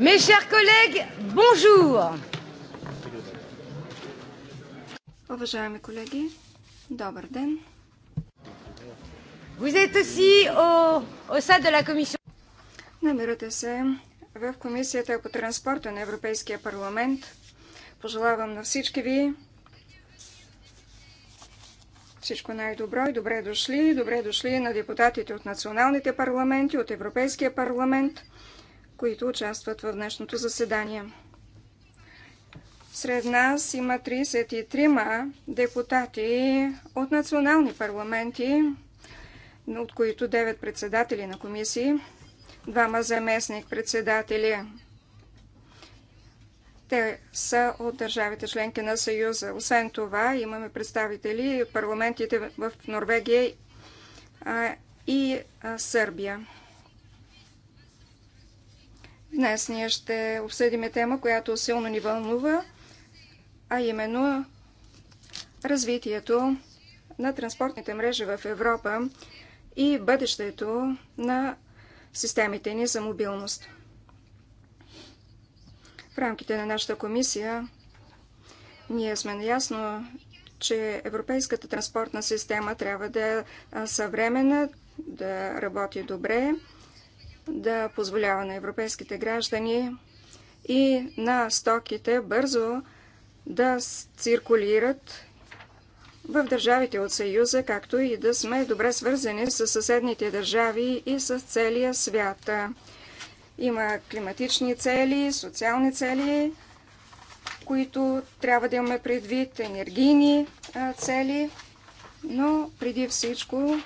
Mes chers collègues, bonjour. Уважаеми колеги, добър ден. Vous êtes aussi au, au sein de la commission. Намирате се в Комисията по транспорта на Европейския парламент. Пожелавам на всички ви всичко най-добро и добре дошли. Добре дошли на депутатите от националните парламенти, от Европейския парламент които участват в днешното заседание. Сред нас има 33 депутати от национални парламенти, от които 9 председатели на комисии, двама заместник-председатели. Те са от държавите членки на Съюза. Освен това, имаме представители парламентите в Норвегия и Сърбия. Днес ние ще обсъдиме тема, която силно ни вълнува, а именно развитието на транспортните мрежи в Европа и бъдещето на системите ни за мобилност. В рамките на нашата комисия ние сме наясно, че европейската транспортна система трябва да е съвременна, да работи добре, да позволява на европейските граждани и на стоките бързо да циркулират в държавите от Съюза, както и да сме добре свързани с съседните държави и с целия свят. Има климатични цели, социални цели, които трябва да имаме предвид, енергийни цели, но преди всичко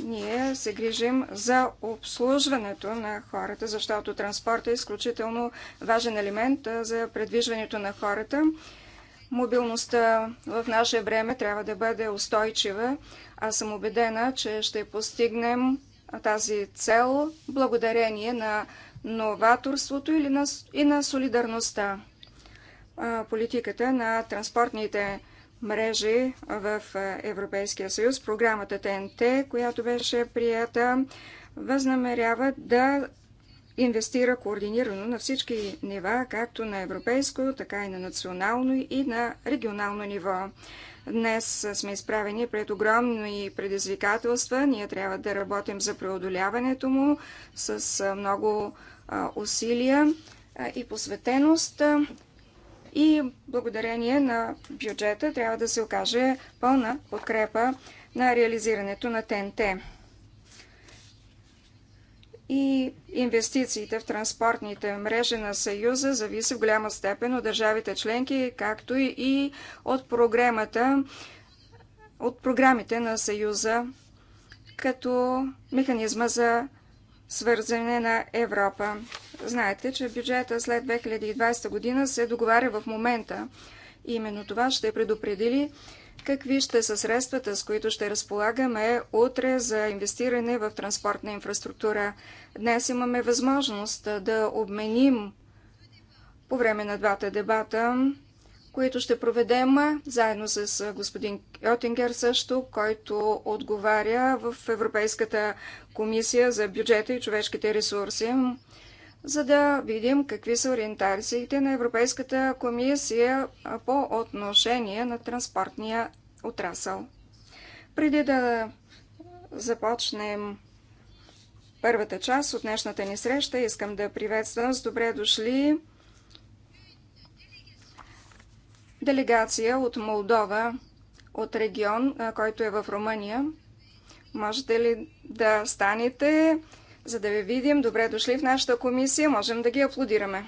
ние се грижим за обслужването на хората, защото транспорт е изключително важен елемент за предвижването на хората. Мобилността в наше време трябва да бъде устойчива. Аз съм убедена, че ще постигнем тази цел благодарение на новаторството или на, и на солидарността. Политиката на транспортните мрежи в Европейския съюз. Програмата ТНТ, която беше прията, възнамерява да инвестира координирано на всички нива, както на европейско, така и на национално и на регионално ниво. Днес сме изправени пред огромни предизвикателства. Ние трябва да работим за преодоляването му с много усилия и посветеност и благодарение на бюджета трябва да се окаже пълна подкрепа на реализирането на ТНТ. И инвестициите в транспортните мрежи на Съюза зависи в голяма степен от държавите членки, както и от програмата от програмите на Съюза като механизма за свързане на Европа. Знаете, че бюджета след 2020 година се договаря в момента. И именно това ще предопредели какви ще са средствата, с които ще разполагаме утре за инвестиране в транспортна инфраструктура. Днес имаме възможност да обменим по време на двата дебата които ще проведем заедно с господин Йотингер също, който отговаря в Европейската комисия за бюджета и човешките ресурси, за да видим какви са ориентациите на Европейската комисия по отношение на транспортния отрасъл. Преди да започнем първата част от днешната ни среща, искам да приветствам с добре дошли делегация от Молдова, от регион, който е в Румъния. Можете ли да станете, за да ви видим? Добре дошли в нашата комисия. Можем да ги аплодираме.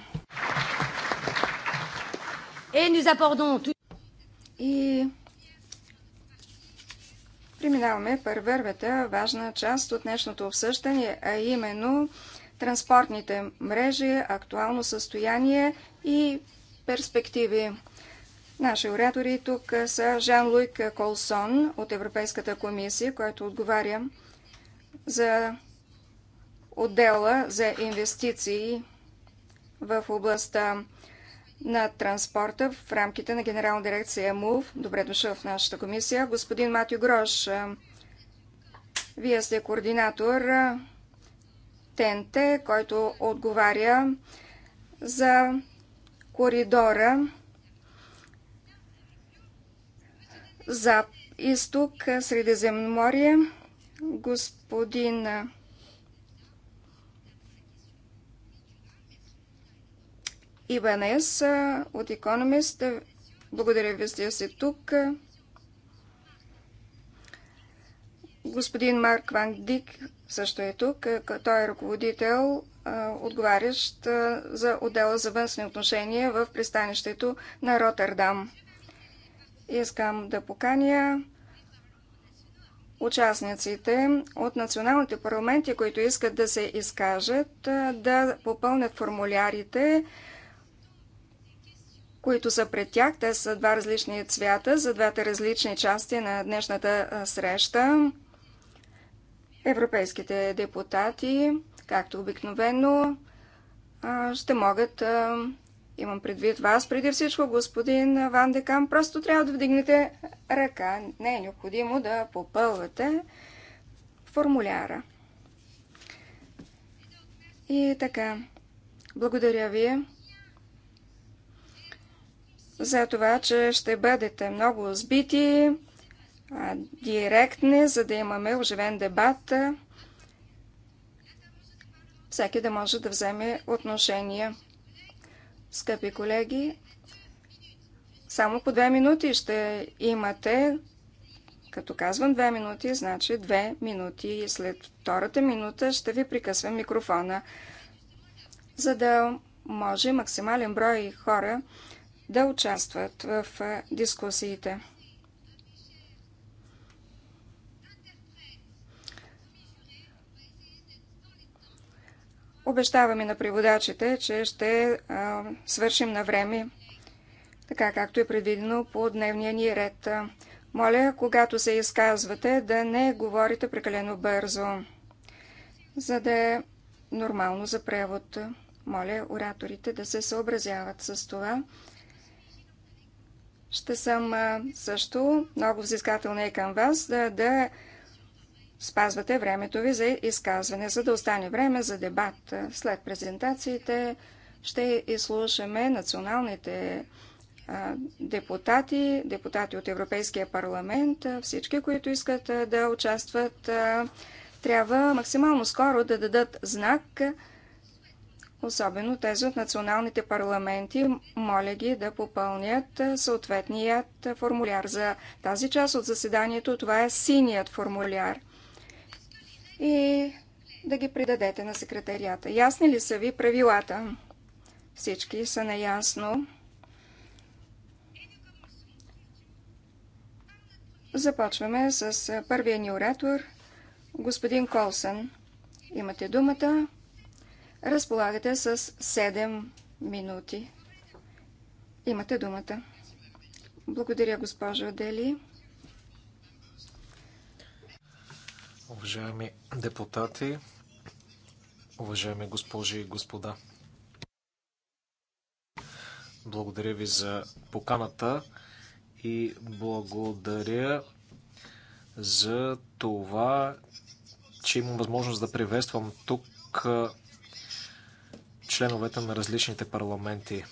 И преминаваме първата важна част от днешното обсъждане, а именно транспортните мрежи, актуално състояние и перспективи. Наши оратори тук е, са Жан-Луик Колсон от Европейската комисия, който отговаря за отдела за инвестиции в областта на транспорта в рамките на Генерална дирекция МУВ. Добре дошъл в нашата комисия. Господин Матю Грош, е, вие сте координатор е, Тенте, който отговаря за коридора за изток, Средиземноморие, господин Иванес от Економист. Благодаря ви, сте си тук. Господин Марк Ван Дик също е тук. Той е ръководител, отговарящ за отдела за външни отношения в пристанището на Ротърдам. Искам да поканя участниците от националните парламенти, които искат да се изкажат, да попълнят формулярите, които са пред тях. Те са два различни цвята за двете различни части на днешната среща. Европейските депутати, както обикновено, ще могат Имам предвид вас, преди всичко, господин Ван Декам, просто трябва да вдигнете ръка. Не е необходимо да попълвате формуляра. И така, благодаря ви за това, че ще бъдете много сбити, директни, за да имаме оживен дебат. Всеки да може да вземе отношение. Скъпи колеги, само по две минути ще имате. Като казвам две минути, значи две минути и след втората минута ще ви прикъсвам микрофона, за да може максимален брой хора да участват в дискусиите. Обещаваме на преводачите, че ще а, свършим на време, така както е предвидено по дневния ни ред. Моля, когато се изказвате, да не говорите прекалено бързо, за да е нормално за превод. Моля ораторите да се съобразяват с това. Ще съм също много взискателна и към вас да, да спазвате времето ви за изказване, за да остане време за дебат. След презентациите ще изслушаме националните депутати, депутати от Европейския парламент, всички, които искат да участват, трябва максимално скоро да дадат знак, особено тези от националните парламенти. Моля ги да попълнят съответният формуляр. За тази част от заседанието това е синият формуляр и да ги придадете на секретарията. Ясни ли са ви правилата? Всички са наясно. Започваме с първия ни оратор, господин Колсън. Имате думата. Разполагате с 7 минути. Имате думата. Благодаря, госпожо Дели. Уважаеми депутати, уважаеми госпожи и господа, благодаря ви за поканата и благодаря за това, че имам възможност да приветствам тук членовете на различните парламенти.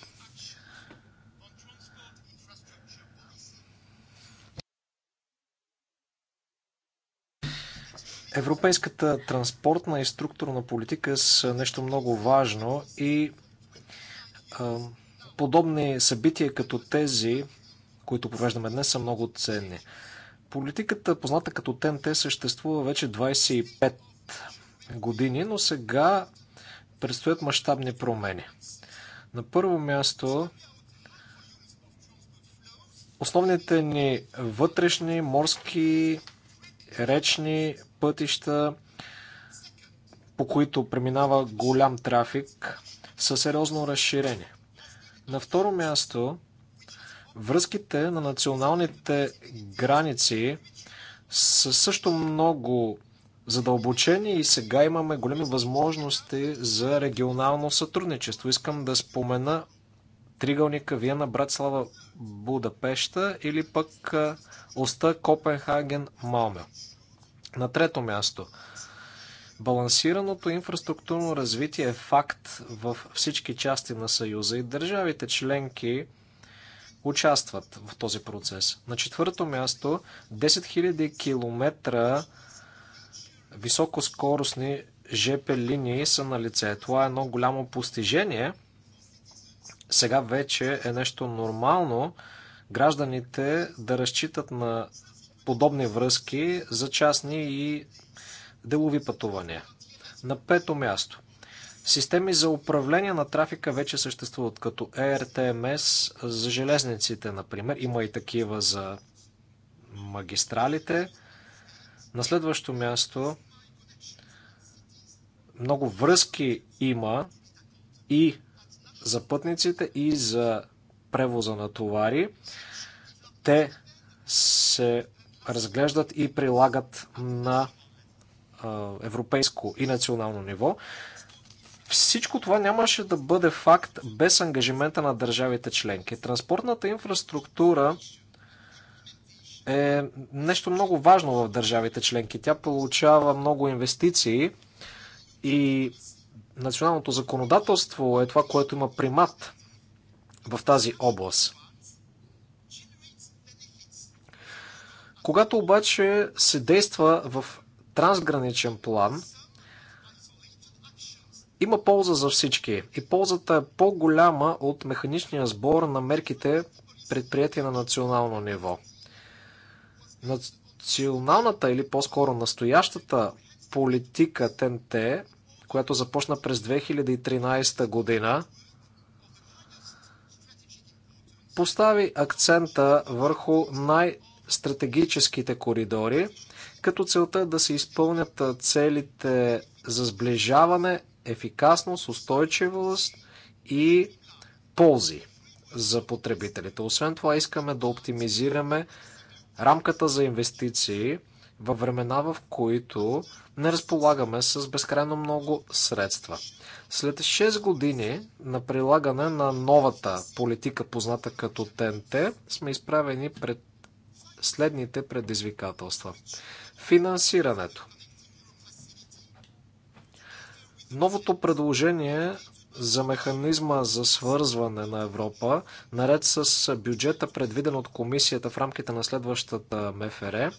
Европейската транспортна и структурна политика са нещо много важно и а, подобни събития като тези, които провеждаме днес, са много ценни. Политиката, позната като ТНТ, съществува вече 25 години, но сега предстоят мащабни промени. На първо място, основните ни вътрешни морски речни пътища, по които преминава голям трафик, са сериозно разширени. На второ място, връзките на националните граници са също много задълбочени и сега имаме големи възможности за регионално сътрудничество. Искам да спомена тригълника Виена, Братслава, Будапешта или пък Оста, Копенхаген, Малмел. На трето място, балансираното инфраструктурно развитие е факт в всички части на Съюза и държавите членки участват в този процес. На четвърто място, 10 000 км високоскоростни ЖП линии са на лице. Това е едно голямо постижение. Сега вече е нещо нормално гражданите да разчитат на подобни връзки за частни и делови пътувания. На пето място. Системи за управление на трафика вече съществуват като ERTMS е за железниците, например. Има и такива за магистралите. На следващо място много връзки има и за пътниците, и за превоза на товари. Те се разглеждат и прилагат на европейско и национално ниво. Всичко това нямаше да бъде факт без ангажимента на държавите членки. Транспортната инфраструктура е нещо много важно в държавите членки. Тя получава много инвестиции и националното законодателство е това, което има примат в тази област. Когато обаче се действа в трансграничен план, има полза за всички и ползата е по-голяма от механичния сбор на мерките предприятия на национално ниво. Националната или по-скоро настоящата политика ТНТ, която започна през 2013 година, постави акцента върху най- стратегическите коридори, като целта е да се изпълнят целите за сближаване, ефикасност, устойчивост и ползи за потребителите. Освен това искаме да оптимизираме рамката за инвестиции във времена, в които не разполагаме с безкрайно много средства. След 6 години на прилагане на новата политика, позната като ТНТ, сме изправени пред следните предизвикателства. Финансирането. Новото предложение за механизма за свързване на Европа, наред с бюджета, предвиден от комисията в рамките на следващата МФР,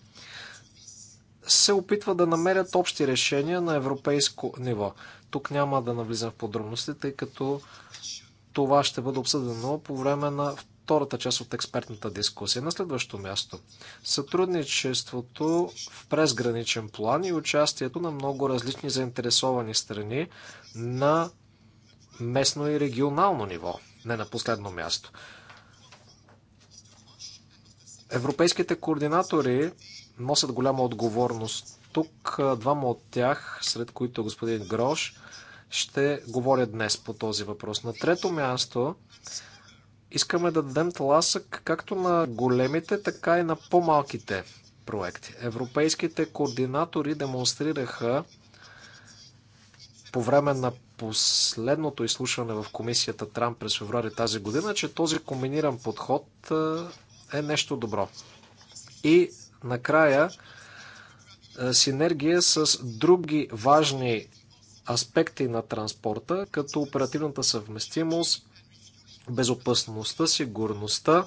се опитва да намерят общи решения на европейско ниво. Тук няма да навлизам в подробности, тъй като това ще бъде обсъдено по време на втората част от експертната дискусия. На следващо място сътрудничеството в презграничен план и участието на много различни заинтересовани страни на местно и регионално ниво, не на последно място. Европейските координатори носят голяма отговорност. Тук двама от тях, сред които господин Грош, ще говоря днес по този въпрос. На трето място Искаме да дадем тласък както на големите, така и на по-малките проекти. Европейските координатори демонстрираха по време на последното изслушване в комисията Трам през феврари тази година, че този комбиниран подход е нещо добро. И накрая синергия с други важни аспекти на транспорта, като оперативната съвместимост, безопасността, сигурността.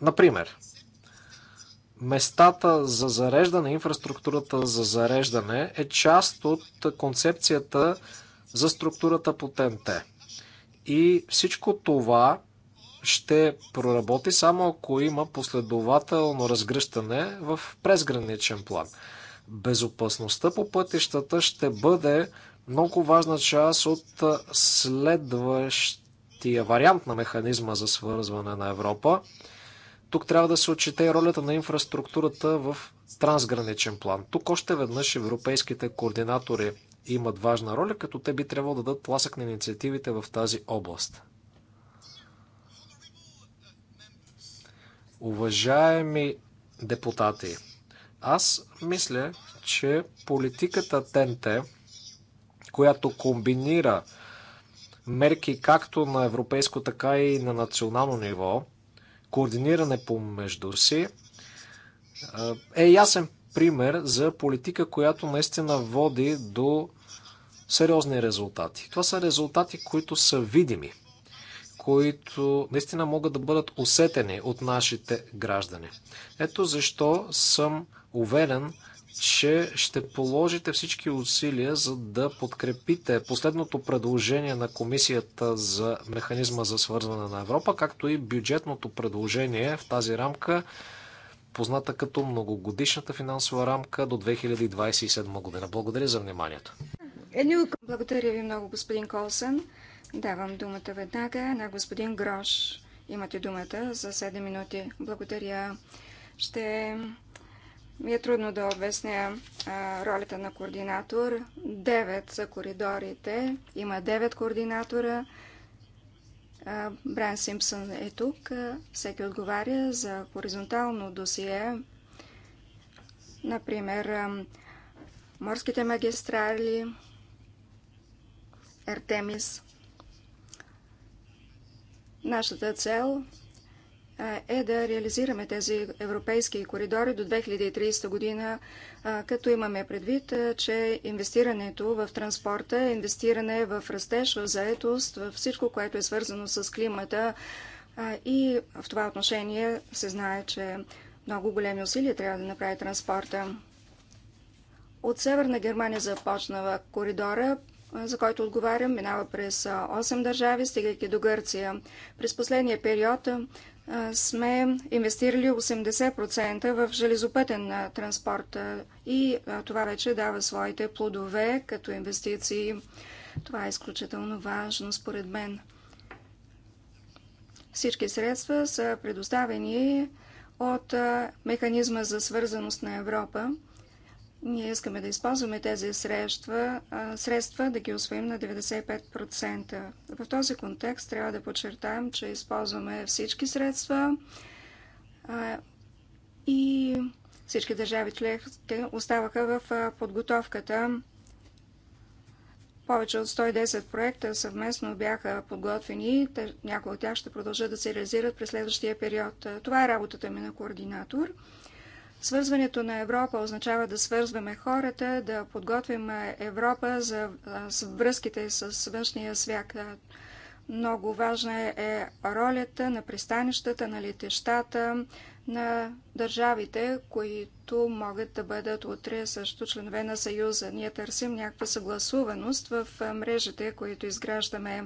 Например, местата за зареждане, инфраструктурата за зареждане е част от концепцията за структурата по ТНТ. И всичко това ще проработи само ако има последователно разгръщане в презграничен план. Безопасността по пътищата ще бъде много важна част от следващия вариант на механизма за свързване на Европа. Тук трябва да се отчете и ролята на инфраструктурата в трансграничен план. Тук още веднъж европейските координатори имат важна роля, като те би трябвало да дадат тласък на инициативите в тази област. Уважаеми депутати, аз мисля, че политиката ТНТ която комбинира мерки както на европейско, така и на национално ниво, координиране помежду си, е, е ясен пример за политика, която наистина води до сериозни резултати. Това са резултати, които са видими, които наистина могат да бъдат усетени от нашите граждани. Ето защо съм уверен, че ще положите всички усилия, за да подкрепите последното предложение на Комисията за механизма за свързване на Европа, както и бюджетното предложение в тази рамка, позната като многогодишната финансова рамка до 2027 година. Благодаря за вниманието. Благодаря ви много, господин Колсен. Давам думата веднага на господин Грош. Имате думата за 7 минути. Благодаря. Ще ми е трудно да обясня а, ролята на координатор. Девет са коридорите. Има девет координатора. Брайан Бран Симпсън е тук. всеки отговаря за хоризонтално досие. Например, морските магистрали, Артемис. Нашата цел е да реализираме тези европейски коридори до 2030 година, като имаме предвид, че инвестирането в транспорта инвестиране в растеж, в заетост, в всичко, което е свързано с климата. И в това отношение се знае, че много големи усилия трябва да направи транспорта. От Северна Германия започна коридора, за който отговарям, минава през 8 държави, стигайки до Гърция. През последния период сме инвестирали 80% в железопътен транспорт и това вече дава своите плодове като инвестиции. Това е изключително важно според мен. Всички средства са предоставени от механизма за свързаност на Европа ние искаме да използваме тези средства, средства да ги освоим на 95%. В този контекст трябва да подчертаем, че използваме всички средства и всички държави членки оставаха в подготовката. Повече от 110 проекта съвместно бяха подготвени. Някои от тях ще продължат да се реализират през следващия период. Това е работата ми на координатор. Свързването на Европа означава да свързваме хората, да подготвим Европа за връзките с външния свят. Много важна е ролята на пристанищата, на летещата, на държавите, които могат да бъдат утре също членове на Съюза. Ние търсим някаква съгласуваност в мрежите, които изграждаме.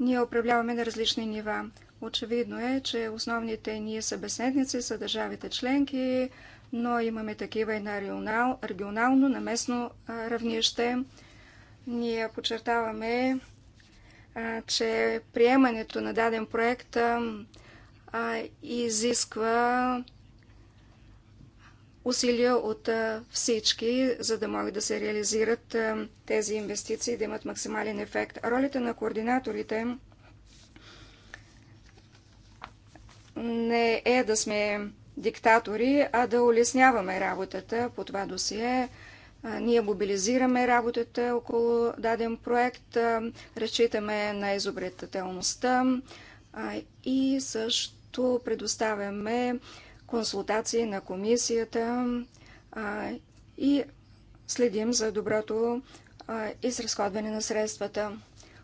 Ние управляваме на различни нива. Очевидно е, че основните ни събеседници са държавите членки, но имаме такива и на регионал, регионално, на местно равнище. Ние подчертаваме, че приемането на даден проект изисква усилия от всички, за да могат да се реализират тези инвестиции, да имат максимален ефект. Ролята на координаторите – не е да сме диктатори, а да улесняваме работата по това досие. Ние мобилизираме работата около даден проект, разчитаме на изобретателността и също предоставяме консултации на комисията и следим за доброто изразходване на средствата.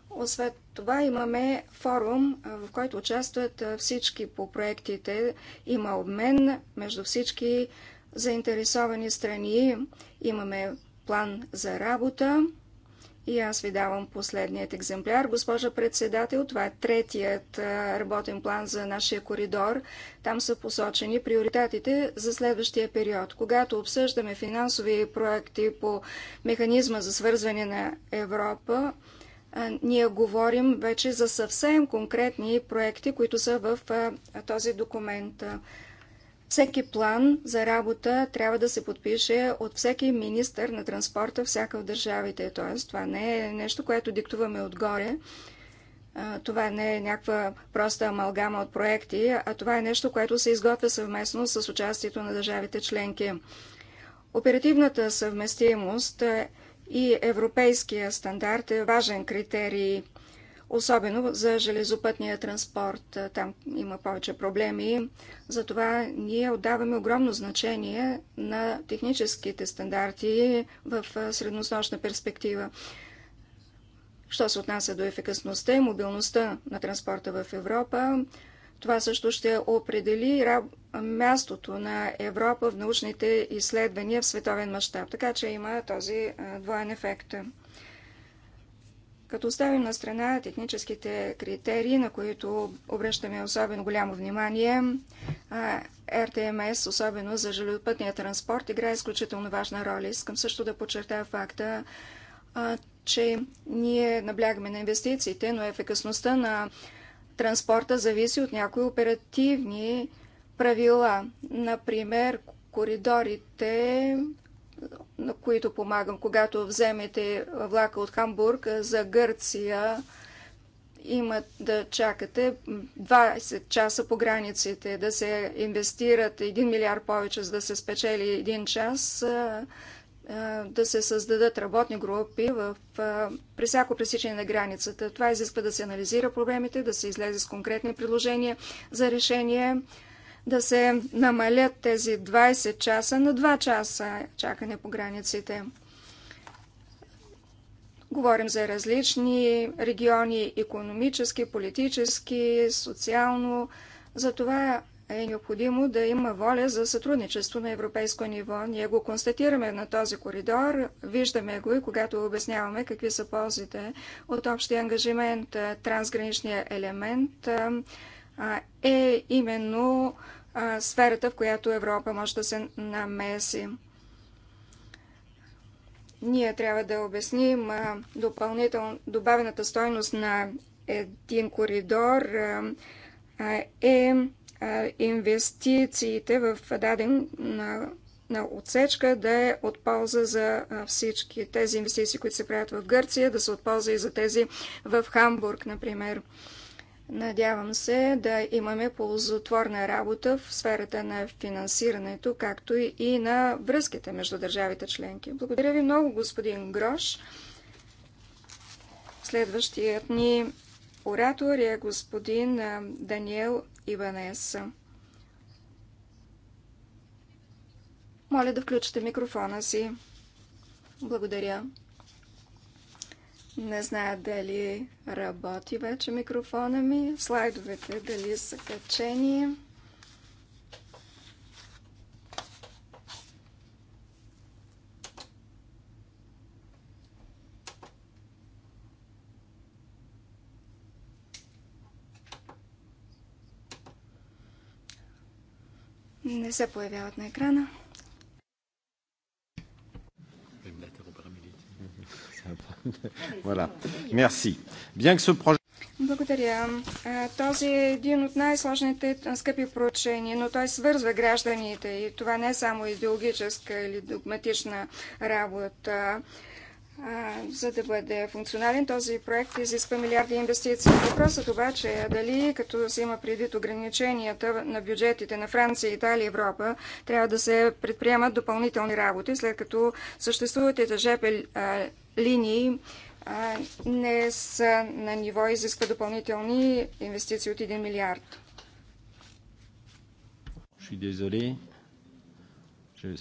Освен това имаме форум, в който участват всички по проектите. Има обмен между всички заинтересовани страни. Имаме план за работа. И аз ви давам последният екземпляр. Госпожа председател, това е третият работен план за нашия коридор. Там са посочени приоритетите за следващия период. Когато обсъждаме финансови проекти по механизма за свързване на Европа, ние говорим вече за съвсем конкретни проекти, които са в този документ. Всеки план за работа трябва да се подпише от всеки министър на транспорта, всяка от държавите. Тоест, това не е нещо, което диктуваме отгоре. Това не е някаква проста амалгама от проекти, а това е нещо, което се изготвя съвместно с участието на държавите членки. Оперативната съвместимост е и европейския стандарт е важен критерий, особено за железопътния транспорт. Там има повече проблеми. Затова ние отдаваме огромно значение на техническите стандарти в средносрочна перспектива. Що се отнася до ефикасността и мобилността на транспорта в Европа, това също ще определи мястото на Европа в научните изследвания в световен мащаб. Така че има този двоен ефект. Като оставим на страна техническите критерии, на които обръщаме особено голямо внимание, РТМС, особено за железопътния транспорт, играе изключително важна роля. Искам също да подчертая факта, че ние наблягаме на инвестициите, но ефикасността на транспорта зависи от някои оперативни правила. Например, коридорите, на които помагам, когато вземете влака от Хамбург за Гърция, имат да чакате 20 часа по границите, да се инвестират 1 милиард повече, за да се спечели 1 час, да се създадат работни групи в, при всяко пресичане на границата. Това изисква да се анализира проблемите, да се излезе с конкретни предложения за решение, да се намалят тези 20 часа на 2 часа чакане по границите. Говорим за различни региони, економически, политически, социално. За това е необходимо да има воля за сътрудничество на европейско ниво. Ние го констатираме на този коридор, виждаме го и когато обясняваме какви са ползите от общия ангажимент, трансграничния елемент е именно сферата, в която Европа може да се намеси. Ние трябва да обясним допълнително добавената стойност на един коридор е инвестициите в даден на, на отсечка да е от полза за всички. Тези инвестиции, които се правят в Гърция, да са от полза и за тези в Хамбург, например. Надявам се да имаме ползотворна работа в сферата на финансирането, както и на връзките между държавите членки. Благодаря ви много, господин Грош. Следващият ни оратор е господин Даниел Иванес. Моля да включите микрофона си. Благодаря. Не зная дали работи вече микрофона ми, слайдовете дали са качени. Не се появяват на екрана. voilà. Merci. Bien que ce projet... Благодаря. Този е един от най-сложните скъпи проучения, но той свързва гражданите и това не е само идеологическа или догматична работа. За да бъде функционален този проект изисква милиарди инвестиции. Въпросът обаче е дали, като се има предвид ограниченията на бюджетите на Франция, Италия и Европа, трябва да се предприемат допълнителни работи, след като съществуват и тъжепи линии не са на ниво изисква допълнителни инвестиции от 1 милиард. Ah,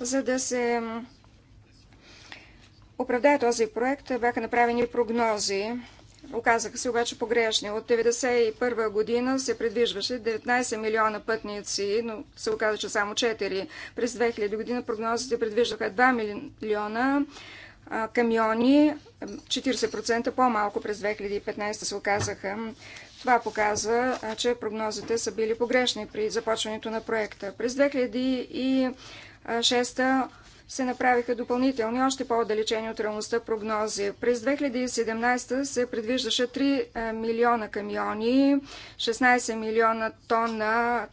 За да се оправдае този проект, бяха направени прогнози Оказаха се обаче погрешни. От 1991 година се предвижваше 19 милиона пътници, но се оказа, че само 4. През 2000 година прогнозите предвиждаха 2 милиона камиони, 40% по-малко през 2015 се оказаха. Това показва, че прогнозите са били погрешни при започването на проекта. През 2006 се направиха допълнителни, още по-отдалечени от реалността прогнози. През 2017 се предвиждаше 3 е, милиона камиони, 16 милиона тона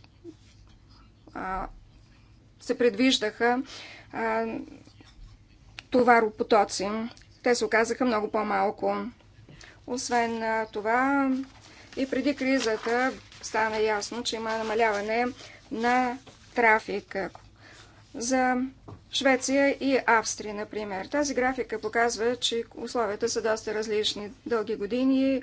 се предвиждаха товаропотоци. Те се оказаха много по-малко. Освен това, и преди кризата стана ясно, че има намаляване на трафик. За Швеция и Австрия, например. Тази графика показва, че условията са доста различни. Дълги години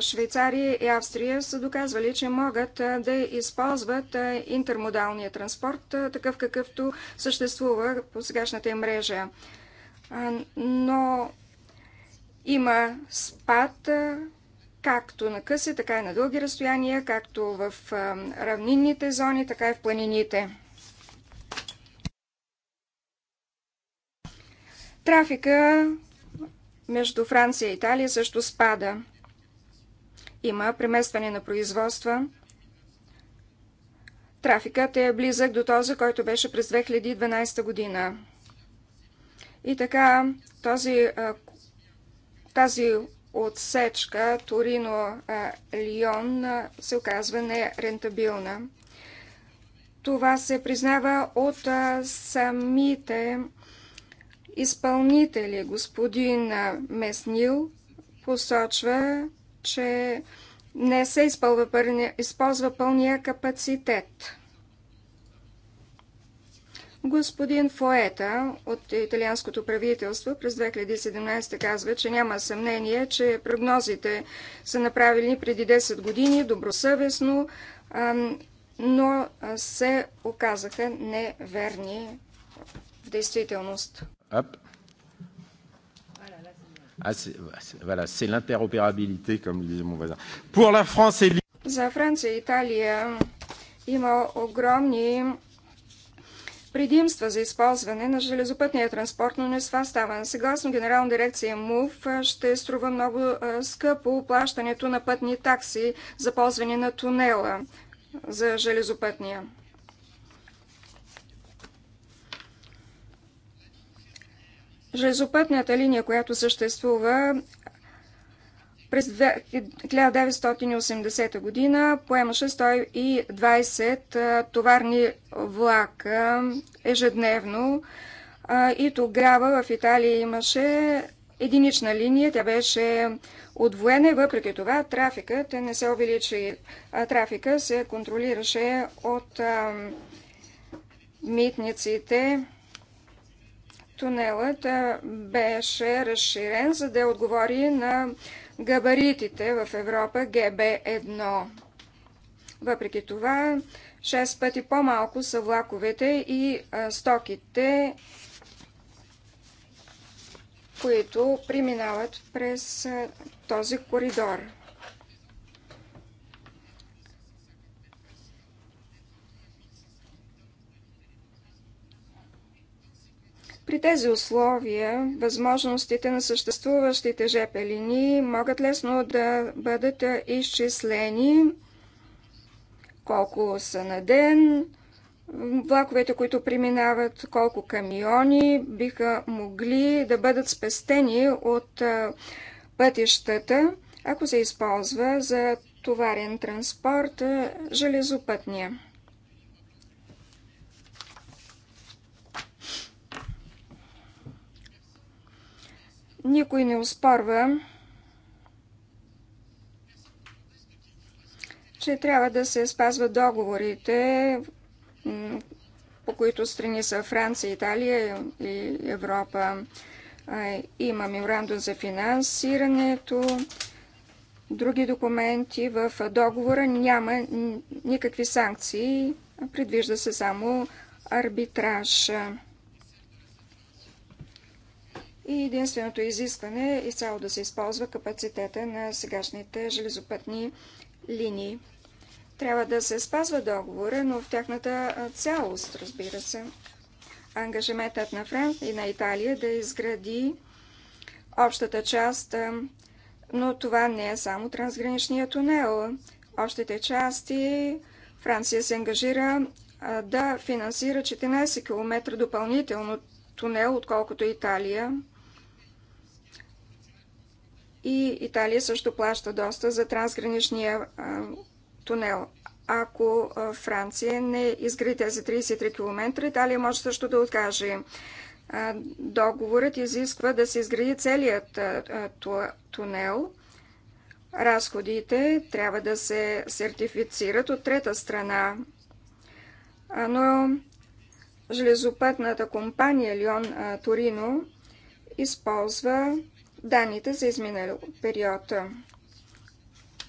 Швейцария и Австрия са доказвали, че могат да използват интермодалния транспорт, такъв какъвто съществува по сегашната им мрежа. Но има спад както на къси, така и на дълги разстояния, както в равнинните зони, така и в планините. Трафика между Франция и Италия също спада. Има преместване на производства. Трафикът е близък до този, който беше през 2012 година. И така, този, тази отсечка Торино-Лион се оказва нерентабилна. Това се признава от самите изпълнители. Господин Меснил посочва, че не се използва, пълния, използва пълния капацитет. Господин Фоета от италианското правителство през 2017 казва, че няма съмнение, че прогнозите са направени преди 10 години добросъвестно, но се оказаха неверни в действителност. Hop. Ah, voilà, c'est l'interopérabilité, comme disait mon voisin. Pour la France et За Франция и Италия има огромни предимства за използване на железопътния транспорт, но не с това става. Съгласно Генерална дирекция МУВ ще струва много скъпо плащането на пътни такси за ползване на тунела за железопътния. Железопътната линия, която съществува през 1980 година, поемаше 120 товарни влака ежедневно. И тогава в Италия имаше единична линия, тя беше отвоена и въпреки това трафикът не се увеличи. Трафика се контролираше от митниците. Тунелът беше разширен, за да отговори на габаритите в Европа ГБ1. Въпреки това, 6 пъти по-малко са влаковете и стоките, които преминават през този коридор. При тези условия възможностите на съществуващите ЖП линии могат лесно да бъдат изчислени колко са на ден, влаковете, които преминават, колко камиони биха могли да бъдат спестени от пътищата, ако се използва за товарен транспорт железопътния. Никой не успорва, че трябва да се спазват договорите, по които страни са Франция, Италия и Европа. Има меморандум за финансирането, други документи в договора. Няма никакви санкции, предвижда се само арбитраж и единственото изискване е изцяло да се използва капацитета на сегашните железопътни линии. Трябва да се спазва договора, но в тяхната цялост, разбира се. Ангажиментът на Франция и на Италия да изгради общата част, но това не е само трансграничния тунел. Общите части Франция се ангажира да финансира 14 км допълнително тунел, отколкото Италия. И Италия също плаща доста за трансграничния а, тунел. Ако а, Франция не изгради тези 33 км, Италия може също да откаже. А, договорът изисква да се изгради целият а, ту, тунел. Разходите трябва да се сертифицират от трета страна. А, но железопътната компания Лион Торино използва данните за изминал период.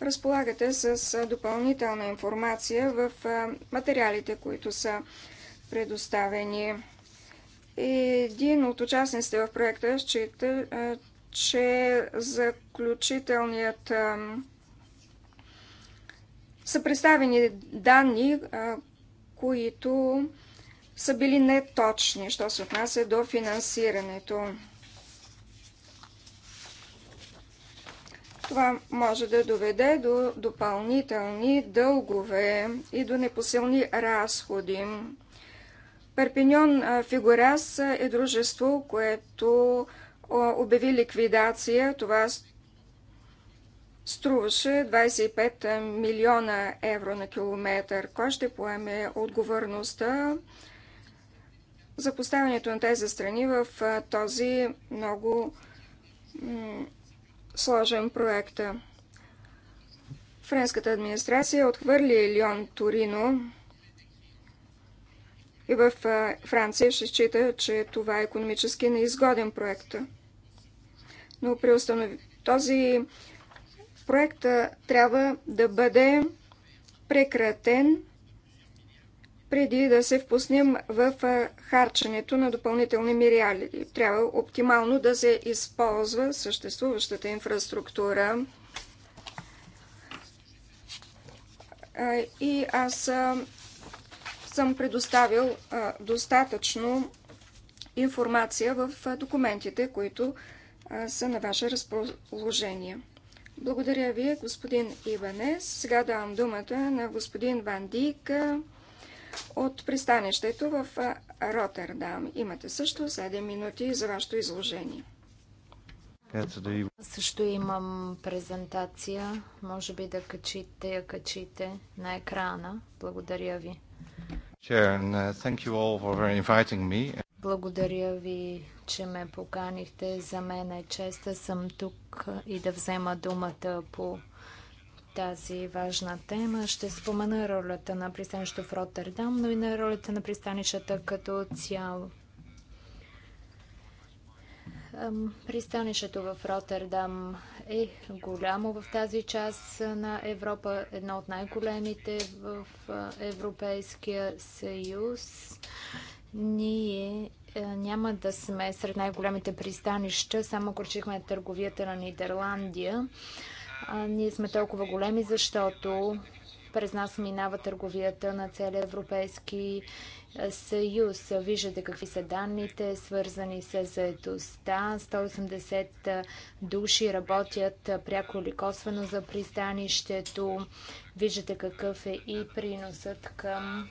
Разполагате с допълнителна информация в материалите, които са предоставени. Един от участниците в проекта счита, че заключителният са представени данни, които са били неточни, що се отнася до финансирането. Това може да доведе до допълнителни дългове и до непосилни разходи. Перпиньон Фигурас е дружество, което обяви ликвидация. Това струваше 25 милиона евро на километър. Кой ще поеме отговорността за поставянето на тези страни в този много сложен проект. Френската администрация отхвърли Лион Торино и в Франция ще счита, че това е економически неизгоден проект. Но при установ... този проект трябва да бъде прекратен преди да се впуснем в харченето на допълнителни мириали. Трябва оптимално да се използва съществуващата инфраструктура. И аз съм предоставил достатъчно информация в документите, които са на ваше разположение. Благодаря ви, господин Иванес. Сега давам думата на господин Ван Дик от пристанището в Роттердам. Имате също 7 минути за вашето изложение. Също имам презентация. Може би да качите, я качите на екрана. Благодаря ви. Uh, Благодаря ви, че ме поканихте. За мен е честа съм тук и да взема думата по тази важна тема. Ще спомена ролята на пристанището в Роттердам, но и на ролята на пристанищата като цяло. Пристанището в Роттердам е голямо в тази част на Европа, едно от най-големите в Европейския съюз. Ние няма да сме сред най-големите пристанища, само ако търговията на Нидерландия ние сме толкова големи, защото през нас минава търговията на целия Европейски е, съюз. Виждате какви са данните, свързани с заедостта. 180 е, души работят е, пряко или косвено за пристанището. Виждате какъв е и приносът към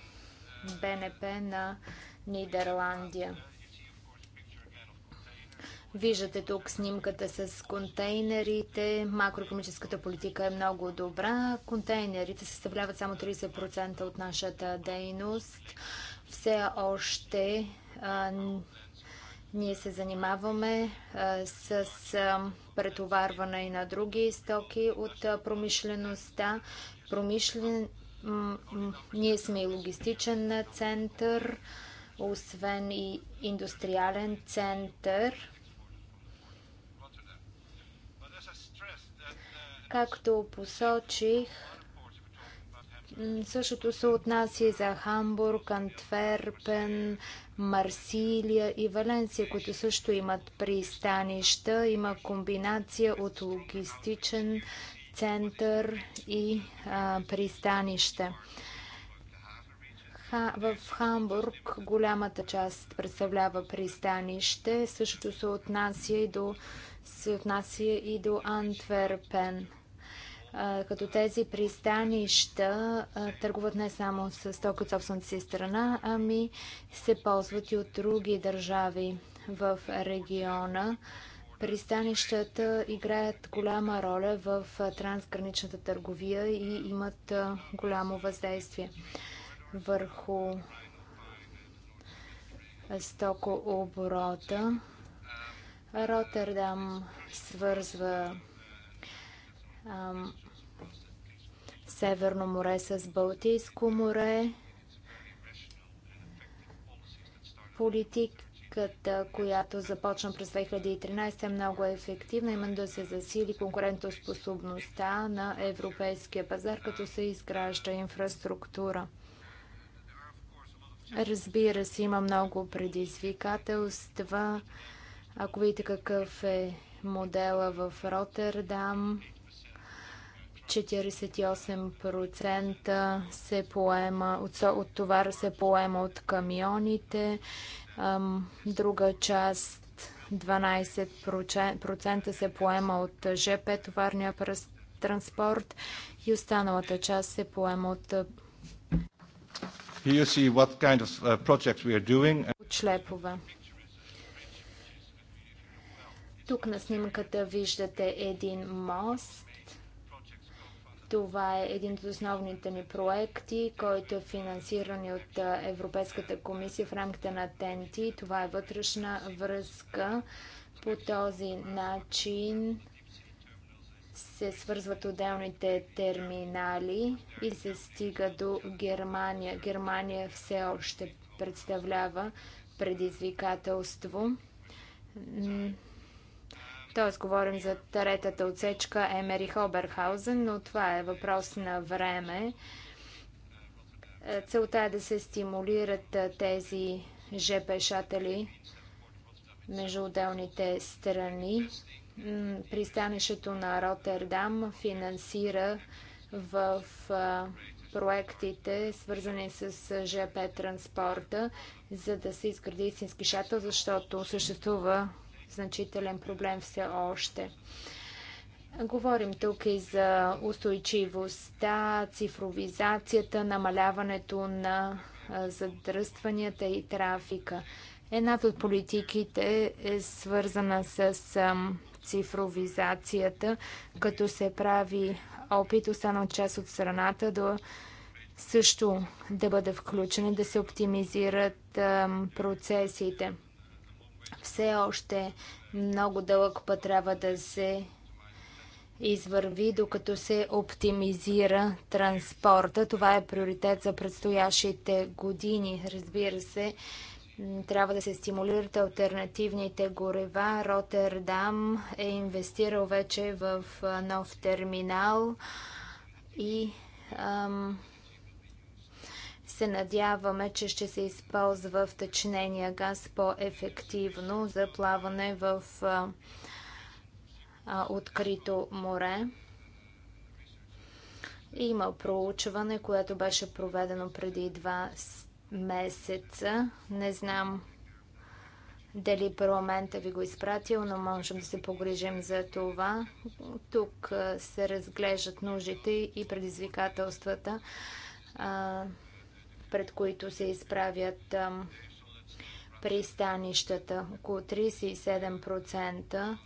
БНП на Нидерландия. Виждате тук снимката с контейнерите. Макроекономическата политика е много добра. Контейнерите съставляват само 30% от нашата дейност. Все още а, ние се занимаваме а, с а, претоварване и на други стоки от а, промишлеността. Промишлен... Ние сме и логистичен център, освен и индустриален център. Както посочих, същото се отнася и за Хамбург, Антверпен, Марсилия и Валенсия, които също имат пристанища. Има комбинация от логистичен център и а, пристанище. Ха, в Хамбург голямата част представлява пристанище. Същото се отнася и до, се отнася и до Антверпен като тези пристанища търгуват не само с стоки от собствената си страна, ами се ползват и от други държави в региона. Пристанищата играят голяма роля в трансграничната търговия и имат голямо въздействие върху стокооборота. Роттердам свързва Северно море с Балтийско море, политиката, която започна през 2013 е много ефективна, именно да се засили конкурентоспособността на европейския пазар, като се изгражда инфраструктура. Разбира се, има много предизвикателства. Ако видите какъв е модела в Роттердам, 48% се поема, от, от товара се поема от камионите, друга част 12% се поема от ЖП товарния транспорт и останалата част се поема от kind of uh, шлепове. Тук на снимката виждате един мост това е един от основните ни проекти, който е финансиран от Европейската комисия в рамките на ТНТ. Това е вътрешна връзка. По този начин се свързват отделните терминали и се стига до Германия. Германия все още представлява предизвикателство т.е. говорим за третата отсечка Емерих Оберхаузен, но това е въпрос на време. Е, целта е да се стимулират е, тези ЖП шатели между отделните страни. Пристанището на Роттердам финансира в е, проектите, свързани с ЖП транспорта, за да се изгради истински шатъл, защото съществува значителен проблем все още. Говорим тук и за устойчивостта, цифровизацията, намаляването на задръстванията и трафика. Едната от политиките е свързана с цифровизацията, като се прави опит останал част от страната да също да бъде и да се оптимизират процесите. Все още много дълъг път трябва да се извърви, докато се оптимизира транспорта. Това е приоритет за предстоящите години. Разбира се, трябва да се стимулират альтернативните горева. Ротердам е инвестирал вече в нов терминал и ам, се надяваме, че ще се използва втечнения газ по-ефективно за плаване в а, а, открито море. Има проучване, което беше проведено преди два месеца. Не знам дали парламента ви го изпратил, но можем да се погрижим за това. Тук се разглеждат нуждите и предизвикателствата пред които се изправят пристанищата. Около 37%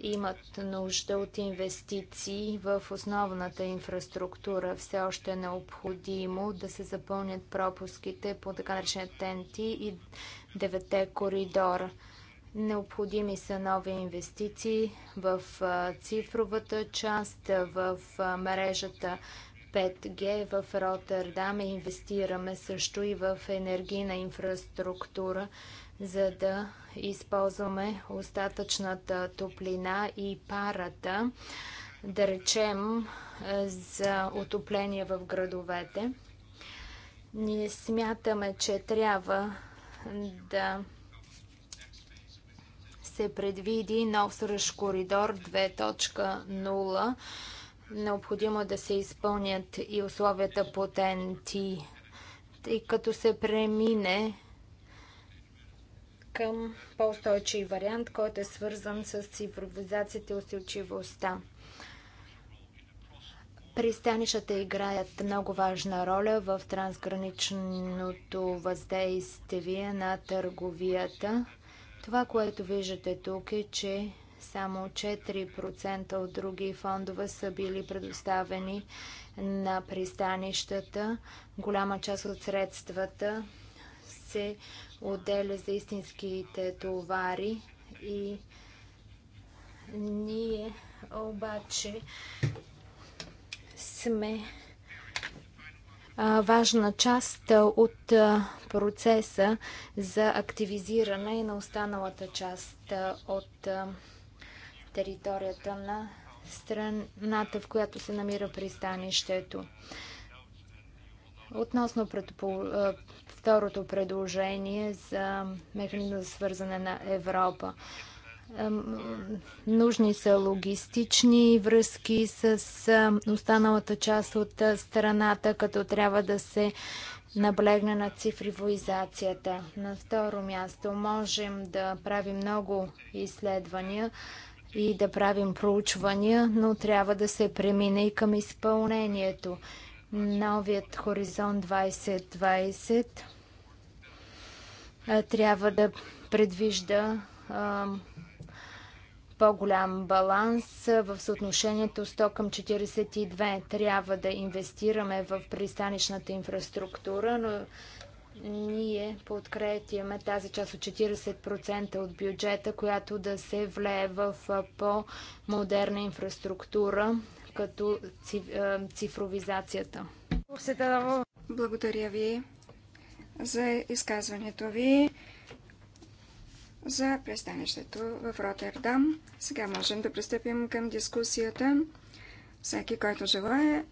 имат нужда от инвестиции в основната инфраструктура. Все още е необходимо да се запълнят пропуските по така наречените тенти и девете коридора. Необходими са нови инвестиции в цифровата част, в мрежата 5G в Роттердам и инвестираме също и в енергийна инфраструктура, за да използваме остатъчната топлина и парата, да речем, за отопление в градовете. Ние смятаме, че трябва да се предвиди нов сръж коридор 2.0, Необходимо да се изпълнят и условията по ТНТ, тъй като се премине към по-устойчив вариант, който е свързан с цифровизацията и устойчивостта. Пристанищата играят много важна роля в трансграничното въздействие на търговията. Това, което виждате тук е, че само 4% от други фондове са били предоставени на пристанищата. Голяма част от средствата се отделя за истинските товари и ние обаче сме важна част от процеса за активизиране на останалата част от територията на страната, в която се намира пристанището. Относно предпо... второто предложение за механизма за свързане на Европа. Нужни са логистични връзки с останалата част от страната, като трябва да се наблегне на цифривоизацията. На второ място можем да правим много изследвания и да правим проучвания, но трябва да се премине и към изпълнението. Новият Хоризонт 2020 трябва да предвижда по-голям баланс в съотношението 100 към 42. Трябва да инвестираме в пристанищната инфраструктура, но ние подкрепяме тази част от 40% от бюджета, която да се влее в по-модерна инфраструктура, като цифровизацията. Благодаря ви за изказването ви за пристанището в Роттердам. Сега можем да пристъпим към дискусията. Всеки, който желая,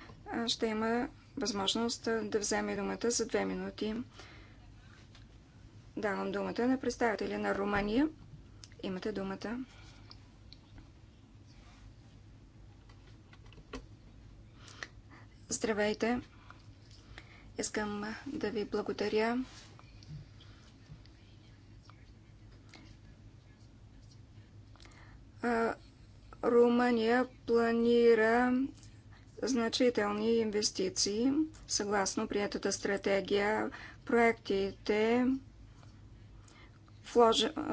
ще има възможност да вземе думата за две минути. Давам думата на представители на Румъния. Имате думата. Здравейте! Искам да ви благодаря Румъния планира значителни инвестиции съгласно приятата стратегия. Проектите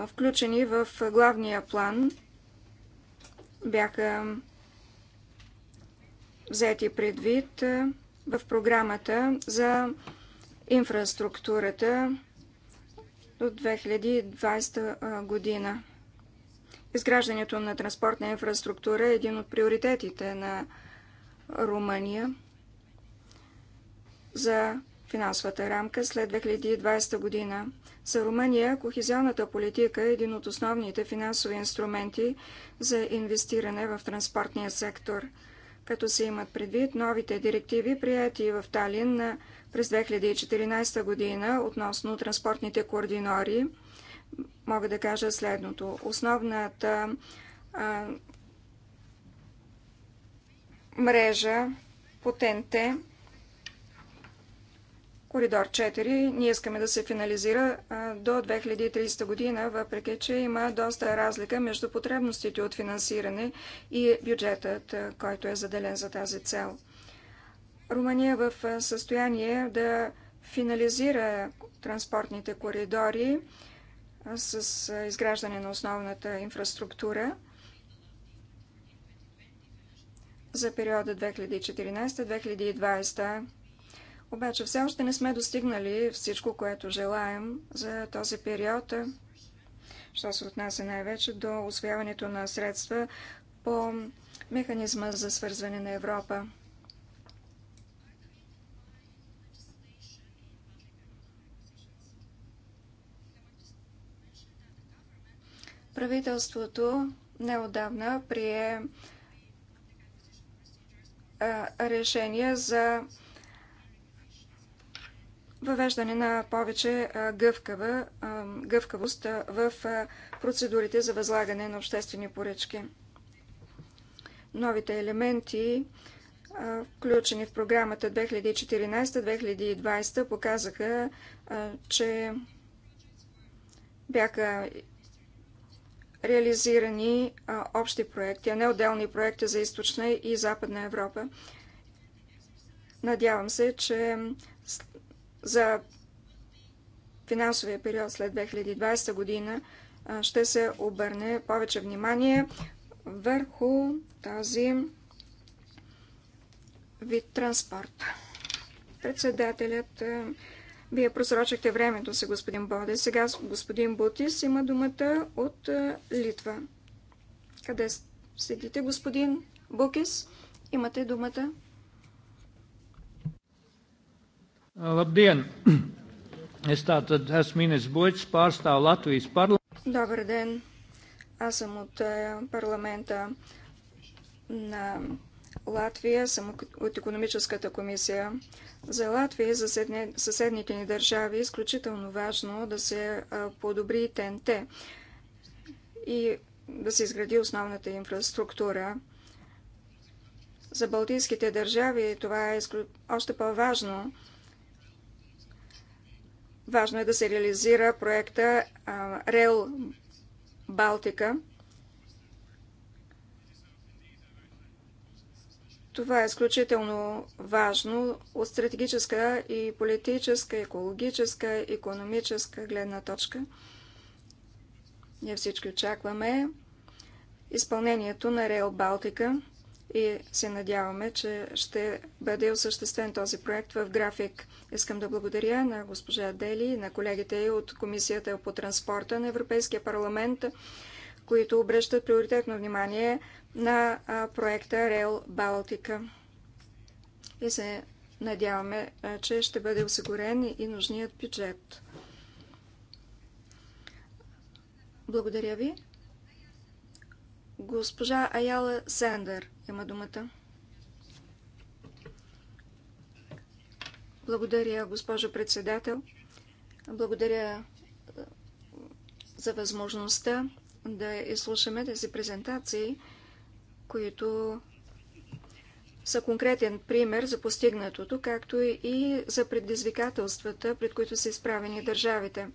включени в главния план, бяха взети предвид в програмата за инфраструктурата до 2020 година. Изграждането на транспортна инфраструктура е един от приоритетите на Румъния за финансовата рамка след 2020 година. За Румъния кохизионната политика е един от основните финансови инструменти за инвестиране в транспортния сектор. Като се имат предвид новите директиви, прияти в Талин през 2014 година относно транспортните координори, мога да кажа следното. Основната а, мрежа по ТНТ Коридор 4 ние искаме да се финализира до 2030 година, въпреки че има доста разлика между потребностите от финансиране и бюджетът, който е заделен за тази цел. Румъния е в състояние да финализира транспортните коридори с изграждане на основната инфраструктура за периода 2014-2020 обаче все още не сме достигнали всичко, което желаем за този период, що се отнася най-вече до освояването на средства по механизма за свързване на Европа. Правителството неодавна прие решение за въвеждане на повече гъвкава, гъвкавост в процедурите за възлагане на обществени поръчки. Новите елементи, включени в програмата 2014-2020, показаха, че бяха реализирани общи проекти, а не отделни проекти за източна и западна Европа. Надявам се, че за финансовия период след 2020 година ще се обърне повече внимание върху тази вид транспорт. Председателят, вие просрочихте времето си, господин Боде. Сега господин Бутис има думата от Литва. Къде седите, господин Букис? Имате думата. Uh, labdien! Es tātad esmu Ines Boķis, pārstāvu Latvijas parlamentu. Добър ден! Аз съм от парламента на Латвия, съм от економическата комисия. За Латвия и за съседните ни държави е изключително важно да се подобри ТНТ и да се изгради основната инфраструктура. За балтийските държави това е още по-важно, Важно е да се реализира проекта Рел Балтика. Това е изключително важно от стратегическа и политическа, екологическа, економическа гледна точка. Ние всички очакваме изпълнението на Рел Балтика и се надяваме, че ще бъде осъществен този проект в график. Искам да благодаря на госпожа Дели и на колегите от Комисията по транспорта на Европейския парламент, които обръщат приоритетно внимание на проекта Rail Балтика. И се надяваме, че ще бъде осигурен и нужният бюджет. Благодаря ви. Госпожа Аяла Сендер има думата. Благодаря, госпожо председател. Благодаря е, за възможността да изслушаме тези презентации, които са конкретен пример за постигнатото, както и за предизвикателствата, пред които са изправени държавите.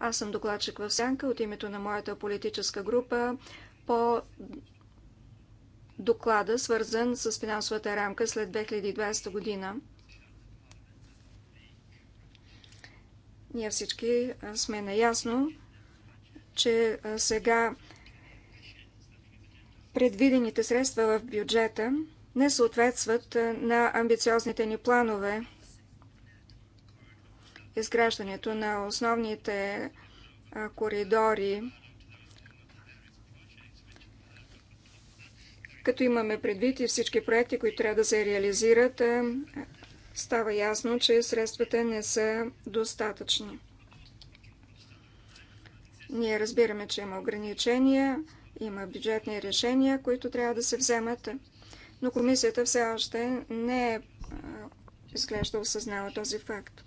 Аз съм докладчик в Сянка от името на моята политическа група по доклада, свързан с финансовата рамка след 2020 година. Ние всички сме наясно, че сега предвидените средства в бюджета не съответстват на амбициозните ни планове. Изграждането на основните коридори Като имаме предвид и всички проекти, които трябва да се реализират, е, става ясно, че средствата не са достатъчни. Ние разбираме, че има ограничения, има бюджетни решения, които трябва да се вземат, но комисията все още не е, изглежда осъзнава този факт.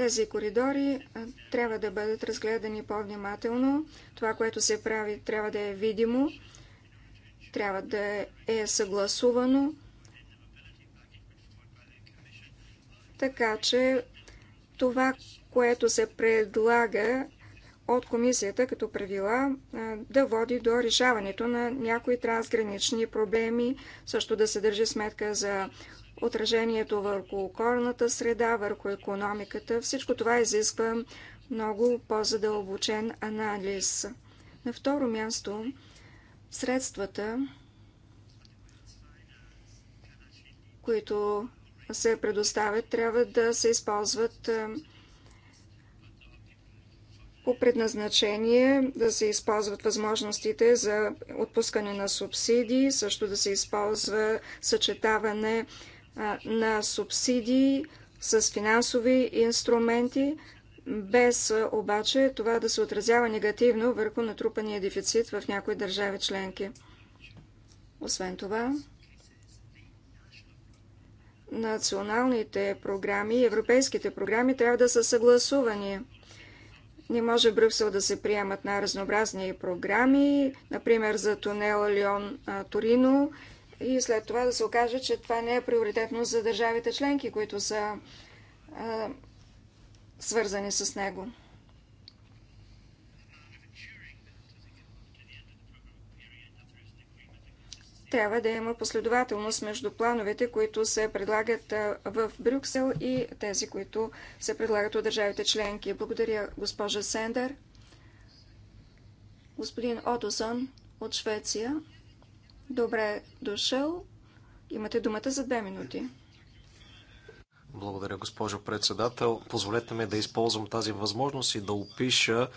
Тези коридори трябва да бъдат разгледани по-внимателно. Това, което се прави, трябва да е видимо, трябва да е съгласувано, така че това, което се предлага от комисията като правила, да води до решаването на някои трансгранични проблеми, също да се държи сметка за отражението върху околната среда, върху економиката. Всичко това изисква много по-задълбочен анализ. На второ място, средствата, които се предоставят, трябва да се използват е, по предназначение, да се използват възможностите за отпускане на субсидии, също да се използва съчетаване на субсидии с финансови инструменти, без обаче това да се отразява негативно върху натрупания дефицит в някои държави членки. Освен това, националните програми и европейските програми трябва да са съгласувани. Не може Брюксел да се приемат на разнообразни програми, например за тунел Лион-Торино и след това да се окаже, че това не е приоритетно за държавите членки, които са а, свързани с него. Трябва да има последователност между плановете, които се предлагат в Брюксел и тези, които се предлагат от държавите членки. Благодаря, госпожа Сендер. Господин Отосон от Швеция. Добре дошъл. Имате думата за две минути. Благодаря, госпожо председател. Позволете ми да използвам тази възможност и да опиша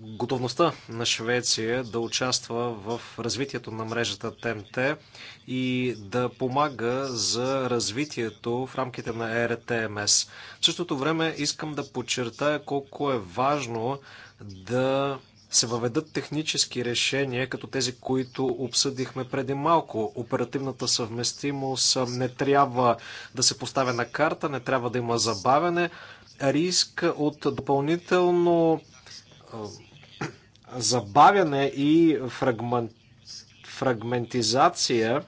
готовността на Швеция да участва в развитието на мрежата ТМТ и да помага за развитието в рамките на ЕРТМС. В същото време искам да подчертая колко е важно да се въведат технически решения, като тези, които обсъдихме преди малко. Оперативната съвместимост не трябва да се поставя на карта, не трябва да има забавяне. Риск от допълнително забавяне и фрагмент фрагментизация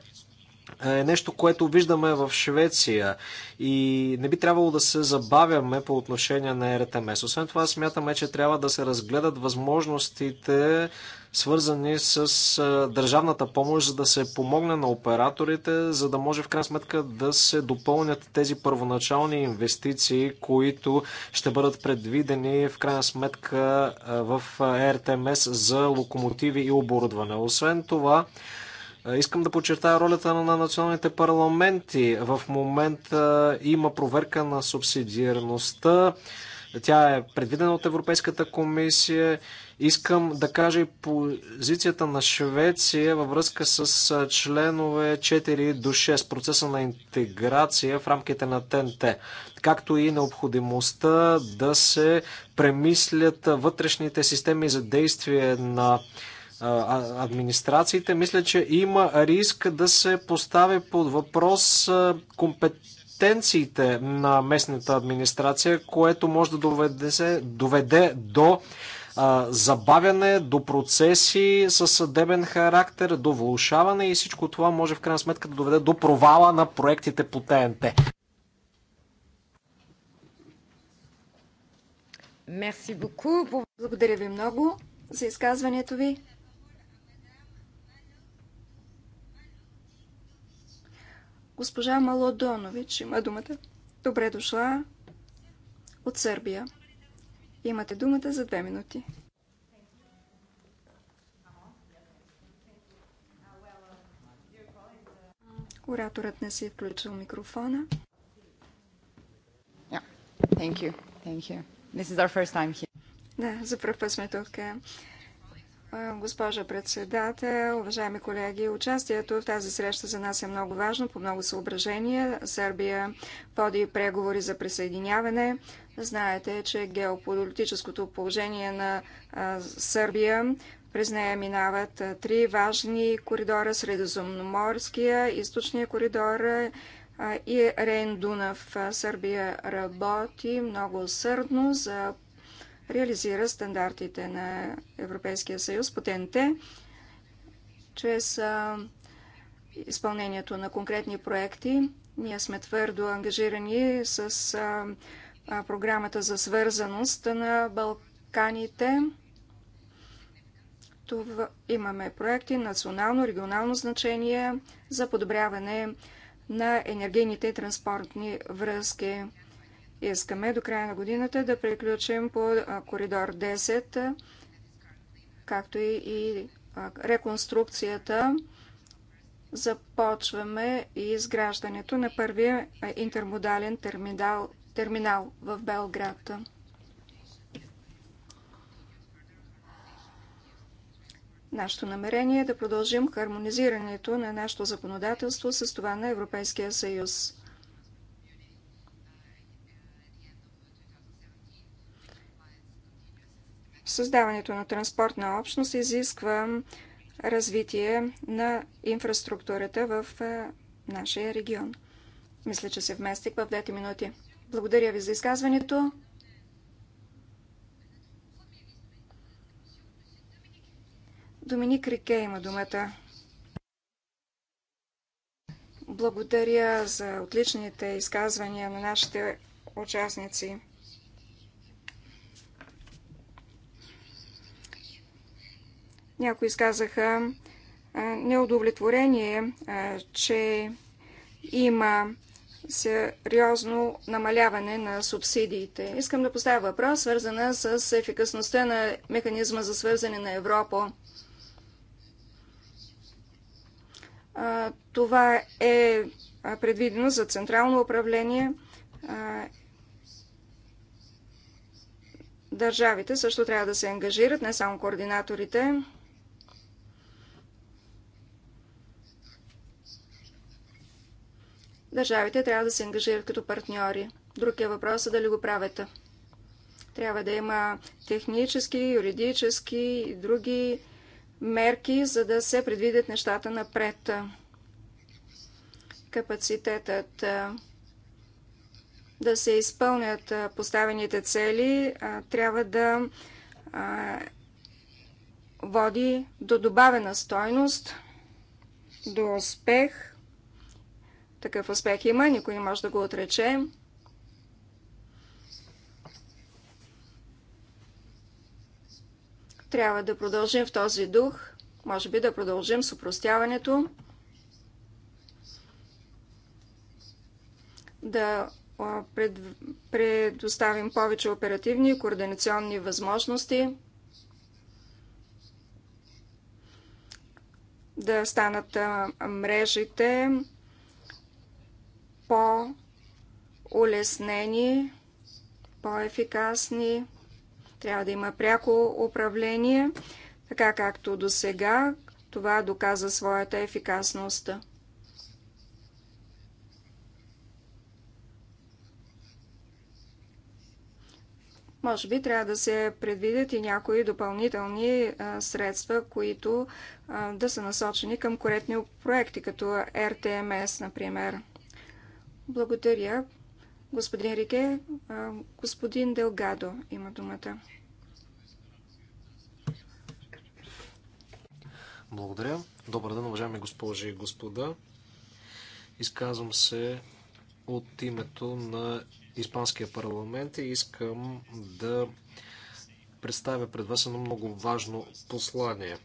е нещо, което виждаме в Швеция и не би трябвало да се забавяме по отношение на РТМС. Освен това, смятаме, че трябва да се разгледат възможностите, свързани с е, държавната помощ, за да се помогне на операторите, за да може в крайна сметка да се допълнят тези първоначални инвестиции, които ще бъдат предвидени в крайна сметка е, в е, РТМС за локомотиви и оборудване. Освен това, Искам да подчертая ролята на националните парламенти. В момента има проверка на субсидиарността. Тя е предвидена от Европейската комисия. Искам да кажа и позицията на Швеция във връзка с членове 4 до 6, процеса на интеграция в рамките на ТНТ, както и необходимостта да се премислят вътрешните системи за действие на администрациите, мисля, че има риск да се постави под въпрос компетенциите на местната администрация, което може да доведе, доведе до забавяне, до процеси със съдебен характер, до влушаване и всичко това може в крайна сметка да доведе до провала на проектите по ТНТ. Благодаря ви много за изказването ви. Госпожа Малодонович има думата. Добре дошла от Сърбия. Имате думата за две минути. Ораторът не си е включил микрофона. Yeah. Thank you. Thank you. This is our first time here. Да, за първ път сме тук. Госпожа председател, уважаеми колеги, участието в тази среща за нас е много важно по много съображения. Сърбия води преговори за присъединяване. Знаете, че геополитическото положение на Сърбия през нея минават три важни коридора Средиземноморския, Източния коридор и Рейн Дунав. Сърбия работи много усърдно за реализира стандартите на Европейския съюз по ТНТ чрез изпълнението на конкретни проекти. Ние сме твърдо ангажирани с програмата за свързаност на Балканите. Това имаме проекти национално, регионално значение за подобряване на енергийните и транспортни връзки. Искаме до края на годината да приключим по коридор 10, както и реконструкцията. Започваме и изграждането на първия интермодален терминал, терминал в Белград. Нашето намерение е да продължим хармонизирането на нашето законодателство с това на Европейския съюз. Създаването на транспортна общност изисква развитие на инфраструктурата в нашия регион. Мисля, че се вместих в двете минути. Благодаря ви за изказването. Доминик Рике има думата. Благодаря за отличните изказвания на нашите участници. Някои изказаха неудовлетворение, че има сериозно намаляване на субсидиите. Искам да поставя въпрос, свързана с ефикасността на механизма за свързане на Европа. Това е предвидено за централно управление. Държавите също трябва да се ангажират, не само координаторите. Държавите трябва да се ангажират като партньори. Другия въпрос е дали го правят. Трябва да има технически, юридически и други мерки, за да се предвидят нещата напред. Капацитетът да се изпълнят поставените цели трябва да води до добавена стойност, до успех – такъв успех има, никой не може да го отрече. Трябва да продължим в този дух, може би да продължим с упростяването, да предоставим повече оперативни и координационни възможности, да станат мрежите по-улеснени, по-ефикасни. Трябва да има пряко управление, така както до сега. Това доказа своята ефикасност. Може би трябва да се предвидят и някои допълнителни а, средства, които а, да са насочени към коректни проекти, като RTMS, например. Благодаря. Господин Рике, господин Делгадо има думата. Благодаря. Добър ден, уважаеми госпожи и господа. Изказвам се от името на Испанския парламент и искам да представя пред вас едно много важно послание.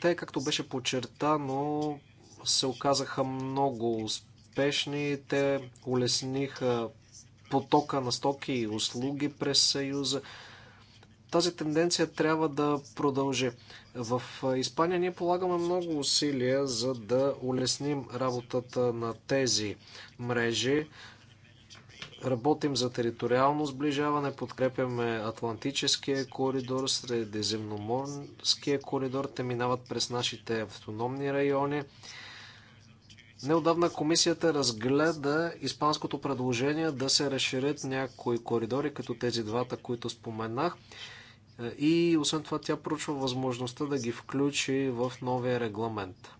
Те, както беше подчертано, се оказаха много успешни. Те улесниха потока на стоки и услуги през Съюза. Тази тенденция трябва да продължи. В Испания ние полагаме много усилия за да улесним работата на тези мрежи. Работим за териториално сближаване, подкрепяме Атлантическия коридор, Средиземноморския коридор. Те минават през нашите автономни райони. Неодавна комисията разгледа испанското предложение да се разширят някои коридори, като тези двата, които споменах. И освен това тя проучва възможността да ги включи в новия регламент.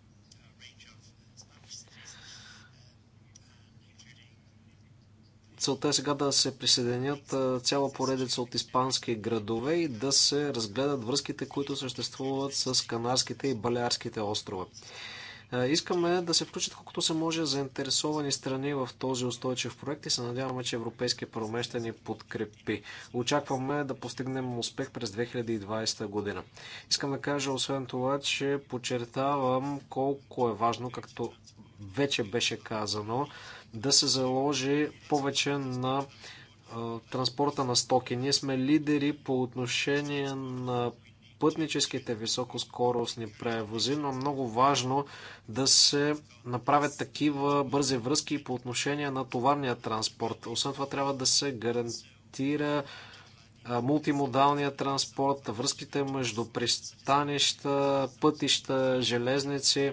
Целта е сега да се присъединят цяла поредица от испански градове и да се разгледат връзките, които съществуват с Канарските и Балярските острове. Е, искаме да се включат колкото се може заинтересовани страни в този устойчив проект и се надяваме, че Европейския парламент ще ни подкрепи. Очакваме да постигнем успех през 2020 година. Искам да кажа освен това, че подчертавам колко е важно, както вече беше казано, да се заложи повече на е, транспорта на стоки. Ние сме лидери по отношение на пътническите високоскоростни превози, но много важно да се направят такива бързи връзки по отношение на товарния транспорт. Освен това трябва да се гарантира мултимодалния транспорт, връзките между пристанища, пътища, железници.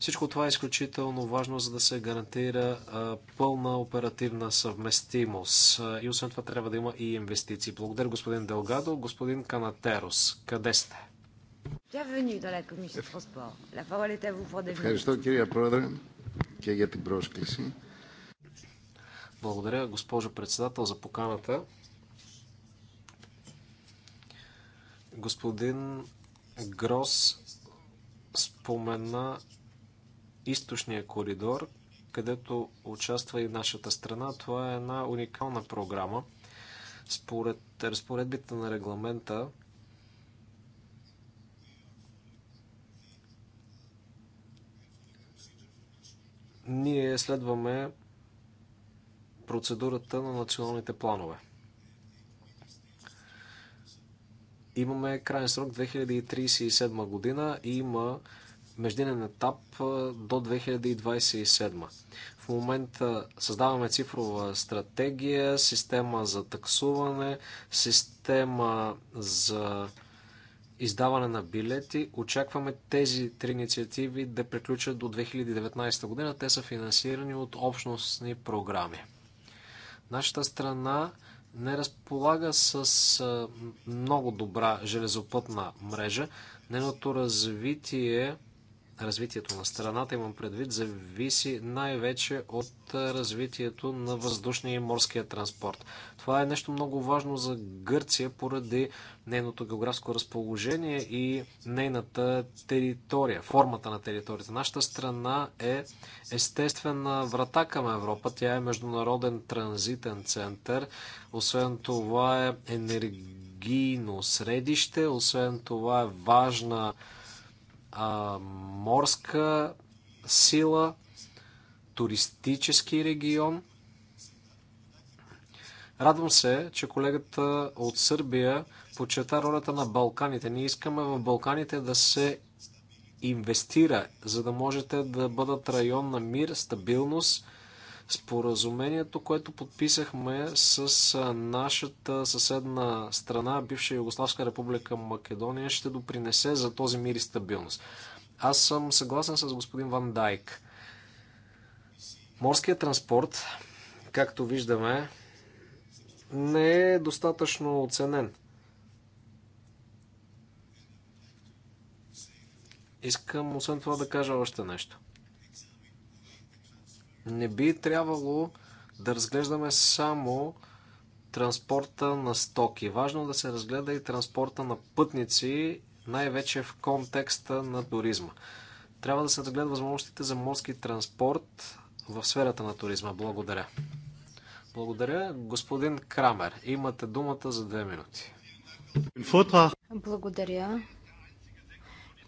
Всичко това е изключително важно, за да се гарантира пълна оперативна съвместимост. И освен това трябва да има и инвестиции. Благодаря господин Делгадо. Господин Канатерос, къде сте? Ευχαριστώ κυρία Πρόεδρε και για την πρόσκληση. Благодаря, госпожо председател, за поканата. Господин Грос спомена, източния коридор, където участва и нашата страна. Това е една уникална програма. Според разпоредбите на регламента, ние следваме процедурата на националните планове. Имаме крайен срок 2037 година и има междинен етап до 2027. В момента създаваме цифрова стратегия, система за таксуване, система за издаване на билети. Очакваме тези три инициативи да приключат до 2019 година. Те са финансирани от общностни програми. Нашата страна не разполага с много добра железопътна мрежа. Неното развитие развитието на страната, имам предвид, зависи най-вече от развитието на въздушния и морския транспорт. Това е нещо много важно за Гърция поради нейното географско разположение и нейната територия, формата на територията. Нашата страна е естествена врата към Европа. Тя е международен транзитен център. Освен това е енергийно средище. Освен това е важна а, морска сила, туристически регион. Радвам се, че колегата от Сърбия подчерта ролята на Балканите. Ние искаме в Балканите да се инвестира, за да можете да бъдат район на мир, стабилност Споразумението, което подписахме с нашата съседна страна, бивша Югославска република Македония, ще допринесе за този мир и стабилност. Аз съм съгласен с господин Ван Дайк. Морският транспорт, както виждаме, не е достатъчно оценен. Искам освен това да кажа още нещо. Не би трябвало да разглеждаме само транспорта на стоки. Важно да се разгледа и транспорта на пътници, най-вече в контекста на туризма. Трябва да се разгледат възможностите за морски транспорт в сферата на туризма. Благодаря. Благодаря. Господин Крамер, имате думата за две минути. Благодаря.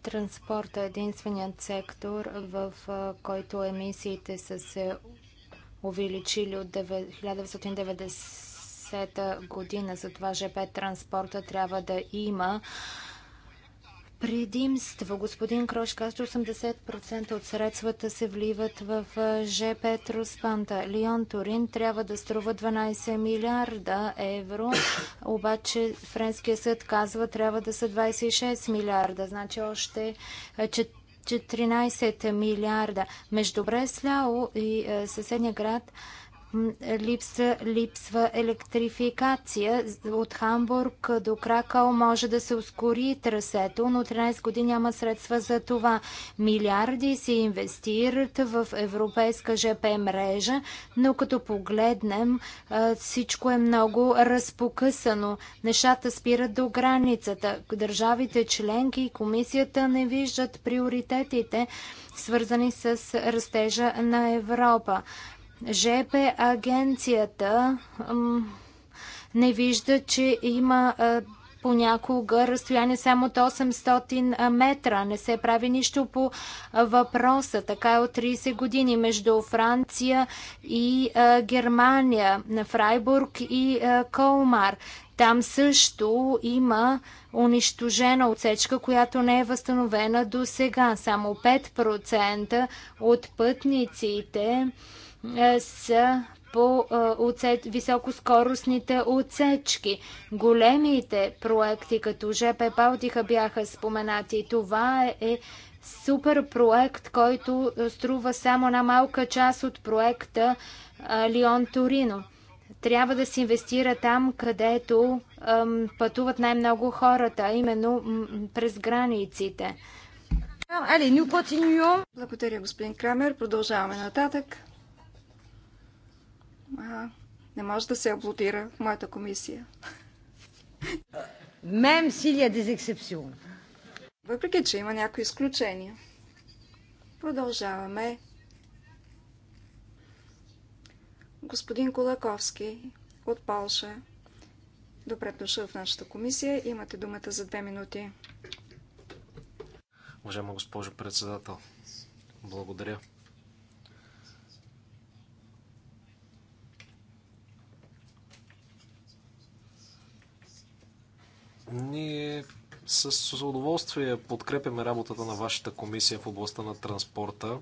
Транспорт е единственият сектор, в който емисиите са се увеличили от 1990 година. Затова ЖП транспорта трябва да има предимство. Господин Крош каза, 80% от средствата се вливат в ЖП Труспанта. Лион Турин трябва да струва 12 милиарда евро, обаче Френския съд казва трябва да са 26 милиарда, значи още 14 милиарда. Между Бресляо и съседния град липса, липсва електрификация. От Хамбург до Кракал може да се ускори трасето, но 13 години няма средства за това. Милиарди се инвестират в европейска ЖП мрежа, но като погледнем всичко е много разпокъсано. Нещата спират до границата. Държавите членки и комисията не виждат приоритетите, свързани с растежа на Европа. ЖП е агенцията не вижда, че има понякога разстояние само от 800 метра. Не се прави нищо по въпроса. Така е от 30 години между Франция и Германия, на Фрайбург и Колмар. Там също има унищожена отсечка, която не е възстановена до сега. Само 5% от пътниците е, са по е, оцет, високоскоростните отсечки. Големите проекти, като ЖП Балтика бяха споменати. Това е, е супер проект, който струва само на малка част от проекта Лион Торино. Трябва да се инвестира там, където пътуват най-много хората, именно през границите. Благодаря, господин Крамер. Продължаваме нататък а, не може да се аплодира в моята комисия. Мем силия е дезексепсион. Въпреки, че има някои изключения. Продължаваме. Господин Кулаковски от Полша. Добре дошъл в нашата комисия. Имате думата за две минути. Уважаема госпожо председател, благодаря. Ние с удоволствие подкрепяме работата на вашата комисия в областта на транспорта.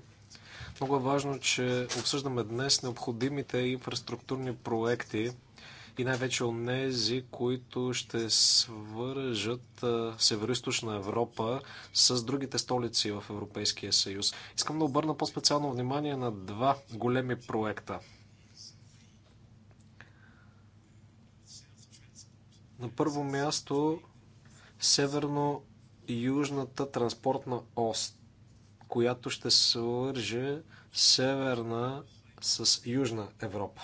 Много е важно, че обсъждаме днес необходимите инфраструктурни проекти и най-вече онези, които ще свържат Северо-Источна Европа с другите столици в Европейския съюз. Искам да обърна по-специално внимание на два големи проекта. На първо място северно-южната транспортна ос, която ще свърже северна с южна Европа.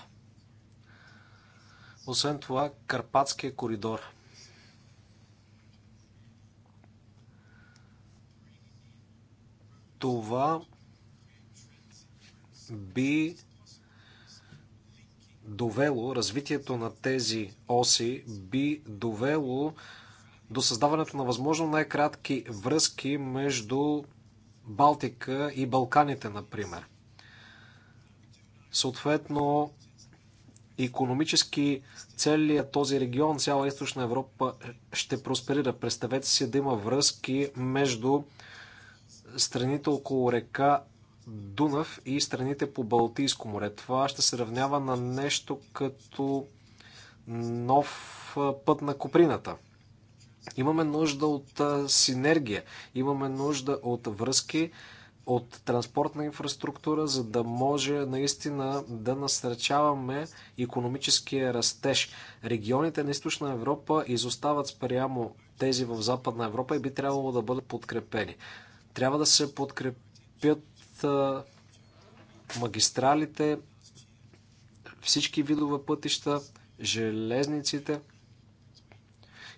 Освен това, Карпатския коридор. Това би довело, развитието на тези оси би довело до създаването на възможно най-кратки връзки между Балтика и Балканите, например. Съответно, економически целият този регион, цяла източна Европа ще просперира. Представете си да има връзки между страните около река Дунав и страните по Балтийско море. Това ще се равнява на нещо като нов път на Коприната. Имаме нужда от синергия, имаме нужда от връзки, от транспортна инфраструктура, за да може наистина да насърчаваме економическия растеж. Регионите на Източна Европа изостават спрямо тези в Западна Европа и би трябвало да бъдат подкрепени. Трябва да се подкрепят магистралите, всички видове пътища, железниците.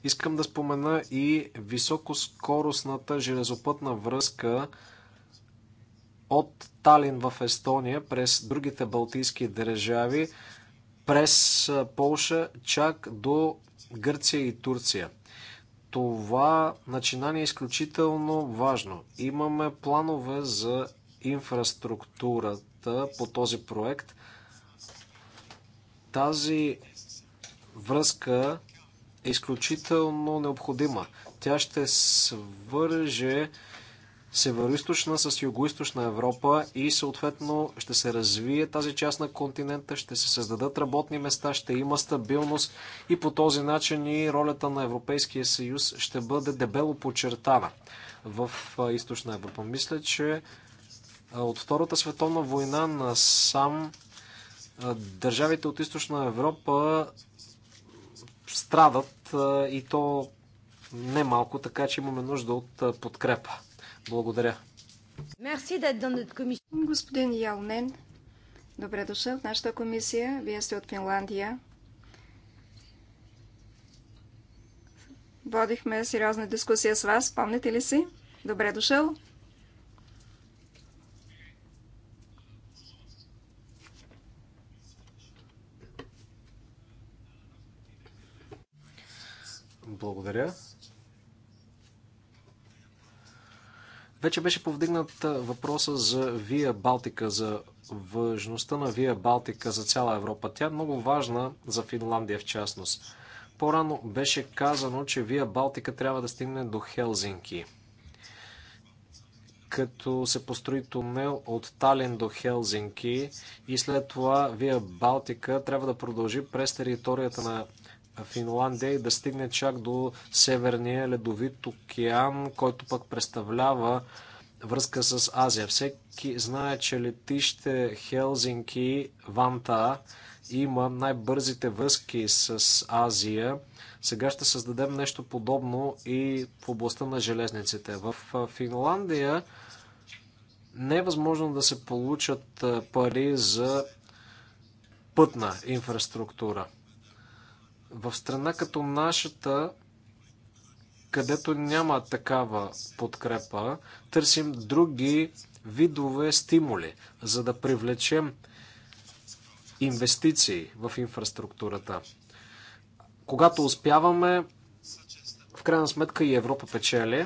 Искам да спомена и високоскоростната железопътна връзка от Талин в Естония през другите балтийски държави, през Полша, чак до Гърция и Турция. Това начинание е изключително важно. Имаме планове за инфраструктурата по този проект. Тази връзка е изключително необходима. Тя ще свърже Североизточна с Югоизточна Европа и съответно ще се развие тази част на континента, ще се създадат работни места, ще има стабилност и по този начин и ролята на Европейския съюз ще бъде дебело подчертана в Източна Европа. Мисля, че от Втората световна война на сам държавите от източна Европа страдат и то не малко, така че имаме нужда от подкрепа. Благодаря. Господин Ялнен, добре дошъл в нашата комисия. Вие сте от Финландия. Водихме сериозна дискусия с вас, помните ли си? Добре дошъл. Благодаря. Вече беше повдигнат въпроса за Вия Балтика, за важността на Вия Балтика за цяла Европа. Тя е много важна за Финландия в частност. По-рано беше казано, че Вия Балтика трябва да стигне до Хелзинки. Като се построи тунел от Талин до Хелзинки и след това Вия Балтика трябва да продължи през територията на Финландия и да стигне чак до Северния ледовит океан, който пък представлява връзка с Азия. Всеки знае, че летище Хелзинки, Ванта има най-бързите връзки с Азия. Сега ще създадем нещо подобно и в областта на железниците. В Финландия не е възможно да се получат пари за пътна инфраструктура. В страна като нашата, където няма такава подкрепа, търсим други видове стимули, за да привлечем инвестиции в инфраструктурата. Когато успяваме, в крайна сметка и Европа печели.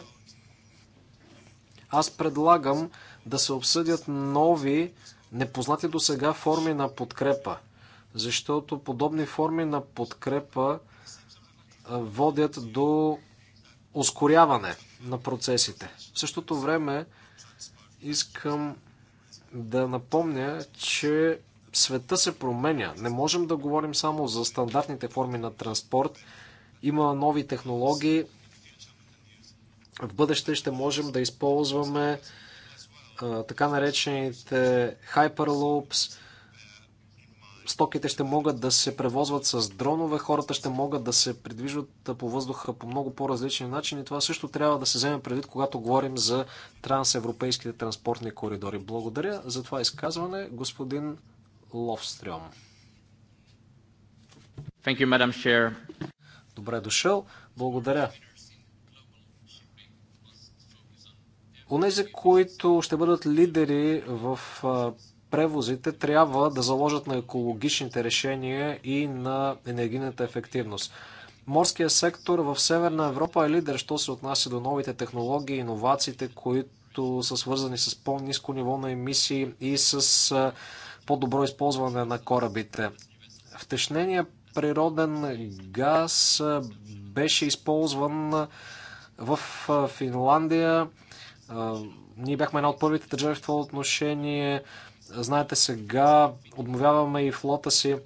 Аз предлагам да се обсъдят нови, непознати до сега форми на подкрепа защото подобни форми на подкрепа водят до ускоряване на процесите. В същото време искам да напомня, че света се променя. Не можем да говорим само за стандартните форми на транспорт. Има нови технологии. В бъдеще ще можем да използваме така наречените Hyperloops, стоките ще могат да се превозват с дронове, хората ще могат да се придвижват по въздуха по много по-различни начини. Това също трябва да се вземе предвид, когато говорим за трансевропейските транспортни коридори. Благодаря за това изказване, господин Ловстрем. Thank you, Madam Chair. Добре дошъл. Благодаря. Онези, които ще бъдат лидери в превозите трябва да заложат на екологичните решения и на енергийната ефективност. Морският сектор в Северна Европа е лидер, що се отнася до новите технологии, иновациите, които са свързани с по-низко ниво на емисии и с по-добро използване на корабите. Втешнения природен газ беше използван в Финландия. Ние бяхме една от първите държави в това отношение. Знаете, сега отмовяваме и флота си.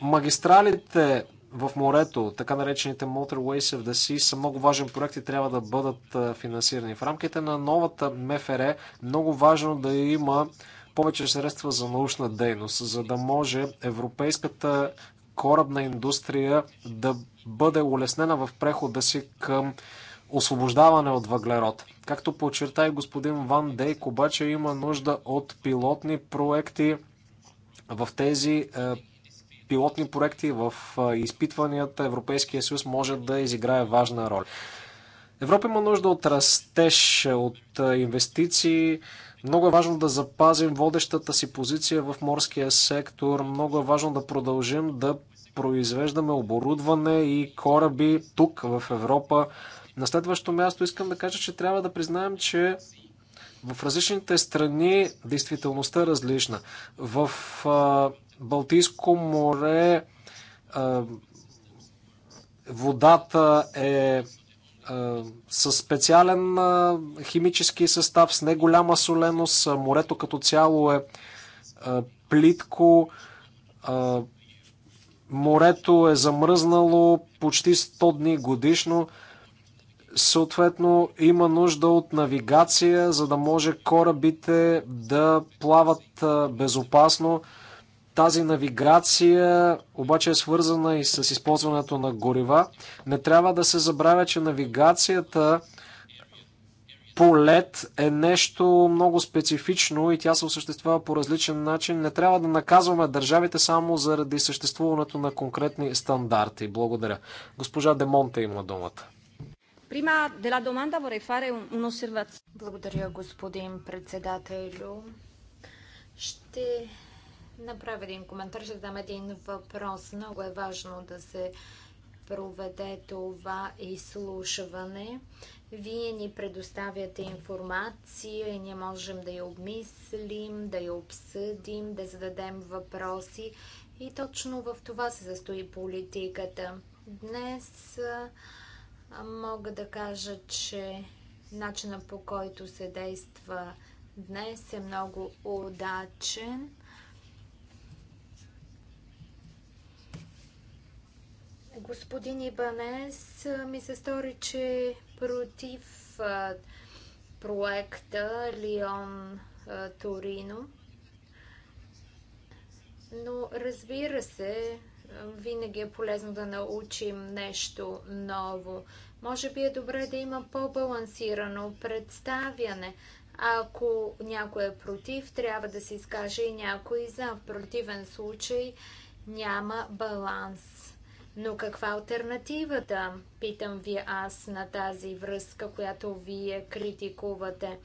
Магистралите в морето, така наречените Motorways of the Sea, са много важен проект и трябва да бъдат финансирани. В рамките на новата МФР е много важно да има повече средства за научна дейност, за да може европейската корабна индустрия да бъде улеснена в прехода си към освобождаване от въглерод. Както подчерта и господин Ван Дейк, обаче има нужда от пилотни проекти в тези е, пилотни проекти в е, изпитванията Европейския съюз може да изиграе важна роля. Европа има нужда от растеж, от е, инвестиции. Много е важно да запазим водещата си позиция в морския сектор. Много е важно да продължим да произвеждаме оборудване и кораби тук в Европа. На следващо място искам да кажа, че трябва да признаем, че в различните страни действителността е различна. В а, Балтийско море а, водата е със специален химически състав, с неголяма соленост. Морето като цяло е плитко. морето е замръзнало почти 100 дни годишно. Съответно, има нужда от навигация, за да може корабите да плават безопасно. Тази навигация обаче е свързана и с използването на горива. Не трябва да се забравя, че навигацията по лед е нещо много специфично и тя се осъществява по различен начин. Не трябва да наказваме държавите само заради съществуването на конкретни стандарти. Благодаря. Госпожа Демонте има думата. Prima della domanda vorrei fare un'osservazione. Благодаря, господин председателю. Ще направя един коментар, ще дам един въпрос. Много е важно да се проведе това изслушване. Вие ни предоставяте информация и ние можем да я обмислим, да я обсъдим, да зададем въпроси. И точно в това се застои политиката. Днес Мога да кажа, че начина по който се действа днес е много удачен. Господин Ибанес ми се стори, че против проекта Лион Торино. Но разбира се, винаги е полезно да научим нещо ново. Може би е добре да има по-балансирано представяне. Ако някой е против, трябва да се изкаже и някой за. В противен случай няма баланс. Но каква альтернативата? Питам ви аз на тази връзка, която вие критикувате.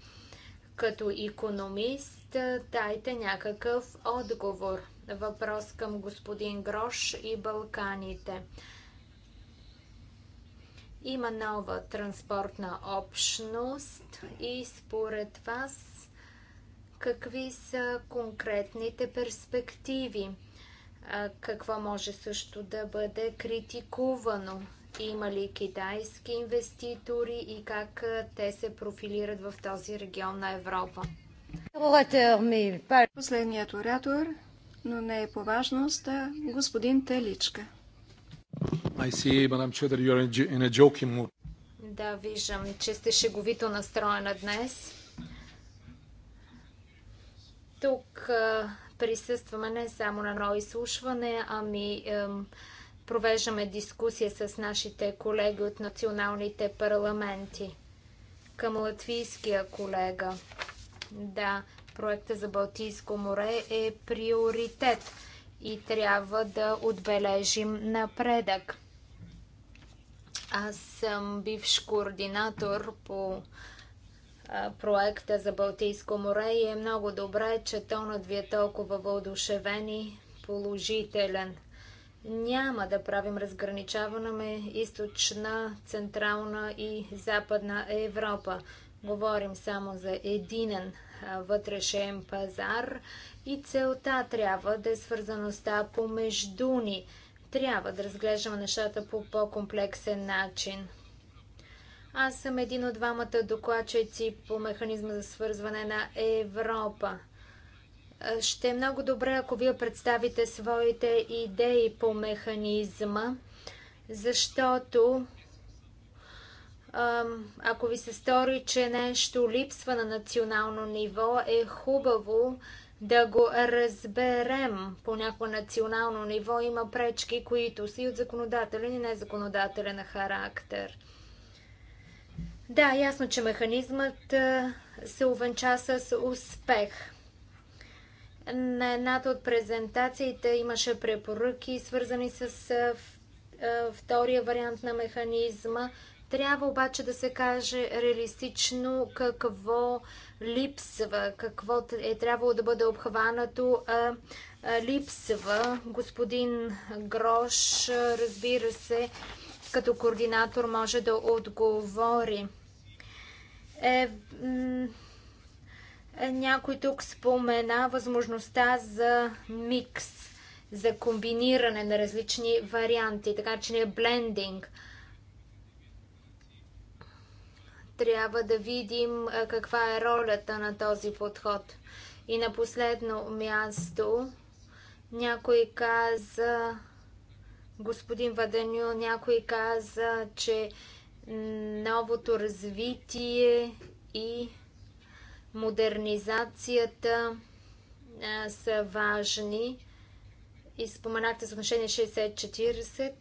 Като економист дайте някакъв отговор. Въпрос към господин Грош и Балканите. Има нова транспортна общност и според вас какви са конкретните перспективи? Какво може също да бъде критикувано? Има ли китайски инвеститори и как те се профилират в този регион на Европа? Последният оратор, но не е по важност, господин Теличка. See, да, виждам, че сте шеговито настроена днес. Тук присъстваме не само на нови изслушване, ами провеждаме дискусия с нашите колеги от националните парламенти. Към латвийския колега. Да, проекта за Балтийско море е приоритет и трябва да отбележим напредък. Аз съм бивш координатор по проекта за Балтийско море и е много добре, че тонът ви е толкова въодушевен и положителен – няма да правим разграничаване източна, централна и западна Европа. Говорим само за единен вътрешен пазар и целта трябва да е свързаността помежду ни. Трябва да разглеждаме нещата по по-комплексен начин. Аз съм един от двамата докладчици по механизма за свързване на Европа – ще е много добре, ако вие представите своите идеи по механизма, защото ако ви се стори, че нещо липсва на национално ниво, е хубаво да го разберем. По някакво национално ниво има пречки, които са и от законодателен и незаконодателен характер. Да, ясно, че механизмът се увенча с успех. На едната от презентациите имаше препоръки, свързани с втория вариант на механизма. Трябва обаче да се каже реалистично какво липсва, какво е трябвало да бъде обхванато, липсва. Господин Грош, разбира се, като координатор може да отговори. Е, някой тук спомена възможността за микс, за комбиниране на различни варианти, така че не е блендинг. Трябва да видим каква е ролята на този подход. И на последно място някой каза, господин Ваданю, някой каза, че новото развитие и модернизацията а, са важни. И споменахте съотношение 60-40.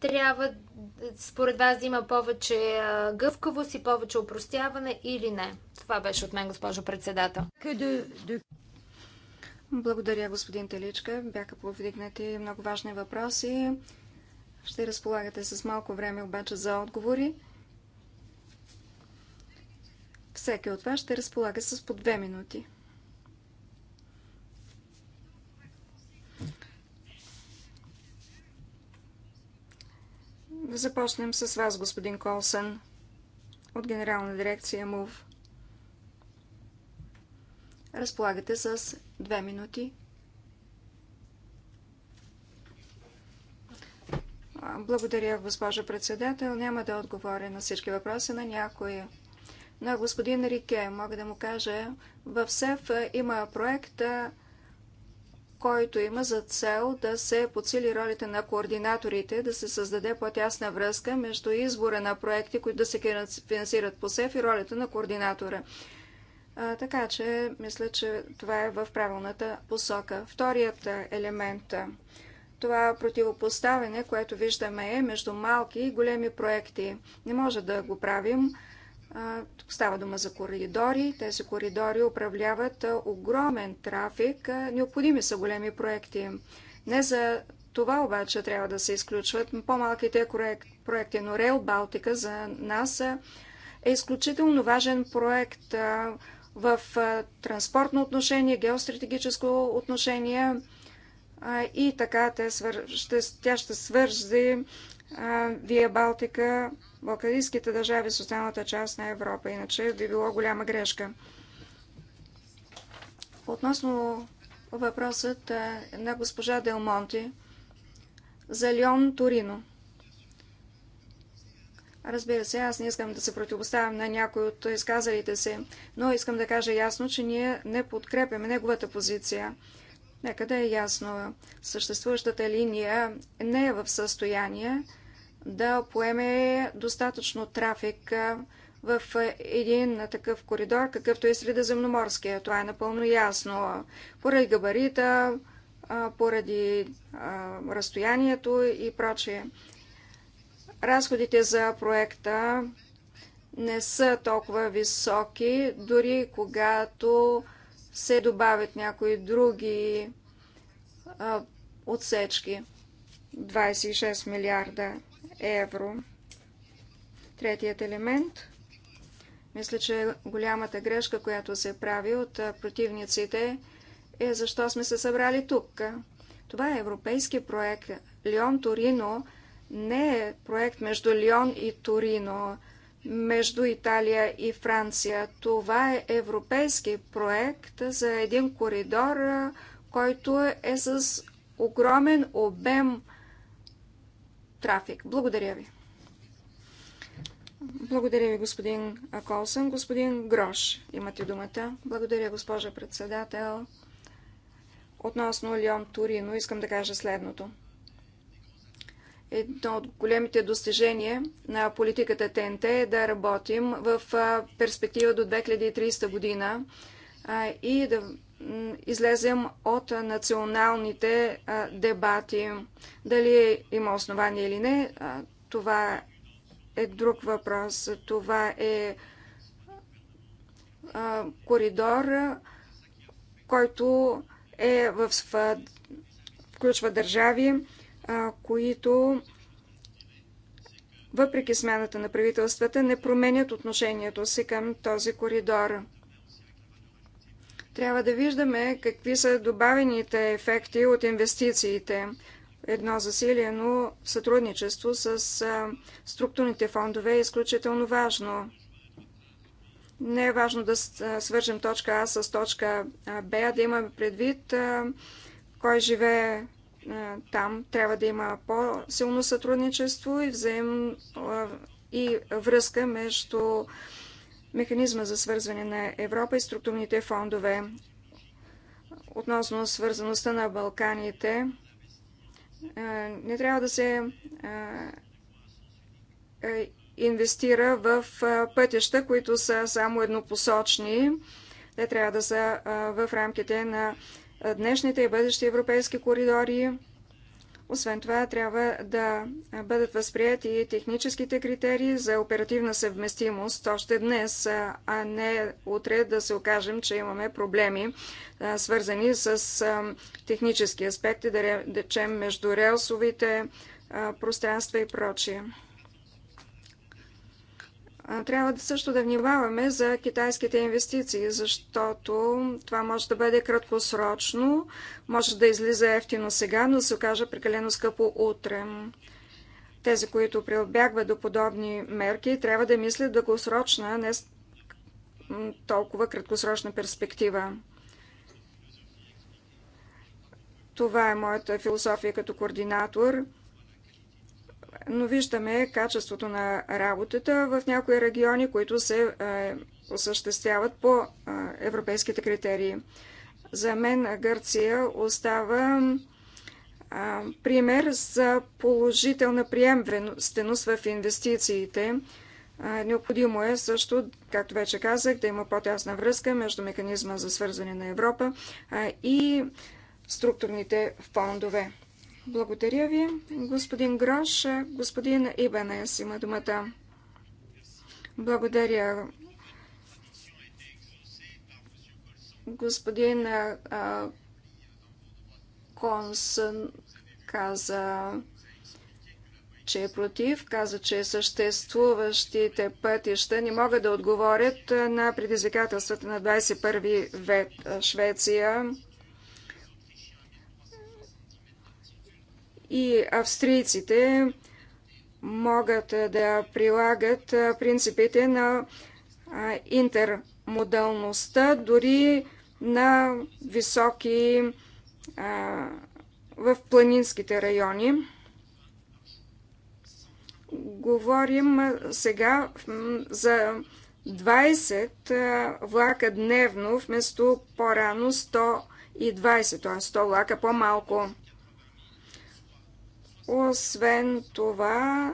Трябва, според вас, да има повече гъвкавост и повече упростяване или не? Това беше от мен, госпожо председател. Благодаря, господин Теличка. Бяха повдигнати много важни въпроси. Ще разполагате с малко време обаче за отговори. Всеки от вас ще разполага с по две минути. Да започнем с вас, господин Колсън, от Генерална дирекция МУВ. Разполагате с две минути. Благодаря, госпожо председател. Няма да отговоря на всички въпроси на някои на господин Рике. Мога да му кажа, в СЕФ има проект, който има за цел да се подсили ролите на координаторите, да се създаде по-тясна връзка между избора на проекти, които да се финансират по СЕФ и ролята на координатора. А, така че, мисля, че това е в правилната посока. Вторият елемент това противопоставяне, което виждаме е между малки и големи проекти. Не може да го правим тук става дума за коридори. Тези коридори управляват огромен трафик. Необходими са големи проекти. Не за това обаче трябва да се изключват по-малките проекти, но Рейл Балтика за нас е изключително важен проект в транспортно отношение, геостратегическо отношение и така те ще, тя ще свързи Вия Балтика балкарийските държави с останалата част на Европа. Иначе би било голяма грешка. Относно въпросът на госпожа Делмонти за Лион Торино. Разбира се, аз не искам да се противоставям на някой от изказалите се, но искам да кажа ясно, че ние не подкрепяме неговата позиция. Нека да е ясно, съществуващата линия не е в състояние да поеме достатъчно трафик в един такъв коридор, какъвто е Средиземноморския. Това е напълно ясно. Поради габарита, поради разстоянието и прочее. Разходите за проекта не са толкова високи, дори когато се добавят някои други отсечки. 26 милиарда евро. Третият елемент. Мисля, че голямата грешка, която се прави от противниците, е защо сме се събрали тук. Това е европейски проект. Лион Торино не е проект между Лион и Торино, между Италия и Франция. Това е европейски проект за един коридор, който е с огромен обем трафик. Благодаря ви. Благодаря ви, господин Колсън. Господин Грош, имате думата. Благодаря, госпожа председател. Относно Лион Торино, искам да кажа следното. Едно от големите достижения на политиката ТНТ е да работим в перспектива до 2030 година и да излезем от националните дебати. Дали има основание или не, това е друг въпрос. Това е коридор, който е в, включва държави, които въпреки смяната на правителствата не променят отношението си към този коридор. Трябва да виждаме какви са добавените ефекти от инвестициите. Едно засилено сътрудничество с структурните фондове е изключително важно. Не е важно да свържем точка А с точка Б, а да имаме предвид кой живее там. Трябва да има по-силно сътрудничество и, взаим, и връзка между механизма за свързване на Европа и структурните фондове. Относно свързаността на Балканите, е, не трябва да се е, е, инвестира в пътища, които са само еднопосочни. Те трябва да са в рамките на днешните и бъдещи европейски коридори. Освен това, трябва да бъдат възприяти техническите критерии за оперативна съвместимост още днес, а не утре да се окажем, че имаме проблеми, свързани с технически аспекти, да речем между релсовите пространства и прочие. Трябва също да внимаваме за китайските инвестиции, защото това може да бъде краткосрочно, може да излиза ефтино сега, но се окаже прекалено скъпо утре. Тези, които прибягват до подобни мерки, трябва да мислят дългосрочна, не толкова краткосрочна перспектива. Това е моята философия като координатор – но виждаме качеството на работата в някои региони, които се е, осъществяват по е, европейските критерии. За мен Гърция остава е, пример за положителна приемственост в инвестициите. Необходимо е също, както вече казах, да има по-тясна връзка между механизма за свързване на Европа и структурните фондове. Благодаря ви. Господин Грош, господин Ибенес има думата. Благодаря. Господин а, Консън каза, че е против, каза, че съществуващите пътища не могат да отговорят на предизвикателствата на 21 век Швеция и австрийците могат да прилагат принципите на интермодалността дори на високи в планинските райони. Говорим сега за 20 влака дневно, вместо по-рано 120, т.е. 100 влака по-малко. Освен това,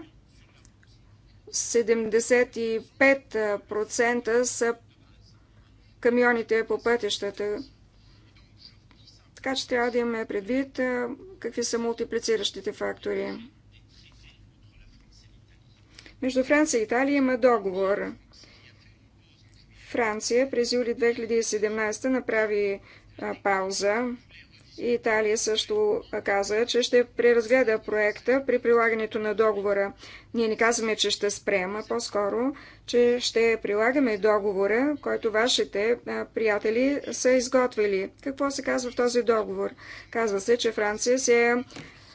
75% са камионите по пътищата. Така че трябва да имаме предвид какви са мултиплициращите фактори. Между Франция и Италия има договор. Франция през юли 2017 направи пауза. Италия също каза, че ще преразгледа проекта при прилагането на договора. Ние не казваме, че ще спрем, а по-скоро, че ще прилагаме договора, който вашите приятели са изготвили. Какво се казва в този договор? Казва се, че Франция се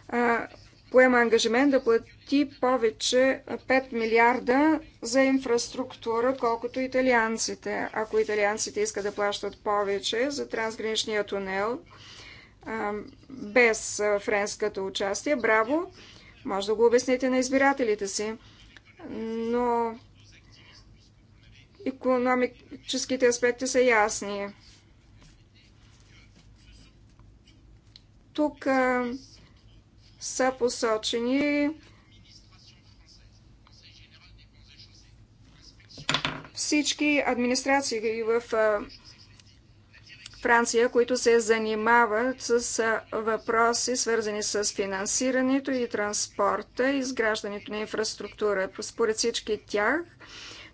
а, поема ангажимент да плати повече 5 милиарда за инфраструктура, колкото италианците. Ако италианците искат да плащат повече за трансграничния тунел, без френското участие. Браво! Може да го обясните на избирателите си. Но економическите аспекти са ясни. Тук са посочени всички администрации в Франция, които се занимават с въпроси, свързани с финансирането и транспорта, изграждането на инфраструктура. Според всички тях,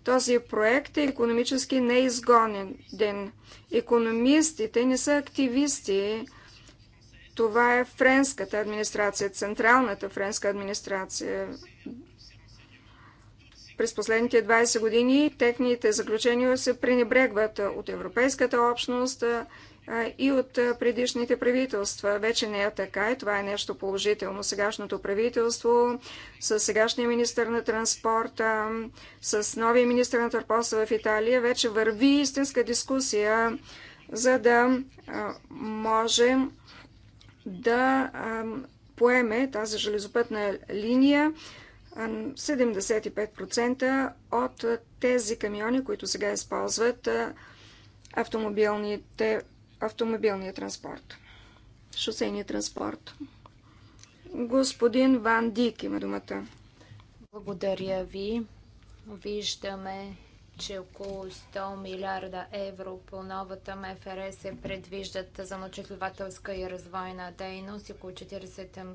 този проект е економически неизгоден. Економистите не са активисти. Това е френската администрация, централната френска администрация. През последните 20 години техните заключения се пренебрегват от Европейската общност и от предишните правителства. Вече не е така и това е нещо положително. Сегашното правителство, с сегашния министр на транспорта, с новия министр на Търпоса в Италия, вече върви истинска дискусия, за да може да поеме тази железопътна линия 75% от тези камиони, които сега използват автомобилните, автомобилния транспорт, шосейния транспорт. Господин Ван Дик има думата. Благодаря ви. Виждаме, че около 100 милиарда евро по новата МФР се предвиждат за научителвателска и развойна дейност и около 40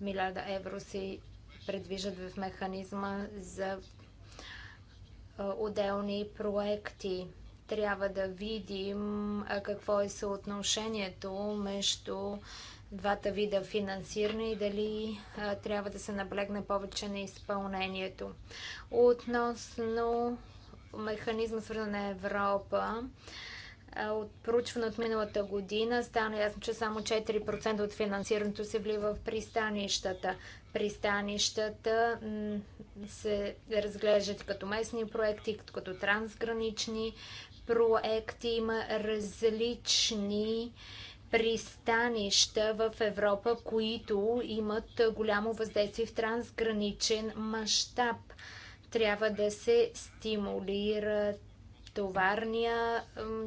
милиарда евро се предвижат в механизма за отделни проекти. Трябва да видим какво е съотношението между двата вида финансиране и дали трябва да се наблегне повече на изпълнението. Относно механизма свързан на Европа, от проучване от миналата година стана ясно, че само 4% от финансирането се влива в пристанищата пристанищата се разглеждат като местни проекти, като трансгранични проекти. Има различни пристанища в Европа, които имат голямо въздействие в трансграничен мащаб. Трябва да се стимулират товарния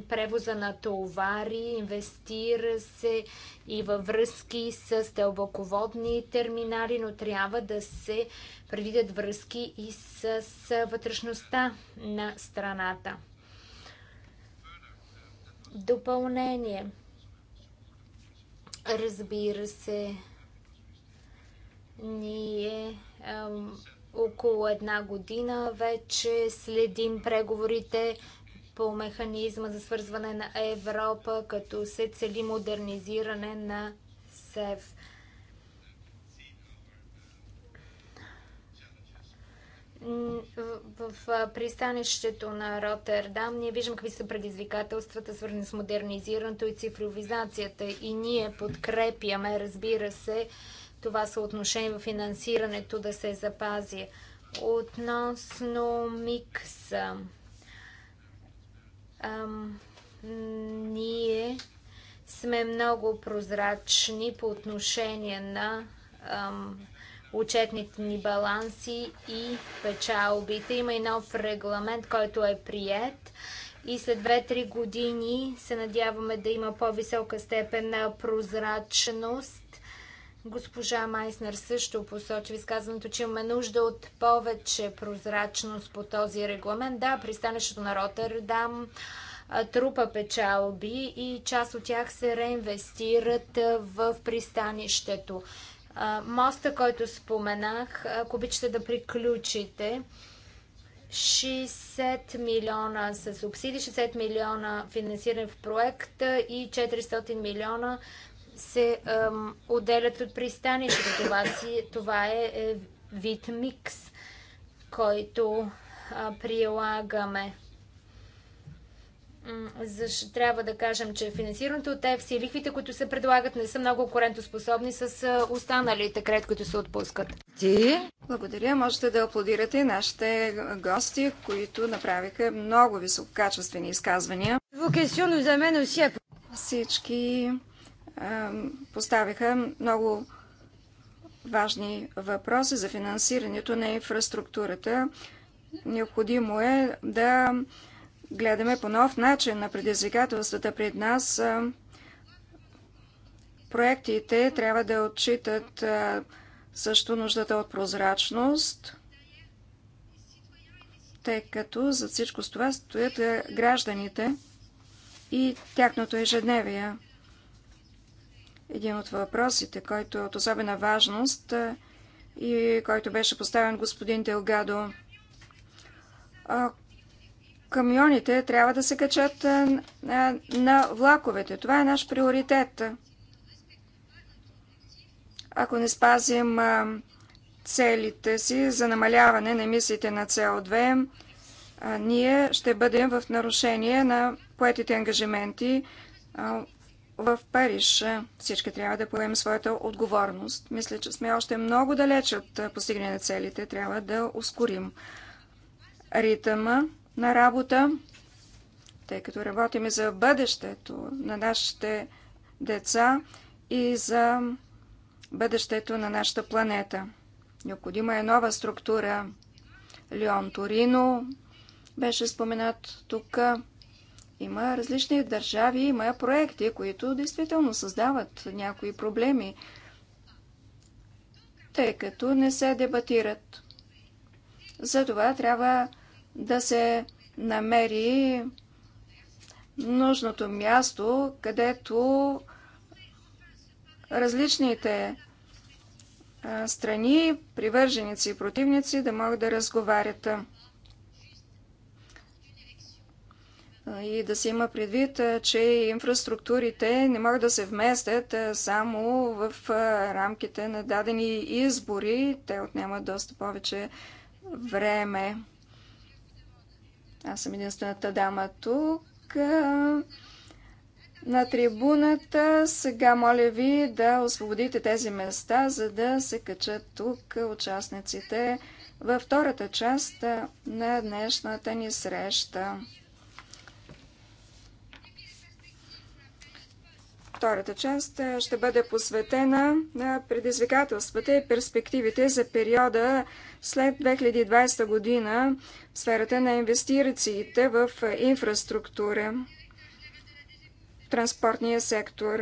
превоза на товари, инвестира се и във връзки с дълбоководни терминали, но трябва да се предвидят връзки и с вътрешността на страната. Допълнение. Разбира се, ние около една година вече следим преговорите по механизма за свързване на Европа, като се цели модернизиране на СЕВ. В, пристанището на Роттердам ние виждам какви са предизвикателствата, свързани с модернизирането и цифровизацията. И ние подкрепяме, разбира се, това съотношение в финансирането да се запази. Относно микса. Ам, ние сме много прозрачни по отношение на ам, учетните ни баланси и печалбите. Има и нов регламент, който е прият и след 2-3 години се надяваме да има по-висока степен на прозрачност Госпожа Майснер също посочи в изказването, че имаме нужда от повече прозрачност по този регламент. Да, пристанището на Роттердам трупа печалби и част от тях се реинвестират в пристанището. Моста, който споменах, ако обичате да приключите, 60 милиона са субсидии, 60 милиона финансиране в проекта и 400 милиона се ем, отделят от пристанището. Това, си, това е, е вид микс, който а, прилагаме. Защо, трябва да кажем, че финансирането от ЕФС и лихвите, които се предлагат, не са много конкурентоспособни с останалите кредит, които се отпускат. Ти? Благодаря. Можете да аплодирате нашите гости, които направиха много висококачествени изказвания. Всички поставиха много важни въпроси за финансирането на инфраструктурата. Необходимо е да гледаме по нов начин на предизвикателствата пред нас. Проектите трябва да отчитат също нуждата от прозрачност, тъй като за всичко с това стоят гражданите и тяхното ежедневие един от въпросите, който е от особена важност е, и който беше поставен господин Делгадо. Камионите трябва да се качат е, на влаковете. Това е наш приоритет. Ако не спазим е, целите си за намаляване на емисиите на СО2, ние ще бъдем в нарушение на поетите ангажименти в Париж всички трябва да поемем своята отговорност. Мисля, че сме още много далеч от постигане на целите. Трябва да ускорим ритъма на работа, тъй като работим и за бъдещето на нашите деца и за бъдещето на нашата планета. Необходима е нова структура. Леон Торино беше споменат тук. Има различни държави, има проекти, които действително създават някои проблеми, тъй като не се дебатират. Затова трябва да се намери нужното място, където различните страни, привърженици и противници да могат да разговарят. и да се има предвид, че инфраструктурите не могат да се вместят само в рамките на дадени избори. Те отнемат доста повече време. Аз съм единствената дама тук на трибуната. Сега моля ви да освободите тези места, за да се качат тук участниците във втората част на днешната ни среща. Втората част ще бъде посветена на предизвикателствата и перспективите за периода след 2020 година в сферата на инвестициите в инфраструктура, транспортния сектор.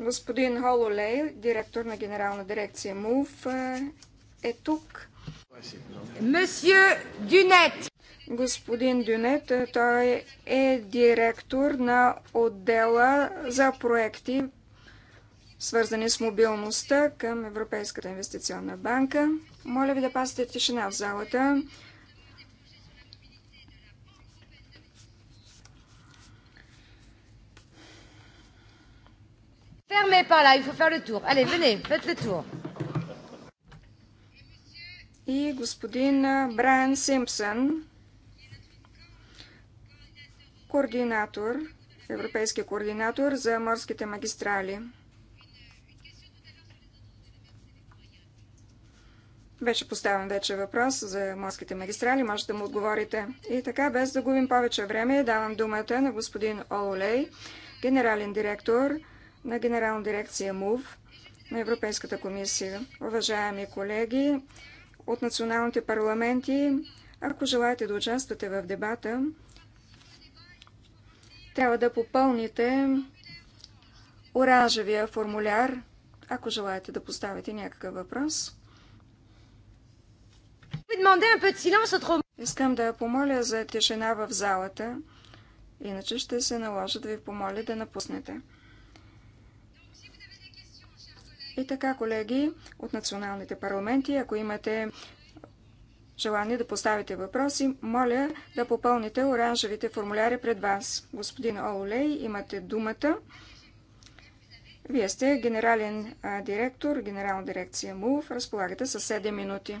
Господин Хололей, директор на генерална дирекция МУВ, е тук. Мсье Дюнет! господин Дюнет. Той е директор на отдела за проекти, свързани с мобилността към Европейската инвестиционна банка. Моля ви да пазите тишина в залата. Ферме pas là, il faut faire le tour. Allez, venez, faites le tour. И господин Брайан Симпсън, координатор, европейски координатор за морските магистрали. Беше поставен вече въпрос за морските магистрали, може да му отговорите. И така, без да губим повече време, давам думата на господин Олей, генерален директор на Генерална дирекция МУВ на Европейската комисия. Уважаеми колеги от националните парламенти, ако желаете да участвате в дебата, трябва да попълните оранжевия формуляр, ако желаете да поставите някакъв въпрос. Е Искам да помоля за тишина в залата, иначе ще се наложи да ви помоля да напуснете. И така, колеги, от националните парламенти, ако имате желание да поставите въпроси, моля да попълните оранжевите формуляри пред вас. Господин Олей, имате думата. Вие сте генерален директор, генерална дирекция МУВ. Разполагате с 7 минути.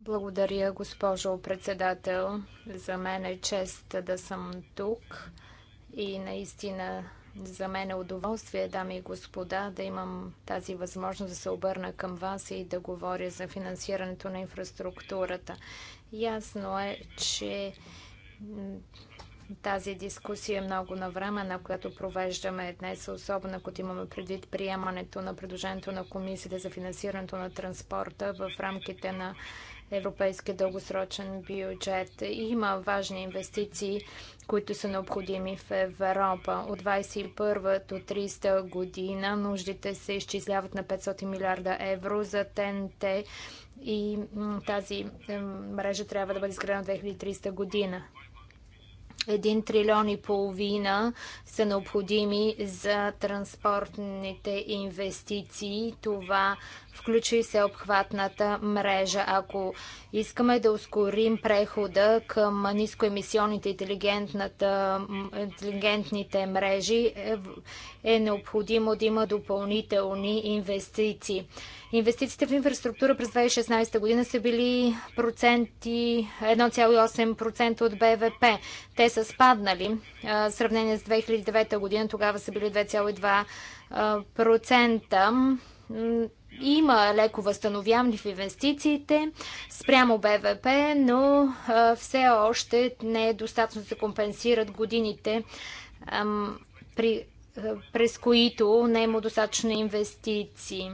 Благодаря, госпожо председател. За мен е чест да съм тук и наистина за мен е удоволствие, дами и господа, да имам тази възможност да се обърна към вас и да говоря за финансирането на инфраструктурата. Ясно е, че тази дискусия е много на която провеждаме днес, особено като имаме предвид приемането на предложението на комисията за финансирането на транспорта в рамките на европейски дългосрочен бюджет. Има важни инвестиции, които са необходими в Европа. От 21 до 30 година нуждите се изчисляват на 500 милиарда евро за ТНТ и тази мрежа трябва да бъде изградена в 2300 година. Един трилион и половина са необходими за транспортните инвестиции. Това включи се обхватната мрежа. Ако искаме да ускорим прехода към нискоемисионните интелигентните мрежи, е, е необходимо да има допълнителни инвестиции. Инвестициите в инфраструктура през 2016 година са били 1,8% от БВП. Те са спаднали в сравнение с 2009 година. Тогава са били 2,2% има леко възстановяване в инвестициите спрямо БВП, но все още не е достатъчно да се компенсират годините, при, през които не е му достатъчно инвестиции.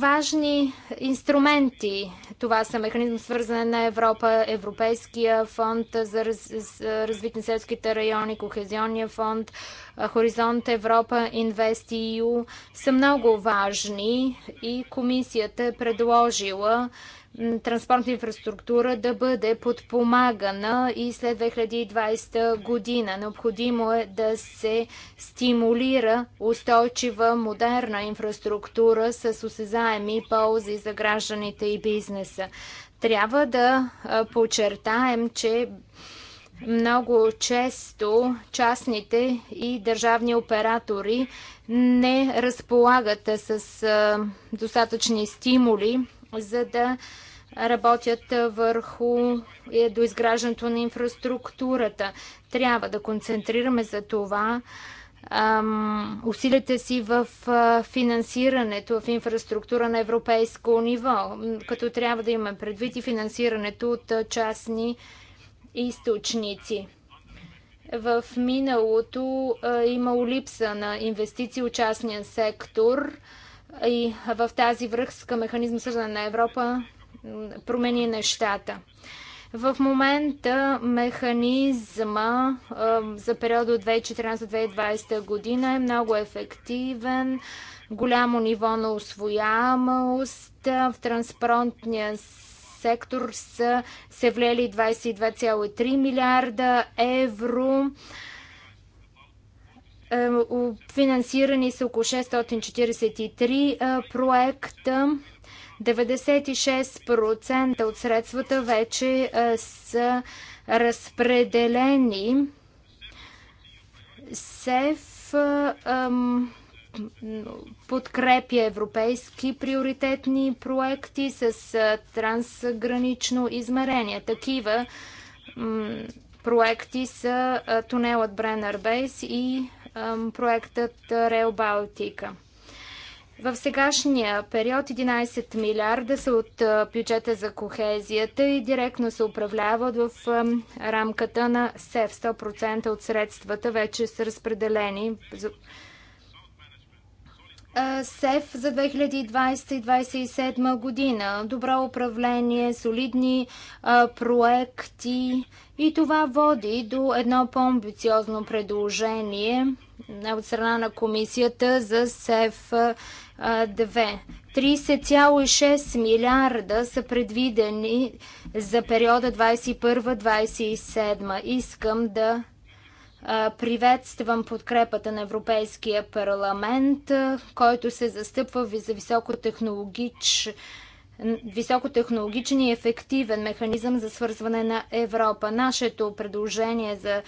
Важни инструменти. Това са механизъм свързане на Европа, Европейския фонд за, за развитие на селските райони, Кохезионния фонд, Хоризонт Европа, InvestEU са много важни и комисията е предложила транспортна инфраструктура да бъде подпомагана и след 2020 година. Необходимо е да се стимулира устойчива модерна инфраструктура с осезаеми ползи за гражданите и бизнеса. Трябва да подчертаем, че много често частните и държавни оператори не разполагат с достатъчни стимули, за да работят върху доизграждането на инфраструктурата. Трябва да концентрираме за това усилите си в финансирането в инфраструктура на европейско ниво, като трябва да имаме предвид и финансирането от частни източници. В миналото е имало липса на инвестиции от частния сектор и в тази връзка механизма свързана на Европа промени нещата. В момента механизма за периода от 2014-2020 година е много ефективен, голямо ниво на освояемост в транспортния сектор са се влели 22,3 милиарда евро. Е, финансирани са около 643 е, проекта. 96% от средствата вече е, са разпределени. СЕФ подкрепя европейски приоритетни проекти с трансгранично измерение. Такива проекти са тунелът Бренър Бейс и проектът Рео Балтика. В сегашния период 11 милиарда са от бюджета за кохезията и директно се управляват в рамката на СЕВ. 100% от средствата вече са разпределени СЕФ за 2020-2027 година. Добро управление, солидни проекти и това води до едно по-амбициозно предложение от страна на комисията за СЕФ 2. 30,6 милиарда са предвидени за периода 2021-2027. Искам да Приветствам подкрепата на Европейския парламент, който се застъпва за високотехнологич високотехнологичен и ефективен механизъм за свързване на Европа. Нашето предложение за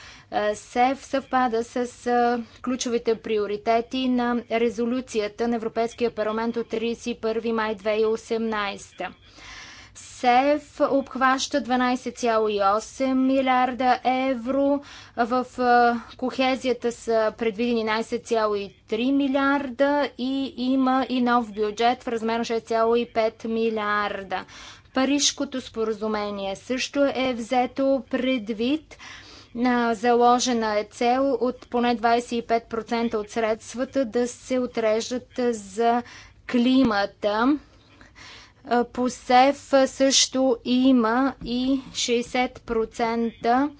СЕВ съвпада с ключовите приоритети на резолюцията на Европейския парламент от 31 май 2018. СЕФ обхваща 12,8 милиарда евро, в кохезията са предвидени 11,3 милиарда и има и нов бюджет в размер на 6,5 милиарда. Парижкото споразумение също е взето предвид. Заложена е цел от поне 25% от средствата да се отрежат за климата Посев също има и 60%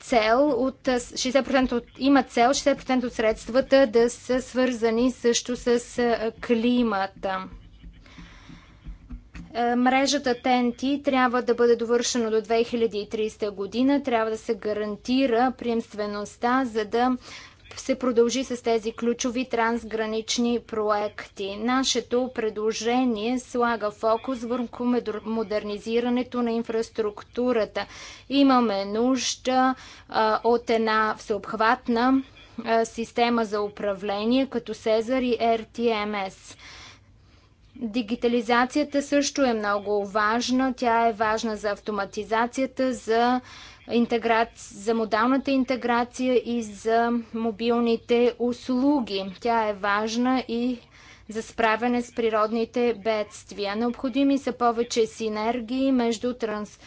цел от 60% от, има цел 60% от средствата да са свързани също с климата. Мрежата Тенти трябва да бъде довършена до 2030 година. Трябва да се гарантира приемствеността, за да се продължи с тези ключови трансгранични проекти. Нашето предложение слага фокус върху модернизирането на инфраструктурата. Имаме нужда а, от една всеобхватна а, система за управление, като Сезар и RTMS. Дигитализацията също е много важна. Тя е важна за автоматизацията, за а, интеграци... за модалната интеграция и за мобилните услуги. Тя е важна и за справяне с природните бедствия. Необходими са повече синергии между транс...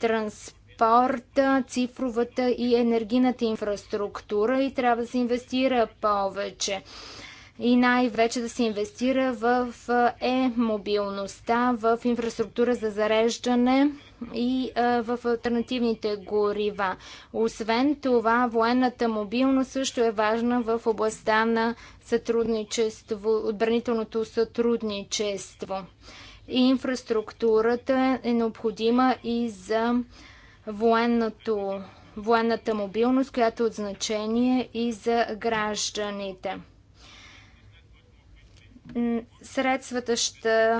транспорта, цифровата и енергийната инфраструктура и трябва да се инвестира повече и най-вече да се инвестира в е-мобилността, в инфраструктура за зареждане и в альтернативните горива. Освен това, военната мобилност също е важна в областта на сътрудничество, отбранителното сътрудничество. И инфраструктурата е необходима и за военното, военната мобилност, която е от значение и за гражданите средствата ще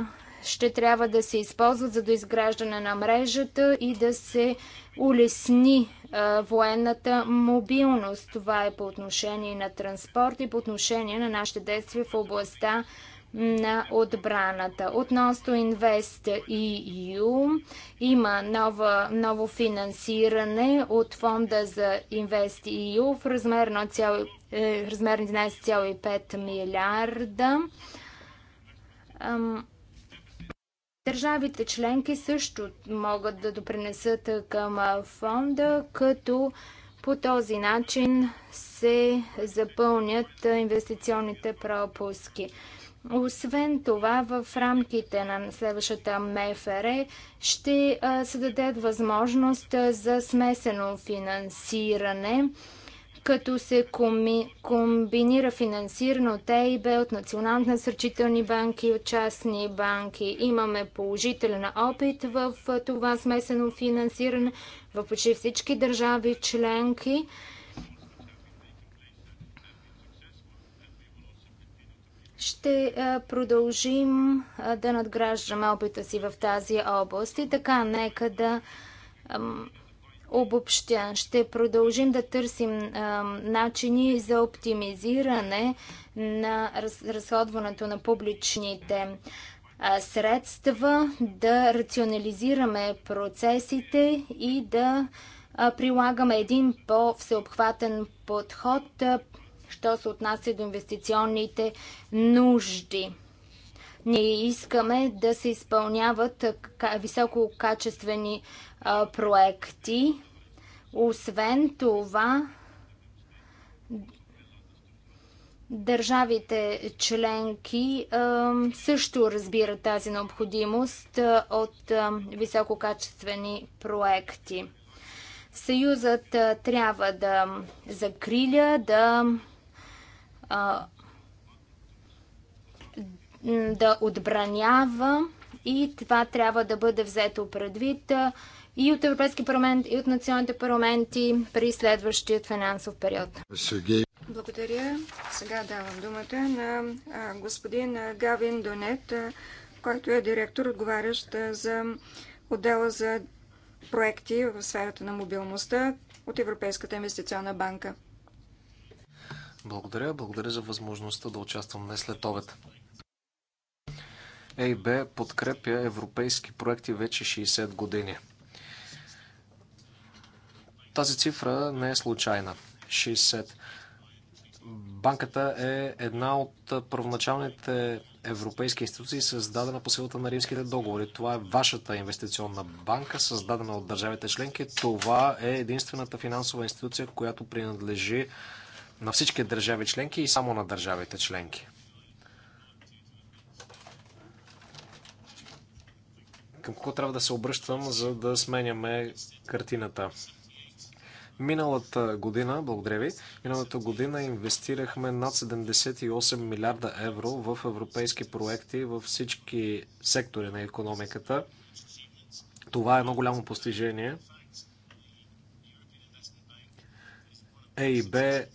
ще трябва да се използват за доизграждане на мрежата и да се улесни военната мобилност. Това е по отношение на транспорт и по отношение на нашите действия в областта на отбраната. Относно Инвест EU има нова, ново финансиране от фонда за Инвест EU в е, размер на 11,5 милиарда. Ам, Държавите членки също могат да допринесат към фонда, като по този начин се запълнят инвестиционните пропуски. Освен това, в рамките на следващата МФР ще се дадат възможност за смесено финансиране – като се коми, комбинира финансиране от ЕИБ, от националните насърчителни банки, от частни банки. Имаме положителен опит в това смесено финансиране в почти всички държави членки. ще продължим да надграждаме опита си в тази област и така нека да обобщя. Ще продължим да търсим а, начини за оптимизиране на раз, разходването на публичните а, средства, да рационализираме процесите и да а, прилагаме един по-всеобхватен подход, що се отнася до инвестиционните нужди. Ние искаме да се изпълняват висококачествени проекти. Освен това, Държавите членки също разбират тази необходимост от висококачествени проекти. Съюзът трябва да закриля, да да отбранява и това трябва да бъде взето предвид и от Европейски парламент, и от националните парламенти при следващия финансов период. Благодаря. Сега давам думата на господин Гавин Донет, който е директор, отговарящ за отдела за проекти в сферата на мобилността от Европейската инвестиционна банка. Благодаря. Благодаря за възможността да участвам днес след обед. ЕИБ подкрепя европейски проекти вече 60 години. Тази цифра не е случайна. 60. Банката е една от първоначалните европейски институции, създадена по силата на римските договори. Това е вашата инвестиционна банка, създадена от държавите членки. Това е единствената финансова институция, която принадлежи на всички държави членки и само на държавите членки. към какво трябва да се обръщам, за да сменяме картината. Миналата година, благодаря ви, миналата година инвестирахме над 78 милиарда евро в европейски проекти във всички сектори на економиката. Това е едно голямо постижение. ЕИБ е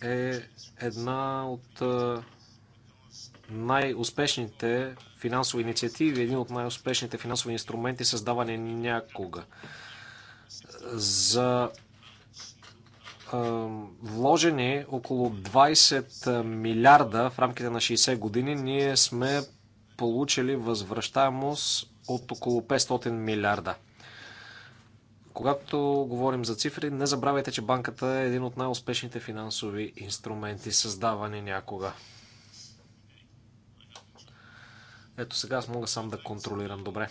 една от най-успешните финансови инициативи, един от най-успешните финансови инструменти, създавани някога. За вложени около 20 милиарда в рамките на 60 години, ние сме получили възвръщаемост от около 500 милиарда. Когато говорим за цифри, не забравяйте, че банката е един от най-успешните финансови инструменти, създавани някога. Ето сега аз мога сам да контролирам добре.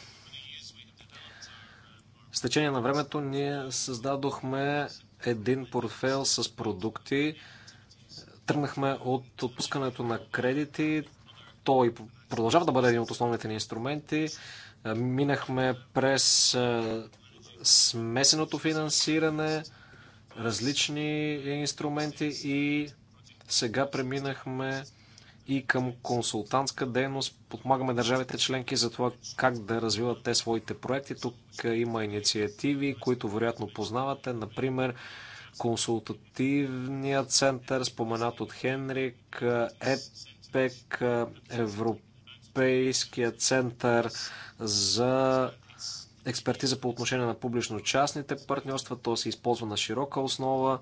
С течение на времето ние създадохме един портфел с продукти. Тръгнахме от отпускането на кредити. Той продължава да бъде един от основните ни инструменти. Минахме през е, смесеното финансиране, различни инструменти и сега преминахме и към консултантска дейност. Подмагаме държавите членки за това как да развиват те своите проекти. Тук е, има инициативи, които вероятно познавате. Например, консултативният център, споменат от Хенрик, е, ЕПЕК, е, Европейския център за експертиза по отношение на публично-частните партньорства. То се използва на широка основа.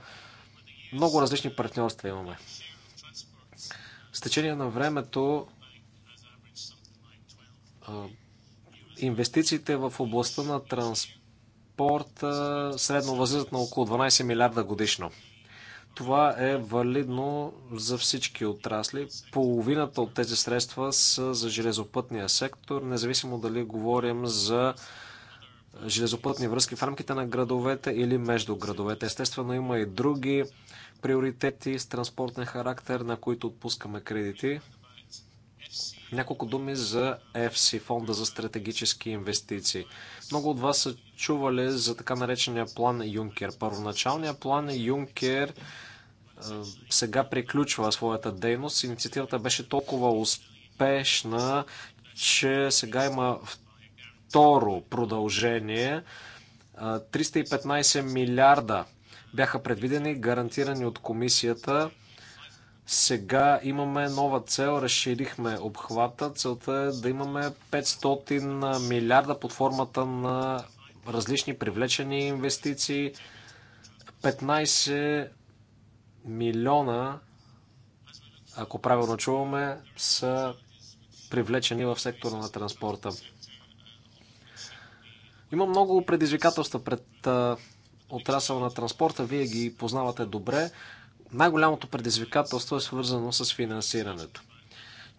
Много различни партньорства имаме. С течение на времето инвестициите в областта на транспорта средно възлизат на около 12 милиарда годишно. Това е валидно за всички отрасли. Половината от тези средства са за железопътния сектор, независимо дали говорим за железопътни връзки в рамките на градовете или между градовете. Естествено има и други приоритети с транспортен характер, на които отпускаме кредити. Няколко думи за EFSI, фонда за стратегически инвестиции. Много от вас са чували за така наречения план Юнкер. Първоначалният план Юнкер е, сега приключва своята дейност. Инициативата беше толкова успешна, че сега има второ продължение. 315 е, милиарда бяха предвидени, гарантирани от комисията. Сега имаме нова цел, разширихме обхвата. Целта е да имаме 500 милиарда под формата на различни привлечени инвестиции. 15 милиона, ако правилно чуваме, са привлечени в сектора на транспорта. Има много предизвикателства пред отрасъл на транспорта. Вие ги познавате добре. Най-голямото предизвикателство е свързано с финансирането.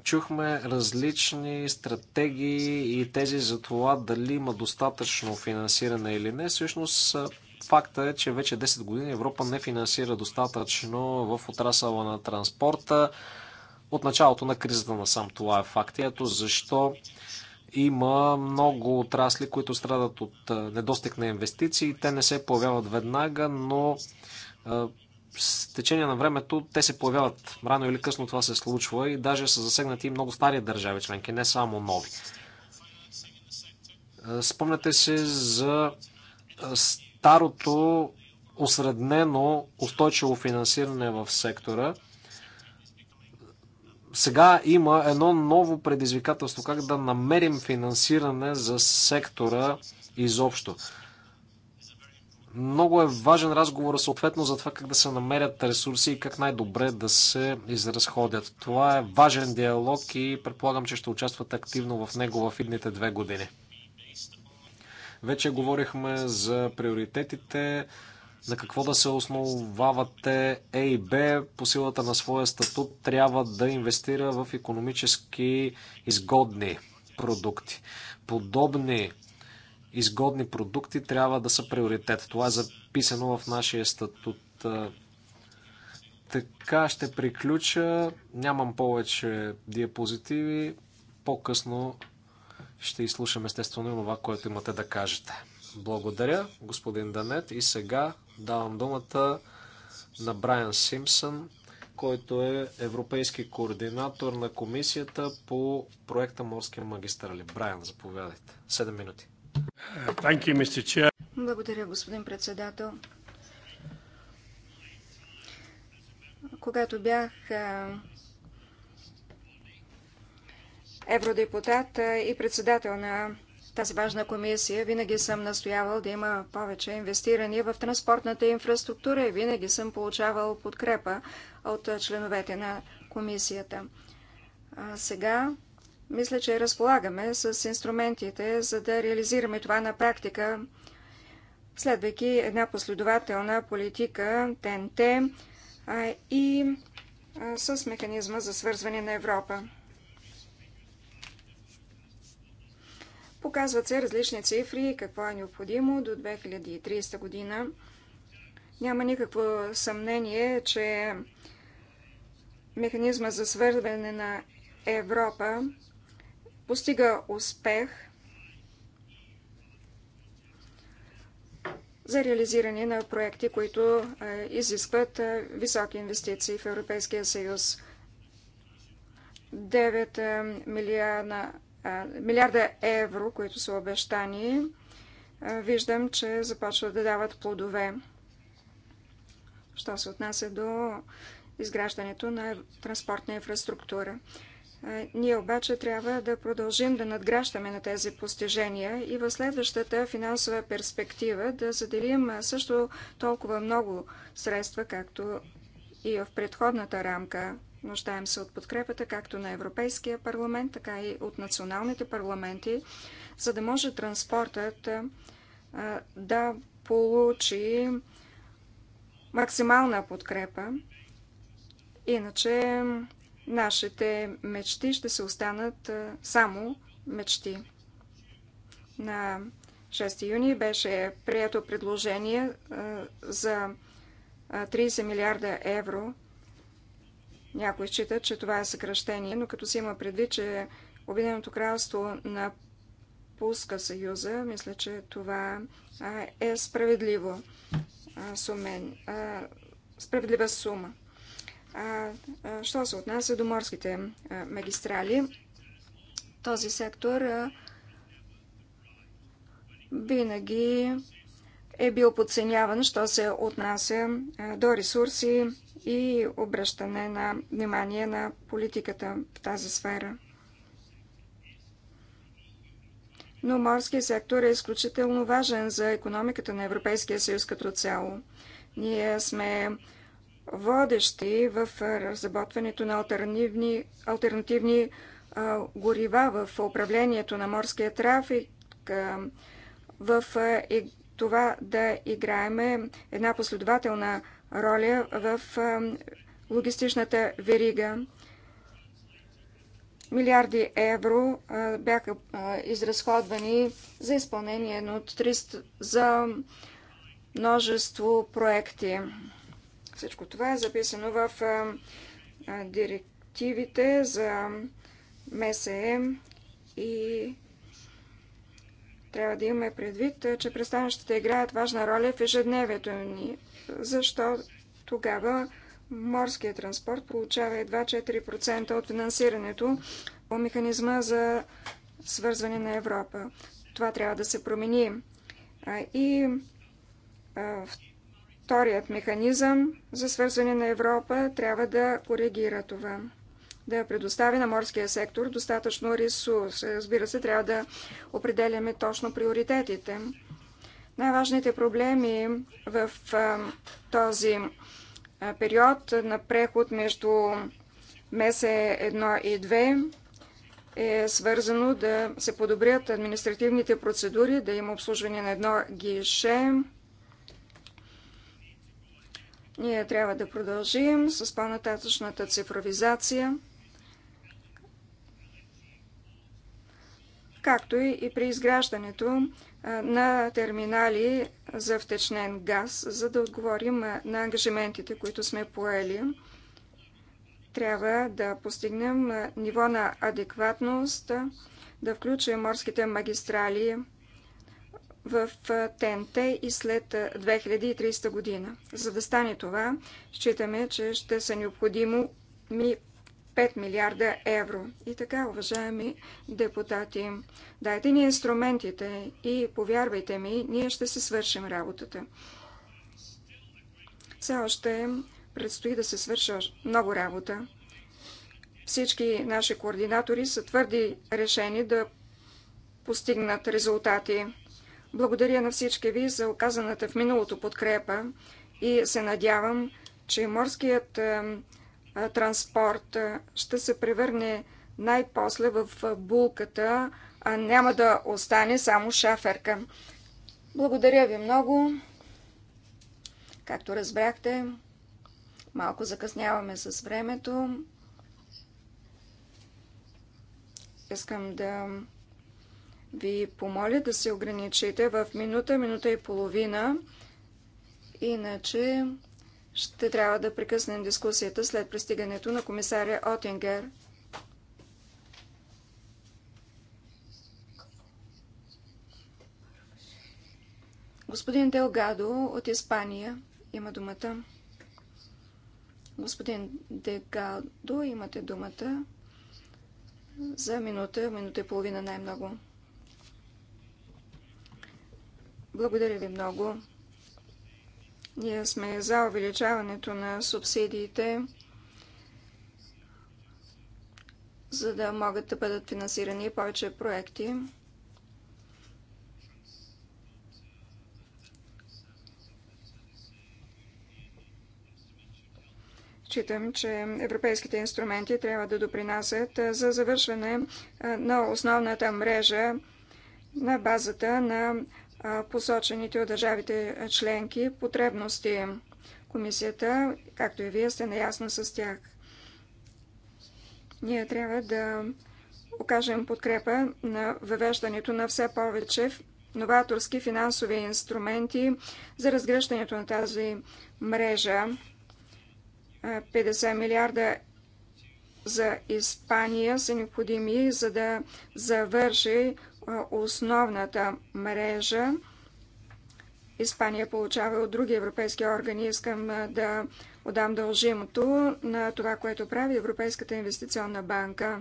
Чухме различни стратегии и тези за това дали има достатъчно финансиране или не. Всъщност факта е, че вече 10 години Европа не финансира достатъчно в отрасъла на транспорта. От началото на кризата на сам това е факт. И ето защо има много отрасли, които страдат от недостиг на инвестиции. Те не се появяват веднага, но с течение на времето те се появяват. Рано или късно това се случва и даже са засегнати и много стари държави членки, не само нови. Спомняте се за старото осреднено устойчиво финансиране в сектора – сега има едно ново предизвикателство как да намерим финансиране за сектора изобщо. Много е важен разговор съответно за това как да се намерят ресурси и как най-добре да се изразходят. Това е важен диалог и предполагам, че ще участвате активно в него в идните две години. Вече говорихме за приоритетите, на какво да се основавате ЕИБ по силата на своя статут трябва да инвестира в економически изгодни продукти. Подобни изгодни продукти трябва да са приоритет. Това е записано в нашия статут. Така ще приключа. Нямам повече диапозитиви. По-късно ще изслушам естествено това, което имате да кажете. Благодаря, господин Данет. И сега Давам думата на Брайан Симпсън, който е европейски координатор на комисията по проекта Морски магистрали. Брайан, заповядайте. 7 минути. You, Благодаря, господин председател. Когато бях евродепутат и председател на тази важна комисия винаги съм настоявал да има повече инвестиране в транспортната инфраструктура и винаги съм получавал подкрепа от членовете на комисията. А сега мисля, че разполагаме с инструментите, за да реализираме това на практика, следвайки една последователна политика ТНТ и с механизма за свързване на Европа. Показват се различни цифри, какво е необходимо до 2030 година. Няма никакво съмнение, че механизма за свързване на Европа постига успех за реализиране на проекти, които е, изискват е, високи инвестиции в Европейския съюз. 9 е, милиарда милиарда евро, които са обещани, виждам, че започват да дават плодове. Що се отнася до изграждането на транспортна инфраструктура. Ние обаче трябва да продължим да надграждаме на тези постижения и в следващата финансова перспектива да заделим също толкова много средства, както и в предходната рамка. Нуждаем се от подкрепата както на Европейския парламент, така и от националните парламенти, за да може транспортът да получи максимална подкрепа. Иначе нашите мечти ще се останат само мечти. На 6 юни беше прието предложение за 30 милиарда евро някои считат, че това е съкръщение, но като си има предвид, че Обединеното кралство напуска Съюза, мисля, че това е справедливо сумен, справедлива сума. Що се отнася до морските магистрали, този сектор винаги е бил подценяван, що се отнася е, до ресурси и обръщане на внимание на политиката в тази сфера. Но морския сектор е изключително важен за економиката на Европейския съюз като цяло. Ние сме водещи в разработването на альтернативни, альтернативни а, е, горива в управлението на морския трафик, а, е, в а, това да играем една последователна роля в логистичната верига. Милиарди евро бяха изразходвани за изпълнение на 300, за множество проекти. Всичко това е записано в директивите за МСЕ и трябва да имаме предвид, че пристанищата играят важна роля в ежедневието ни. Защо тогава морският транспорт получава едва 4% от финансирането по механизма за свързване на Европа? Това трябва да се промени. И вторият механизъм за свързване на Европа трябва да коригира това да предостави на морския сектор достатъчно ресурс. Разбира се, трябва да определяме точно приоритетите. Най-важните проблеми в този период на преход между МЕСЕ 1 и 2 е свързано да се подобрят административните процедури, да има обслужване на едно гише. Ние трябва да продължим с по-нататъчната цифровизация. както и при изграждането на терминали за втечнен газ, за да отговорим на ангажиментите, които сме поели. Трябва да постигнем ниво на адекватност, да включим морските магистрали в ТНТ и след 2030 година. За да стане това, считаме, че ще са необходимо ми 5 милиарда евро. И така, уважаеми депутати, дайте ни инструментите и повярвайте ми, ние ще се свършим работата. Все още предстои да се свърша много работа. Всички наши координатори са твърди решени да постигнат резултати. Благодаря на всички ви за оказаната в миналото подкрепа и се надявам, че морският транспорт ще се превърне най-после в булката, а няма да остане само шаферка. Благодаря ви много. Както разбрахте, малко закъсняваме с времето. Искам да ви помоля да се ограничите в минута, минута и половина. Иначе ще трябва да прекъснем дискусията след пристигането на комисаря Отингер. Господин Делгадо от Испания има думата. Господин Дегадо, имате думата за минута, минута и половина най-много. Благодаря ви много. Ние сме за увеличаването на субсидиите, за да могат да бъдат финансирани повече проекти. Читам, че европейските инструменти трябва да допринасят за завършване на основната мрежа на базата на посочените от държавите членки потребности. Комисията, както и вие, сте наясно с тях. Ние трябва да окажем подкрепа на въвеждането на все повече новаторски финансови инструменти за разгръщането на тази мрежа. 50 милиарда за Испания са необходими, за да завърши основната мрежа. Испания получава от други европейски органи. Искам да отдам дължимото на това, което прави Европейската инвестиционна банка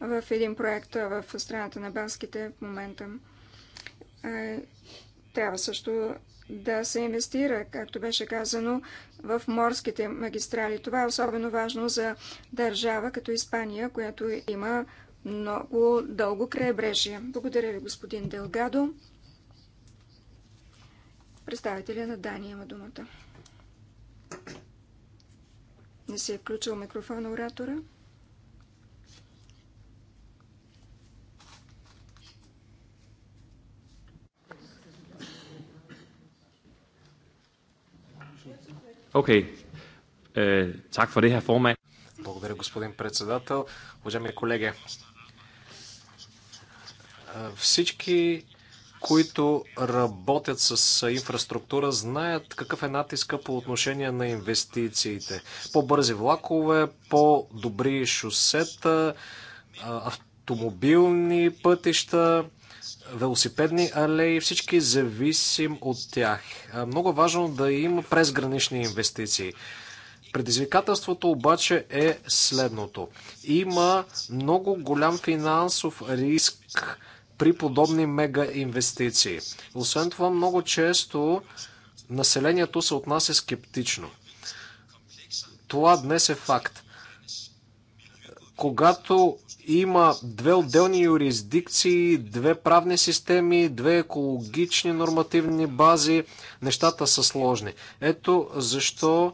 в един проект в страната на банските в момента. Трябва също да се инвестира, както беше казано, в морските магистрали. Това е особено важно за държава като Испания, която има много дълго крайбрежие. Благодаря ви, господин Делгадо. Представителя на Дания има думата. Не се е включил микрофон на оратора. Okay. Eh, Благодаря, господин председател. Уважаеми колеги, всички, които работят с инфраструктура, знаят какъв е натиска по отношение на инвестициите. По-бързи влакове, по-добри шосета, автомобилни пътища, велосипедни алеи, всички зависим от тях. Много важно да има презгранични инвестиции. Предизвикателството обаче е следното. Има много голям финансов риск при подобни мега инвестиции. Освен това, много често населението се отнася скептично. Това днес е факт. Когато има две отделни юрисдикции, две правни системи, две екологични нормативни бази, нещата са сложни. Ето защо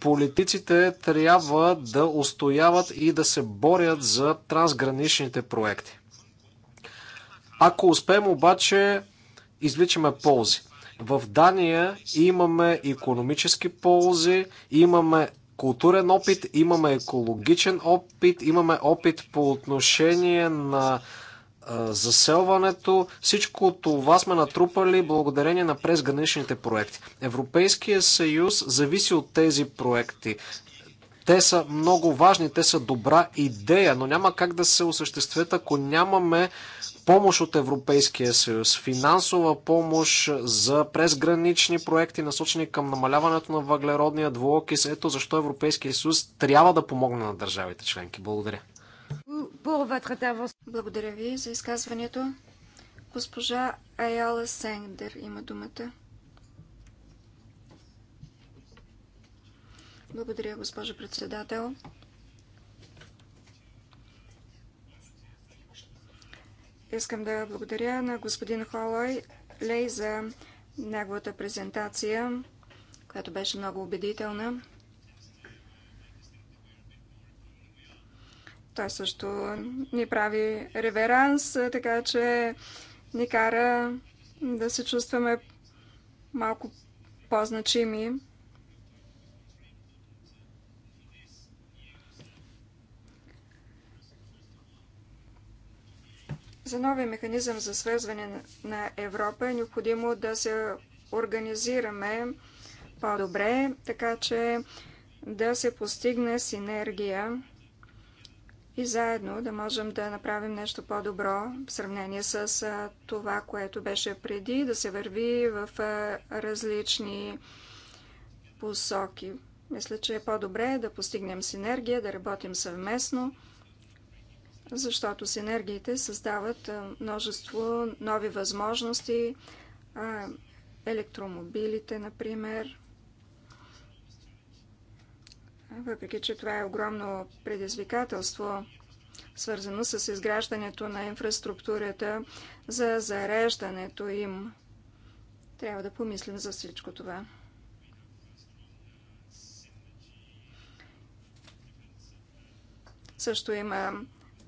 политиците трябва да устояват и да се борят за трансграничните проекти. Ако успеем обаче, извличаме ползи. В Дания имаме економически ползи, имаме културен опит, имаме екологичен опит, имаме опит по отношение на заселването. Всичко това сме натрупали благодарение на презграничните проекти. Европейския съюз зависи от тези проекти. Те са много важни, те са добра идея, но няма как да се осъществят, ако нямаме помощ от Европейския съюз, финансова помощ за презгранични проекти, насочени към намаляването на въглеродния двуокис. Ето защо Европейския съюз трябва да помогне на държавите членки. Благодаря. Благодаря ви за изказването. Госпожа Аяла Сендер има думата. Благодаря, госпожо председател. Искам да благодаря на господин Холой Лей за неговата презентация, която беше много убедителна. Той също ни прави реверанс, така че ни кара да се чувстваме малко по-значими. За новия механизъм за свързване на Европа е необходимо да се организираме по-добре, така че да се постигне синергия и заедно да можем да направим нещо по-добро в сравнение с това, което беше преди, да се върви в различни посоки. Мисля, че е по-добре да постигнем синергия, да работим съвместно защото синергиите създават множество нови възможности, електромобилите, например. Въпреки, че това е огромно предизвикателство, свързано с изграждането на инфраструктурата за зареждането им. Трябва да помислим за всичко това. Също има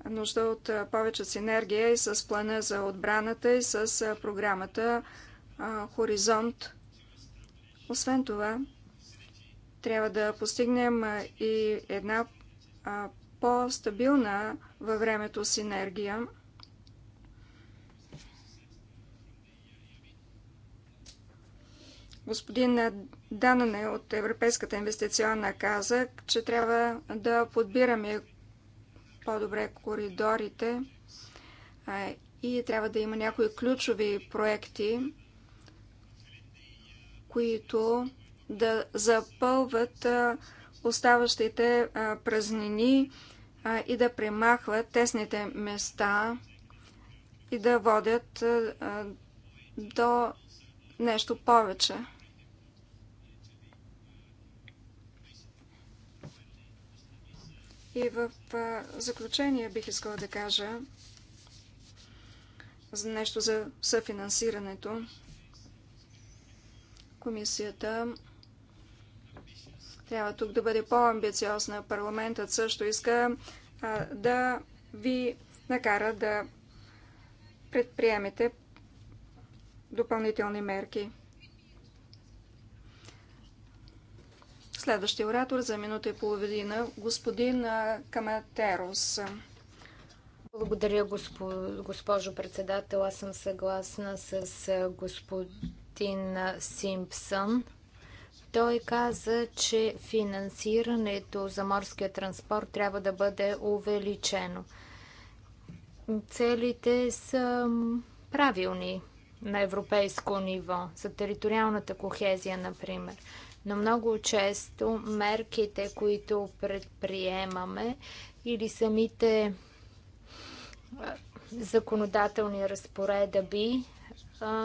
нужда от повече синергия и с плана за отбраната и с програмата Хоризонт. Освен това, трябва да постигнем и една по-стабилна във времето синергия. Господин Данане от Европейската инвестиционна каза, че трябва да подбираме по-добре коридорите и трябва да има някои ключови проекти, които да запълват оставащите празнини и да премахват тесните места и да водят до нещо повече. И в заключение бих искала да кажа за нещо за съфинансирането. Комисията трябва тук да бъде по-амбициозна. Парламентът също иска да ви накара да предприемете допълнителни мерки. Следващия оратор за минута и половина, господин Каматерос. Благодаря, госпожо председател. Аз съм съгласна с господин Симпсън. Той каза, че финансирането за морския транспорт трябва да бъде увеличено. Целите са правилни на европейско ниво, за териториалната кохезия, например но много често мерките, които предприемаме или самите законодателни разпоредаби,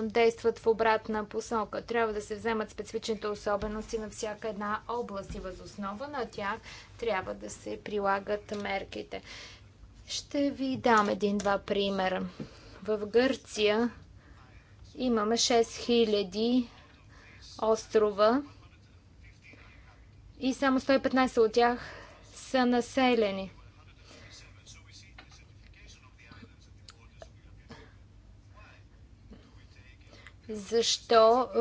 действат в обратна посока. Трябва да се вземат специфичните особености на всяка една област и възоснова на тях трябва да се прилагат мерките. Ще ви дам един-два примера. В Гърция имаме 6000 острова и само 115 от тях са населени. Защо е,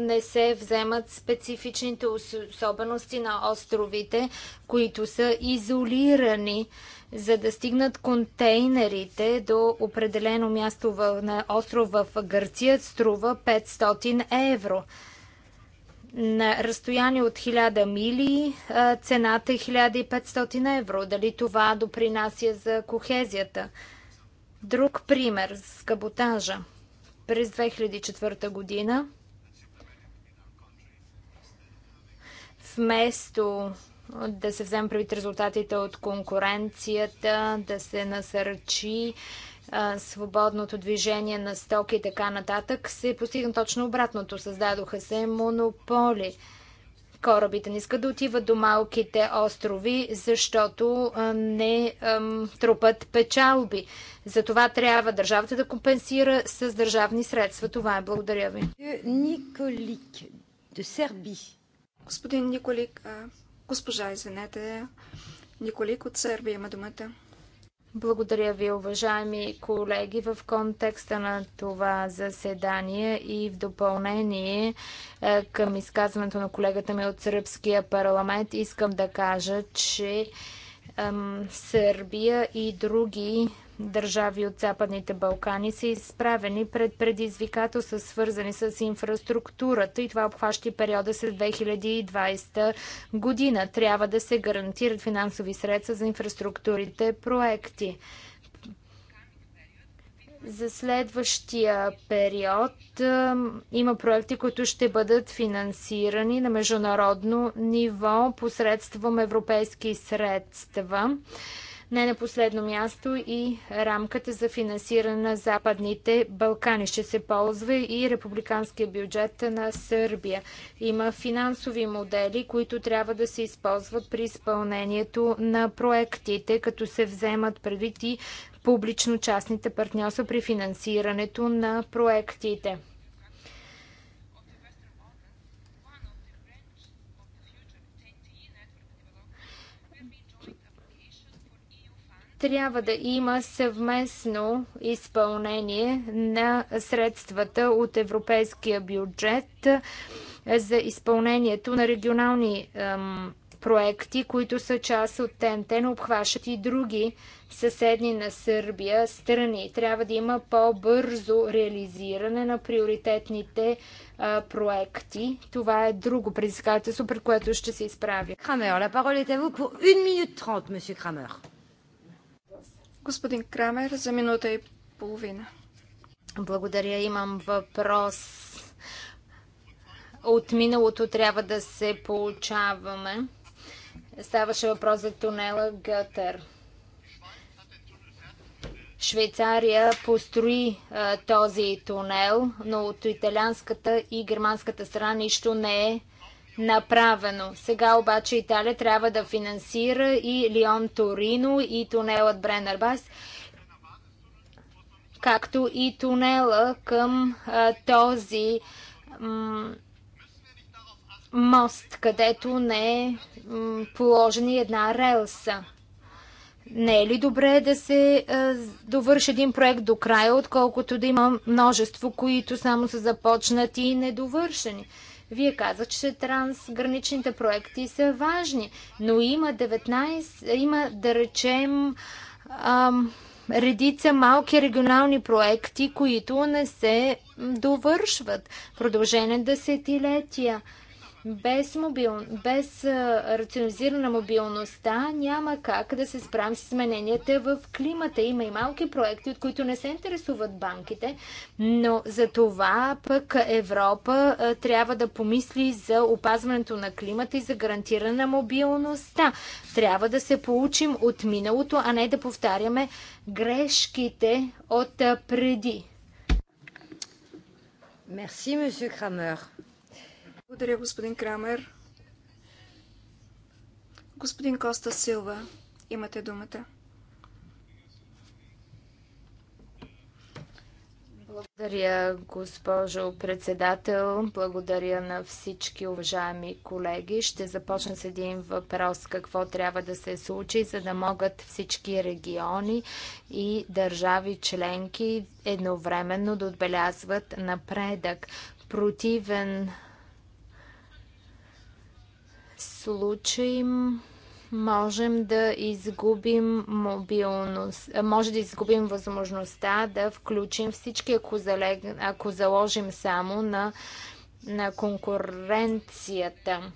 не се вземат специфичните особености на островите, които са изолирани, за да стигнат контейнерите до определено място на остров в Гърция, струва 500 евро на разстояние от 1000 мили цената е 1500 евро. Дали това допринася за кохезията? Друг пример с каботажа. През 2004 година вместо да се вземе правит резултатите от конкуренцията, да се насърчи свободното движение на стоки и така нататък, се постигна точно обратното. Създадоха се монополи. Корабите не искат да отиват до малките острови, защото не ам, трупат печалби. Затова трябва държавата да компенсира с държавни средства. Това е. Благодаря ви. Николик, до Сърби. Господин Николик, госпожа, извинете, Николик от Сърбия има думата. Благодаря ви, уважаеми колеги. В контекста на това заседание и в допълнение е, към изказването на колегата ми от Сръбския парламент искам да кажа, че Сърбия и други държави от Западните Балкани са изправени пред предизвикателства, свързани с инфраструктурата и това обхваща периода след 2020 година. Трябва да се гарантират финансови средства за инфраструктурите проекти. За следващия период има проекти, които ще бъдат финансирани на международно ниво посредством европейски средства. Не на последно място и рамката за финансиране на Западните Балкани. Ще се ползва и републиканския бюджет на Сърбия. Има финансови модели, които трябва да се използват при изпълнението на проектите, като се вземат предвид и публично-частните партньорства при финансирането на проектите. трябва да има съвместно изпълнение на средствата от европейския бюджет за изпълнението на регионални проекти, които са част от ТНТ, но обхващат и други съседни на Сърбия страни. Трябва да има по-бързо реализиране на приоритетните а, проекти. Това е друго предизвикателство, пред което ще се изправя. Крамер, la parole est à vous pour 1 minute 30, monsieur Крамер. Господин Крамер, за минута и половина. Благодаря. Имам въпрос. От миналото трябва да се получаваме. Ставаше въпрос за тунела Гътър. Швейцария построи а, този тунел, но от италианската и германската страна нищо не е направено. Сега обаче Италия трябва да финансира и Лион Торино и тунелът Бренербас, както и тунела към а, този мост, където не е положена една релса. Не е ли добре да се а, довърши един проект до края, отколкото да има множество, които само са започнати и недовършени? Вие казах, че трансграничните проекти са важни, но има 19, има да речем ам, редица малки регионални проекти, които не се довършват. Продължение десетилетия. Без, мобил... без рационализирана мобилността няма как да се справим с измененията в климата. Има и малки проекти, от които не се интересуват банките, но за това пък Европа трябва да помисли за опазването на климата и за гарантиране на мобилността. Трябва да се получим от миналото, а не да повтаряме грешките от преди. Мерси, месье Крамер. Благодаря, господин Крамер. Господин Коста Силва, имате думата. Благодаря, госпожо председател. Благодаря на всички уважаеми колеги. Ще започна с един въпрос. Какво трябва да се случи, за да могат всички региони и държави членки едновременно да отбелязват напредък? противен случай можем да изгубим мобилност, може да изгубим възможността да включим всички, ако, залег, ако заложим само на, на конкуренцията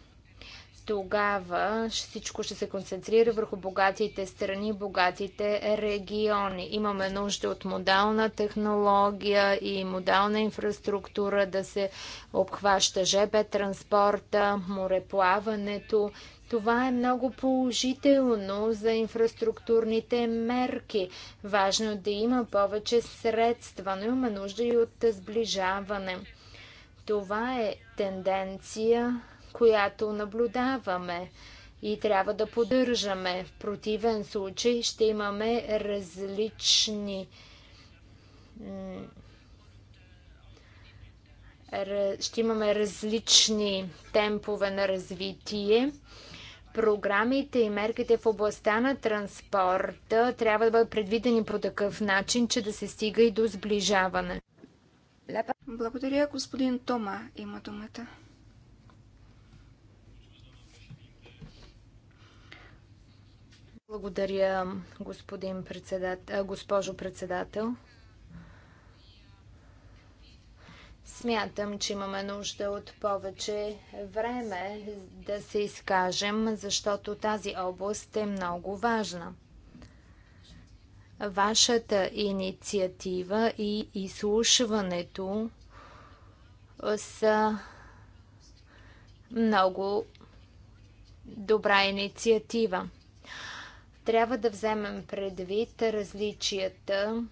тогава всичко ще се концентрира върху богатите страни, богатите региони. Имаме нужда от модална технология и модална инфраструктура да се обхваща ЖБ транспорта, мореплаването. Това е много положително за инфраструктурните мерки. Важно е да има повече средства, но имаме нужда и от сближаване. Това е тенденция, която наблюдаваме и трябва да поддържаме. В противен случай ще имаме различни ще имаме различни темпове на развитие. Програмите и мерките в областта на транспорта трябва да бъдат предвидени по такъв начин, че да се стига и до сближаване. Благодаря, господин Тома има думата. Благодаря, господин председател, госпожо председател. Смятам, че имаме нужда от повече време да се изкажем, защото тази област е много важна. Вашата инициатива и изслушването са много добра инициатива. Трябва да вземем предвид различията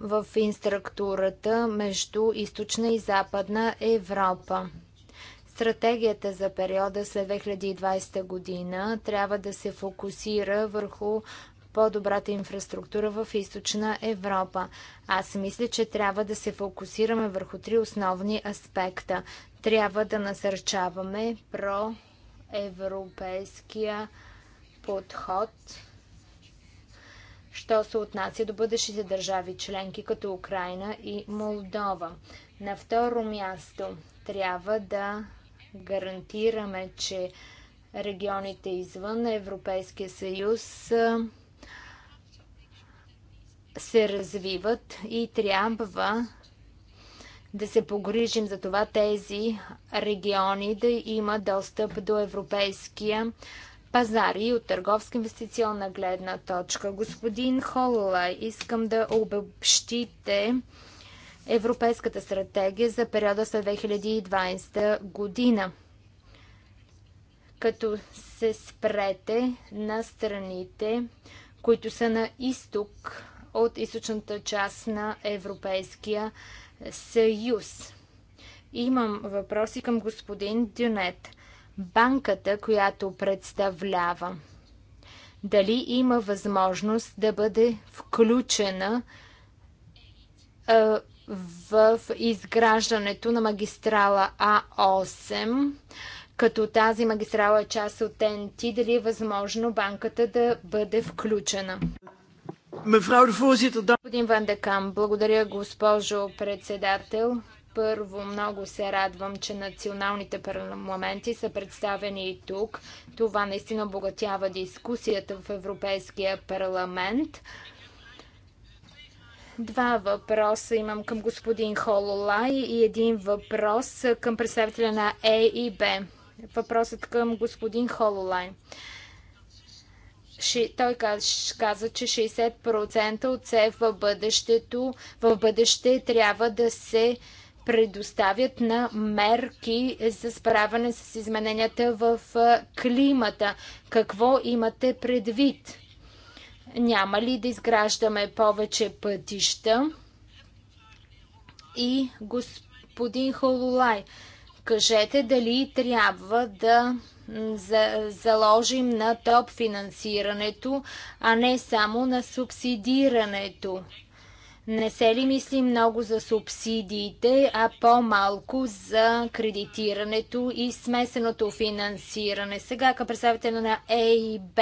в инструктурата между източна и западна Европа. Стратегията за периода след 2020 година трябва да се фокусира върху по-добрата инфраструктура в източна Европа. Аз мисля, че трябва да се фокусираме върху три основни аспекта. Трябва да насърчаваме проевропейския европейския подход, що се отнася до бъдещите държави членки, като Украина и Молдова. На второ място трябва да гарантираме, че регионите извън Европейския съюз се развиват и трябва да се погрижим за това тези региони да има достъп до Европейския съюз пазари от търговска инвестиционна гледна точка. Господин Хололай, искам да обобщите Европейската стратегия за периода след 2020 година, като се спрете на страните, които са на изток от източната част на Европейския съюз. Имам въпроси към господин Дюнет банката, която представлява. Дали има възможност да бъде включена в изграждането на магистрала А8, като тази магистрала е част от НТ дали е възможно банката да бъде включена? Господин Ван Декам, благодаря госпожо председател. Първо, много се радвам, че националните парламенти са представени и тук. Това наистина обогатява дискусията в Европейския парламент. Два въпроса имам към господин Хололай и един въпрос към представителя на Е и Б. Въпросът към господин Хололай. Той каза, че 60% от СЕ в бъдещето, в бъдеще трябва да се предоставят на мерки за справяне с измененията в климата. Какво имате предвид? Няма ли да изграждаме повече пътища? И господин Хололай, кажете дали трябва да заложим на топ финансирането, а не само на субсидирането. Не се ли мисли много за субсидиите, а по-малко за кредитирането и смесеното финансиране? Сега към представителя на ЕИБ.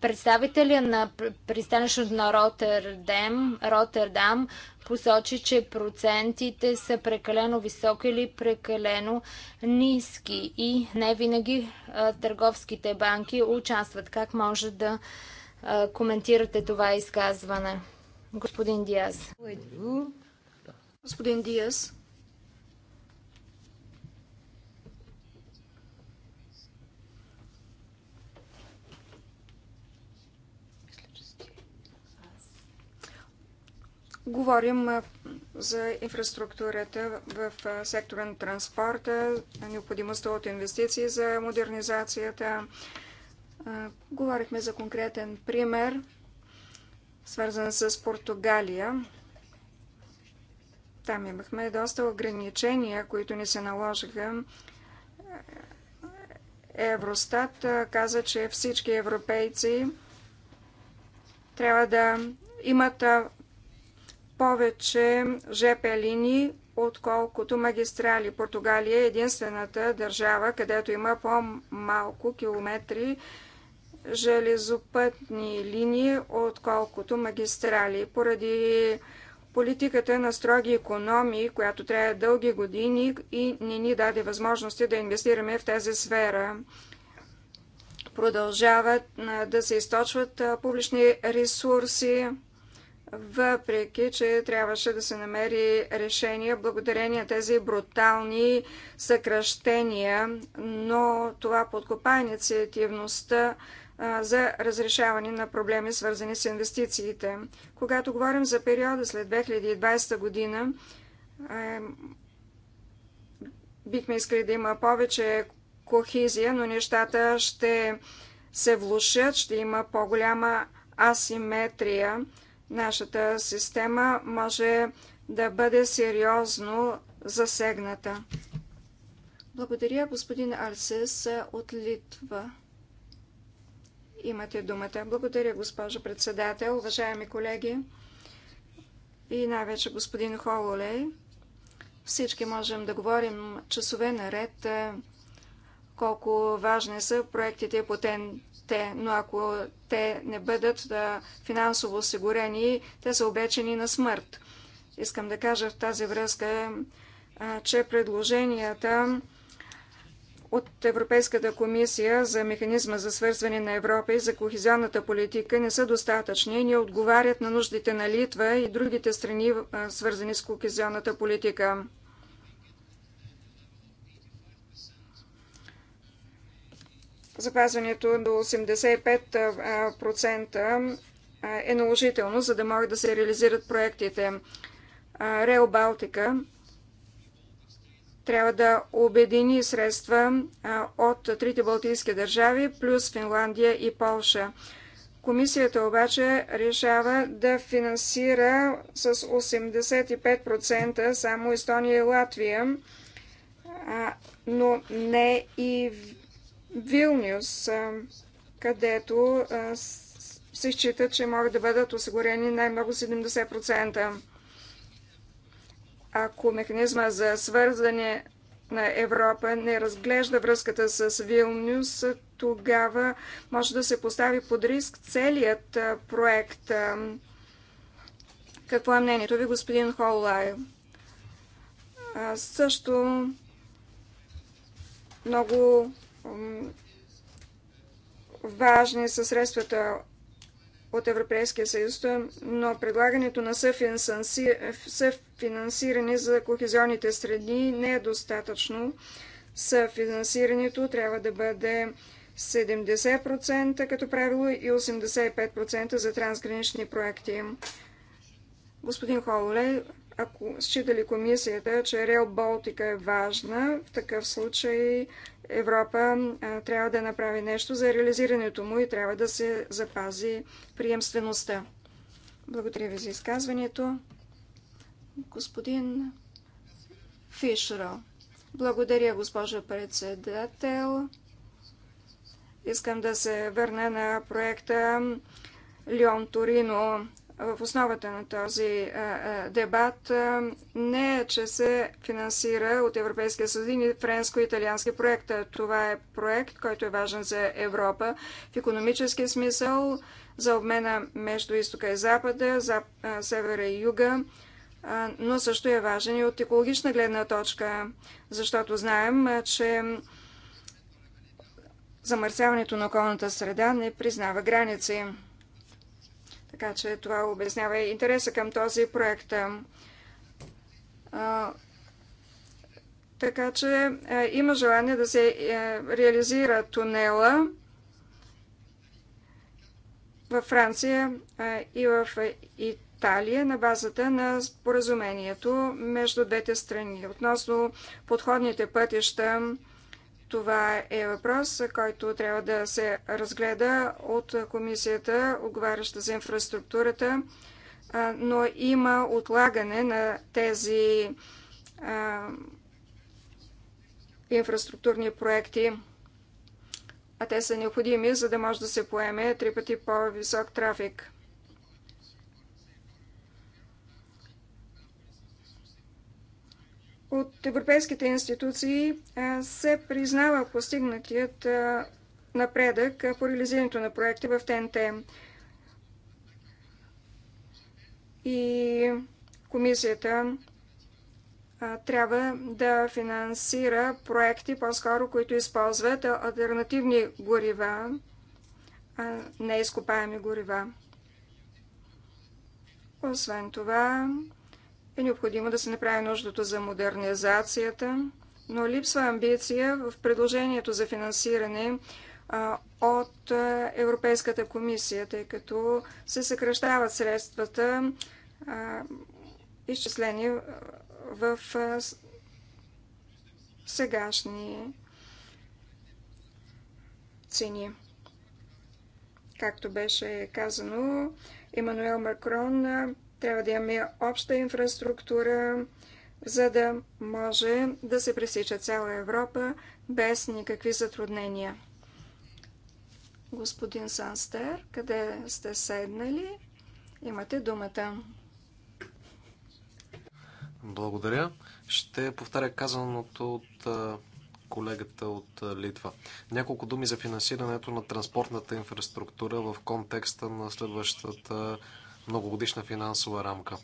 Представителя на пристанището на Роттердам, Ротердам посочи, че процентите са прекалено високи или прекалено ниски и не винаги търговските банки участват. Как може да коментирате това изказване. Господин Диас. Господин Диас. Говорим за инфраструктурата в сектора на транспорта, необходимостта от инвестиции за модернизацията, Говорихме за конкретен пример, свързан с Португалия. Там имахме доста ограничения, които ни се наложиха. Евростат каза, че всички европейци трябва да имат повече ЖП линии, отколкото магистрали. Португалия е единствената държава, където има по-малко километри железопътни линии, отколкото магистрали. Поради политиката на строги економии, която трябва дълги години и не ни даде възможности да инвестираме в тази сфера. Продължават да се източват публични ресурси, въпреки че трябваше да се намери решение благодарение тези брутални съкръщения, но това подкопа инициативността за разрешаване на проблеми, свързани с инвестициите. Когато говорим за периода след 2020 година, бихме искали да има повече кохизия, но нещата ще се влушат, ще има по-голяма асиметрия. Нашата система може да бъде сериозно засегната. Благодаря, господин Арсес от Литва. Имате думата. Благодаря, госпожо председател, уважаеми колеги и най-вече господин Хололей. Всички можем да говорим часове наред е, колко важни са проектите по ТНТ, но ако те не бъдат да финансово осигурени, те са обечени на смърт. Искам да кажа в тази връзка, е, че предложенията от Европейската комисия за механизма за свързване на Европа и за кохезионната политика не са достатъчни и не отговарят на нуждите на Литва и другите страни, свързани с кохезионната политика. Запазването до 85% е наложително, за да могат да се реализират проектите. Рео Балтика – трябва да обедини средства от трите балтийски държави, плюс Финландия и Полша. Комисията обаче решава да финансира с 85% само Естония и Латвия, но не и Вилнюс, където се счита, че могат да бъдат осигурени най-много 70% ако механизма за свързане на Европа не разглежда връзката с Вилнюс, тогава може да се постави под риск целият проект. Какво е мнението ви, господин Холлай? Също много важни са средствата от Европейския съюз, но предлагането на съфинансиране за кохезионните среди не е достатъчно. Съфинансирането трябва да бъде 70% като правило и 85% за трансгранични проекти. Господин Холле, ако счита ли комисията, че Рел Болтика е важна, в такъв случай Европа трябва да направи нещо за реализирането му и трябва да се запази приемствеността. Благодаря ви за изказването. Господин Фишеро. Благодаря, госпожа председател. Искам да се върна на проекта Лион Торино в основата на този дебат не е, че се финансира от Европейския съюз и френско-италиански проект. Това е проект, който е важен за Европа в економически смисъл, за обмена между изтока и запада, за севера и юга, но също е важен и от екологична гледна точка, защото знаем, че замърсяването на околната среда не признава граници. Така че това обяснява и интереса към този проект. Така че има желание да се е, реализира тунела във Франция и в Италия на базата на споразумението между двете страни. Относно подходните пътища, това е въпрос, който трябва да се разгледа от комисията, отговаряща за инфраструктурата, но има отлагане на тези а, инфраструктурни проекти, а те са необходими, за да може да се поеме три пъти по-висок трафик. от европейските институции се признава постигнатият напредък по реализирането на проекти в ТНТ. И комисията трябва да финансира проекти, по-скоро, които използват альтернативни горива, а не изкопаеми горива. Освен това, е необходимо да се направи нуждото за модернизацията, но липсва амбиция в предложението за финансиране от Европейската комисия, тъй като се съкръщават средствата, изчислени в сегашни цени. Както беше казано, Емануел Макрон трябва да имаме обща инфраструктура, за да може да се пресича цяла Европа без никакви затруднения. Господин Санстер, къде сте седнали? Имате думата. Благодаря. Ще повторя казаното от колегата от Литва. Няколко думи за финансирането на транспортната инфраструктура в контекста на следващата многогодишна финансова рамка.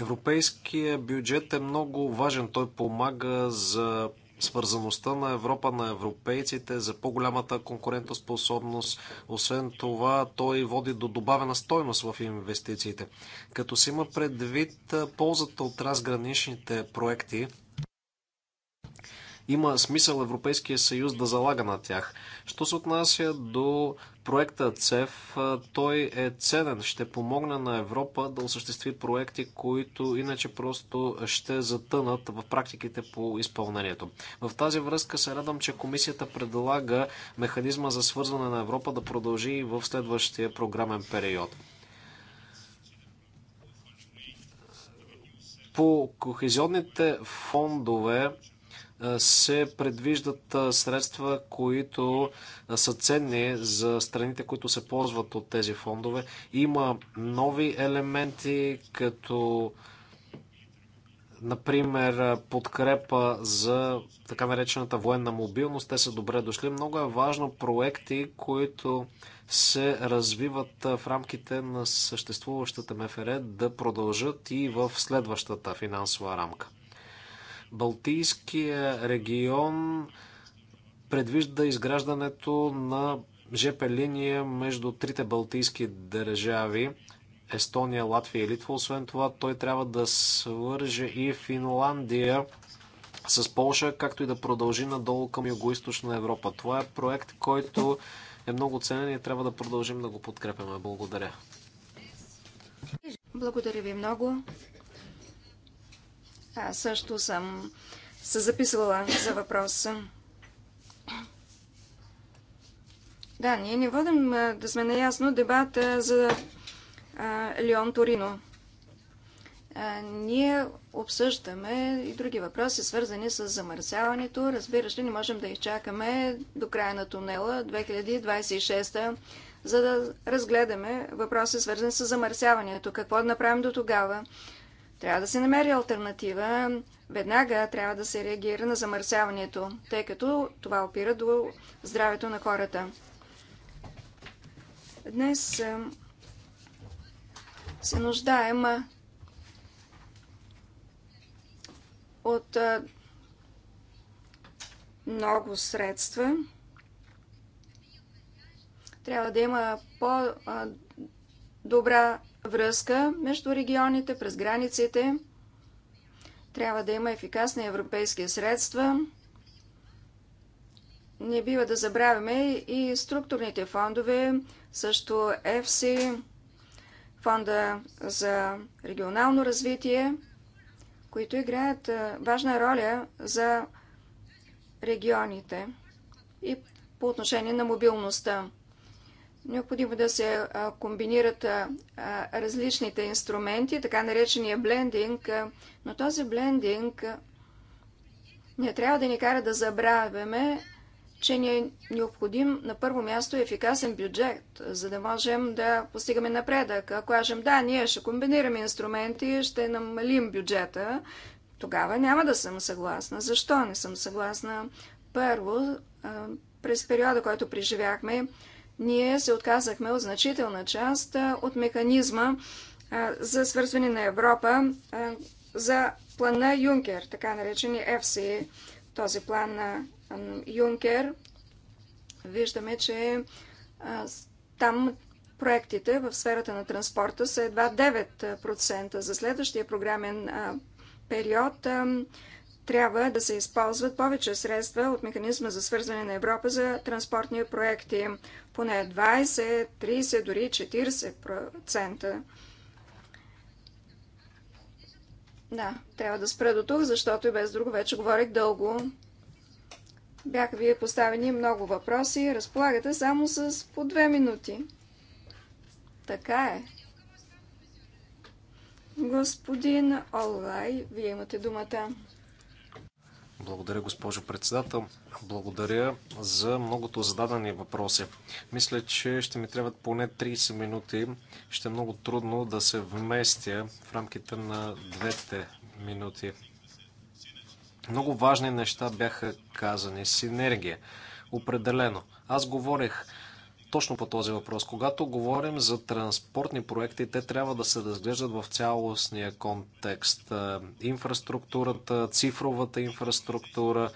Европейския бюджет е много важен. Той помага за свързаността на Европа, на европейците, за по-голямата конкурентоспособност. Освен това, той води до добавена стойност в инвестициите. Като се има предвид ползата от разграничните проекти, има смисъл Европейския съюз да залага на тях. Що се отнася до проекта ЦЕФ, той е ценен. Ще помогне на Европа да осъществи проекти, които иначе просто ще затънат в практиките по изпълнението. В тази връзка се радвам, че комисията предлага механизма за свързване на Европа да продължи и в следващия програмен период. По кохезионните фондове се предвиждат средства, които са ценни за страните, които се ползват от тези фондове. Има нови елементи, като например, подкрепа за така наречената военна мобилност. Те са добре дошли. Много е важно проекти, които се развиват в рамките на съществуващата МФР да продължат и в следващата финансова рамка. Балтийския регион предвижда изграждането на ЖП линия между трите балтийски държави Естония, Латвия и Литва. Освен това, той трябва да свърже и Финландия с Полша, както и да продължи надолу към Юго-Источна Европа. Това е проект, който е много ценен и трябва да продължим да го подкрепяме. Благодаря. Благодаря ви много. Аз също съм се записвала за въпроса. Да, ние не водим да сме наясно дебата за Леон Торино. ние обсъждаме и други въпроси, свързани с замърсяването. Разбира се, не можем да изчакаме до края на тунела 2026 за да разгледаме въпроси, свързани с замърсяването. Какво да направим до тогава? Трябва да се намери альтернатива. Веднага трябва да се реагира на замърсяването, тъй като това опира до здравето на хората. Днес се нуждаем от много средства. Трябва да има по-добра връзка между регионите, през границите. Трябва да има ефикасни европейски средства. Не бива да забравяме и структурните фондове, също ЕФСИ, фонда за регионално развитие, които играят важна роля за регионите и по отношение на мобилността. Необходимо да се комбинират различните инструменти, така наречения блендинг, но този блендинг не трябва да ни кара да забравяме, че ни е необходим на първо място ефикасен бюджет, за да можем да постигаме напредък. Ако кажем, да, ние ще комбинираме инструменти, ще намалим бюджета, тогава няма да съм съгласна. Защо не съм съгласна? Първо, през периода, който преживяхме, ние се отказахме от значителна част от механизма за свързване на Европа за плана Юнкер, така наречени ФСИ, Този план на Юнкер виждаме, че там проектите в сферата на транспорта са едва 9%. За следващия програмен период трябва да се използват повече средства от механизма за свързване на Европа за транспортни проекти поне 20, 30, дори 40%. Да, трябва да спра до тук, защото и без друго вече говорих дълго. Бяха ви поставени много въпроси. Разполагате само с по две минути. Така е. Господин Олай, вие имате думата. Благодаря, госпожо председател. Благодаря за многото зададени въпроси. Мисля, че ще ми трябват поне 30 минути. Ще е много трудно да се вместя в рамките на двете минути. Много важни неща бяха казани. Синергия. Определено. Аз говорех точно по този въпрос. Когато говорим за транспортни проекти, те трябва да се разглеждат в цялостния контекст. Е, инфраструктурата, цифровата инфраструктура,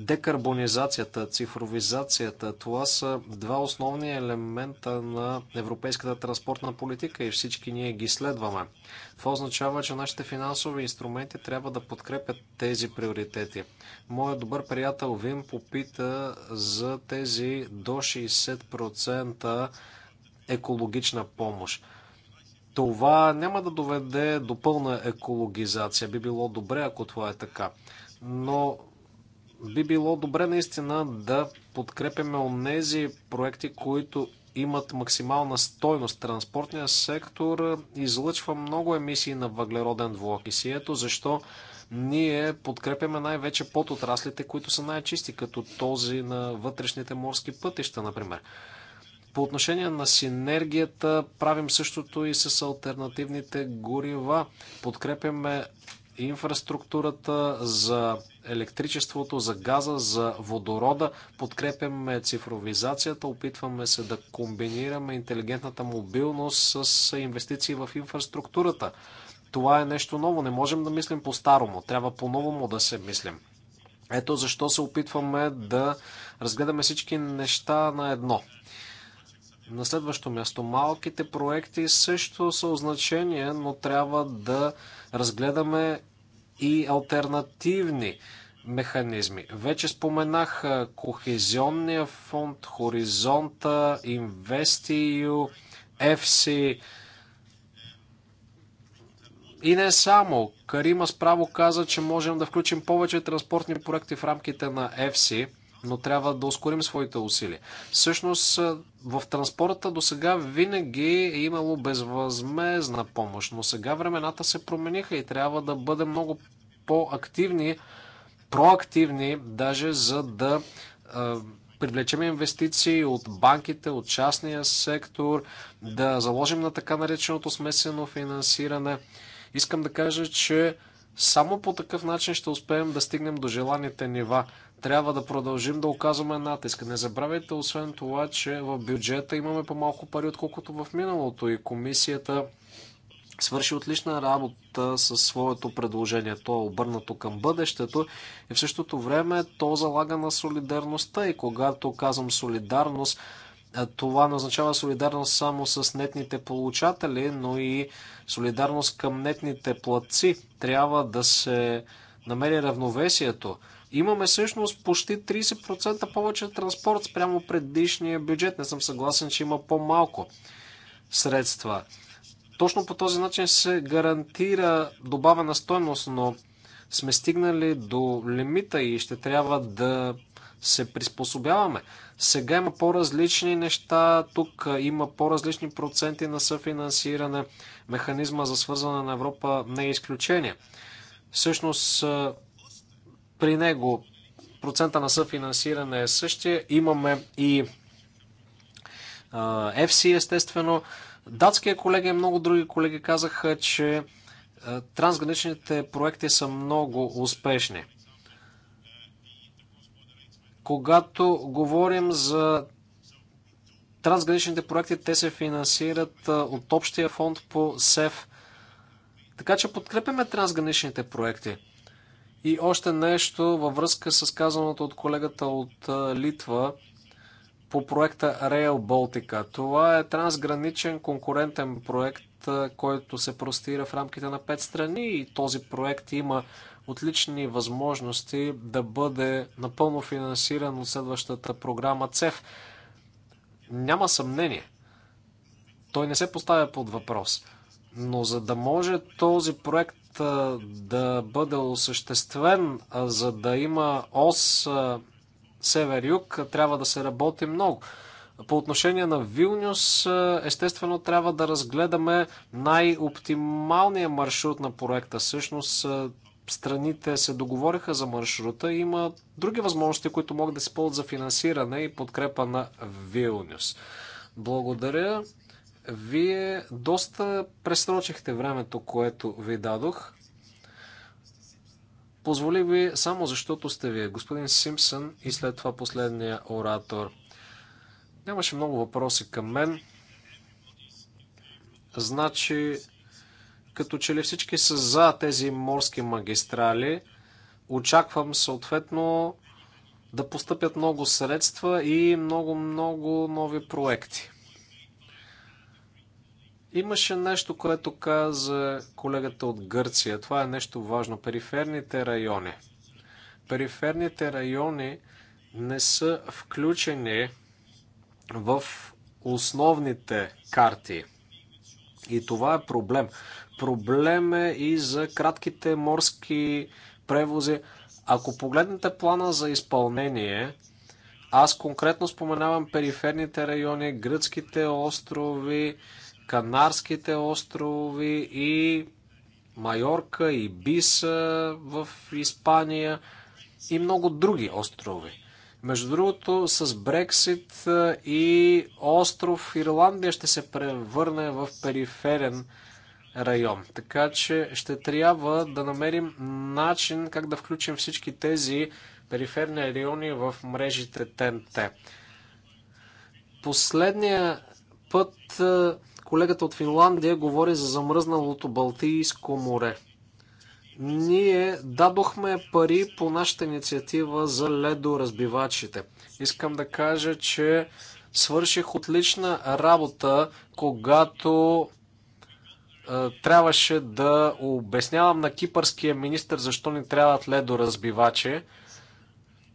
Декарбонизацията, цифровизацията, това са два основни елемента на европейската транспортна политика и всички ние ги следваме. Това означава, че нашите финансови инструменти трябва да подкрепят тези приоритети. Моят добър приятел Вим попита за тези до 60% екологична помощ. Това няма да доведе до пълна екологизация. Би било добре, ако това е така. Но би било добре наистина да подкрепяме онези проекти, които имат максимална стойност. Транспортния сектор излъчва много емисии на въглероден двуокис и ето защо ние подкрепяме най-вече под отраслите, които са най-чисти, като този на вътрешните морски пътища, например. По отношение на синергията правим същото и с альтернативните горива. Подкрепяме инфраструктурата, за електричеството, за газа, за водорода. Подкрепяме цифровизацията, опитваме се да комбинираме интелигентната мобилност с инвестиции в инфраструктурата. Това е нещо ново. Не можем да мислим по-старому. Трябва по-новому да се мислим. Ето защо се опитваме да разгледаме всички неща на едно. На следващо място, малките проекти също са от но трябва да разгледаме и альтернативни механизми. Вече споменах Кохезионния фонд, Хоризонта, Инвестию, ЕФСИ и не само. Карима справо каза, че можем да включим повече транспортни проекти в рамките на ЕФСИ, но трябва да ускорим своите усилия. Всъщност в транспорта до сега винаги е имало безвъзмезна помощ, но сега времената се промениха и трябва да бъдем много по-активни, проактивни, даже за да привлечем инвестиции от банките, от частния сектор, да заложим на така нареченото смесено финансиране. Искам да кажа, че само по такъв начин ще успеем да стигнем до желаните нива трябва да продължим да оказваме натиск. Не забравяйте, освен това, че в бюджета имаме по-малко пари, отколкото в миналото и комисията свърши отлична работа със своето предложение. То е обърнато към бъдещето и в същото време то залага на солидарността. И когато казвам солидарност, това не означава солидарност само с нетните получатели, но и солидарност към нетните платци. Трябва да се намери равновесието. Имаме всъщност почти 30% повече транспорт спрямо предишния бюджет. Не съм съгласен, че има по-малко средства. Точно по този начин се гарантира добавена стойност, но сме стигнали до лимита и ще трябва да се приспособяваме. Сега има по-различни неща, тук има по-различни проценти на съфинансиране. Механизма за свързване на Европа не е изключение. Всъщност, при него процента на съфинансиране е същия. Имаме и FC, естествено. Датския колега и много други колеги казаха, че трансграничните проекти са много успешни. Когато говорим за трансграничните проекти, те се финансират от общия фонд по СЕФ. Така че подкрепяме трансграничните проекти. И още нещо във връзка с казаното от колегата от Литва по проекта Rail Baltica. Това е трансграничен конкурентен проект, който се простира в рамките на пет страни и този проект има отлични възможности да бъде напълно финансиран от следващата програма ЦЕФ. Няма съмнение. Той не се поставя под въпрос. Но за да може този проект да бъде осъществен, за да има ОС север-юг, трябва да се работи много. По отношение на Вилнюс, естествено, трябва да разгледаме най-оптималния маршрут на проекта. Същност страните се договориха за маршрута. и Има други възможности, които могат да се ползват за финансиране и подкрепа на Вилнюс. Благодаря. Вие доста пресрочихте времето, което ви дадох. Позволи ви само защото сте вие, господин Симпсън и след това последния оратор. Нямаше много въпроси към мен. Значи, като че ли всички са за тези морски магистрали, очаквам съответно да постъпят много средства и много-много нови проекти. Имаше нещо, което каза колегата от Гърция. Това е нещо важно. Периферните райони. Периферните райони не са включени в основните карти. И това е проблем. Проблем е и за кратките морски превози. Ако погледнете плана за изпълнение, аз конкретно споменавам периферните райони, гръцките острови, Канарските острови и Майорка и Биса в Испания и много други острови. Между другото, с Брексит и остров Ирландия ще се превърне в периферен район. Така че ще трябва да намерим начин как да включим всички тези периферни райони в мрежите ТНТ. Последния път Колегата от Финландия говори за замръзналото Балтийско море. Ние дадохме пари по нашата инициатива за ледоразбивачите. Искам да кажа, че свърших отлична работа, когато е, трябваше да обяснявам на кипърския министр защо ни трябват ледоразбивачи.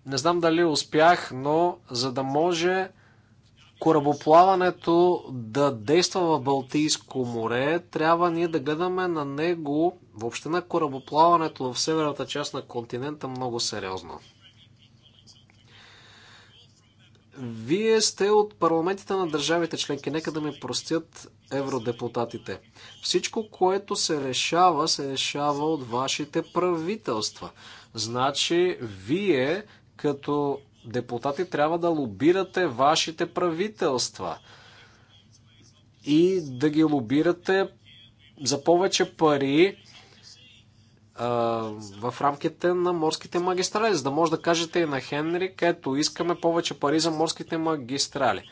Не знам дали успях, но за да може корабоплаването да действа в Балтийско море, трябва ние да гледаме на него, въобще на корабоплаването в северната част на континента много сериозно. Вие сте от парламентите на държавите членки. Нека да ми простят евродепутатите. Всичко, което се решава, се решава от вашите правителства. Значи, вие като депутати трябва да лобирате вашите правителства и да ги лобирате за повече пари а, в рамките на морските магистрали, за да може да кажете и на Хенри където искаме повече пари за морските магистрали.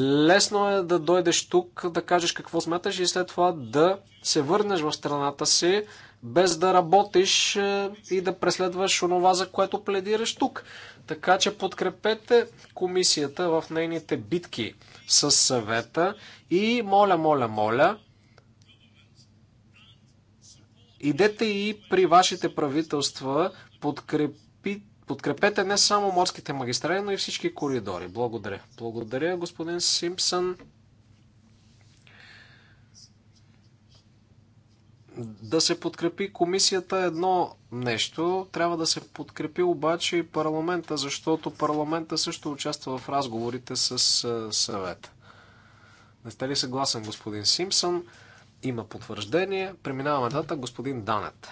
Лесно е да дойдеш тук, да кажеш какво смяташ и след това да се върнеш в страната си, без да работиш е, и да преследваш онова, за което пледираш тук. Така че подкрепете комисията в нейните битки с съвета и моля, моля, моля, идете и при вашите правителства, подкрепи, подкрепете не само морските магистрали, но и всички коридори. Благодаря. Благодаря, господин Симпсън. да се подкрепи комисията е едно нещо, трябва да се подкрепи обаче и парламента, защото парламента също участва в разговорите с е, съвета. Не сте ли съгласен, господин Симпсън? Има потвърждение. Преминаваме дата, господин Данет.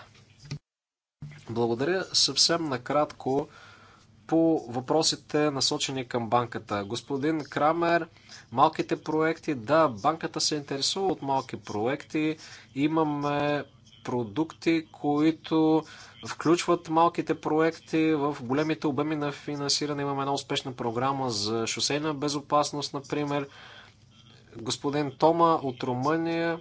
Благодаря съвсем накратко по въпросите насочени към банката. Господин Крамер, малките проекти, да, банката се интересува от малки проекти. Имаме продукти, които включват малките проекти в големите обеми на финансиране. Имаме една успешна програма за шосейна безопасност, например. Господин Тома от Румъния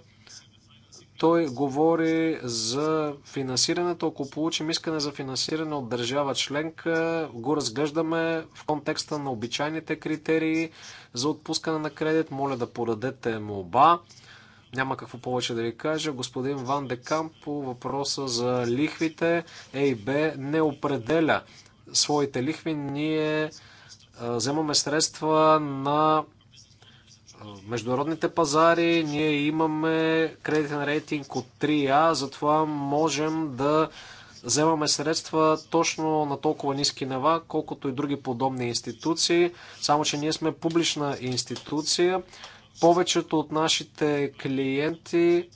той говори за финансирането. Ако получим искане за финансиране от държава членка, го разглеждаме в контекста на обичайните критерии за отпускане на кредит. Моля да подадете молба. Няма какво повече да ви кажа. Господин Ван Декам по въпроса за лихвите. ЕИБ не определя своите лихви. Ние вземаме средства на международните пазари. Ние имаме кредитен рейтинг от 3А, затова можем да вземаме средства точно на толкова ниски нива, колкото и други подобни институции. Само, че ние сме публична институция. Повечето от нашите клиенти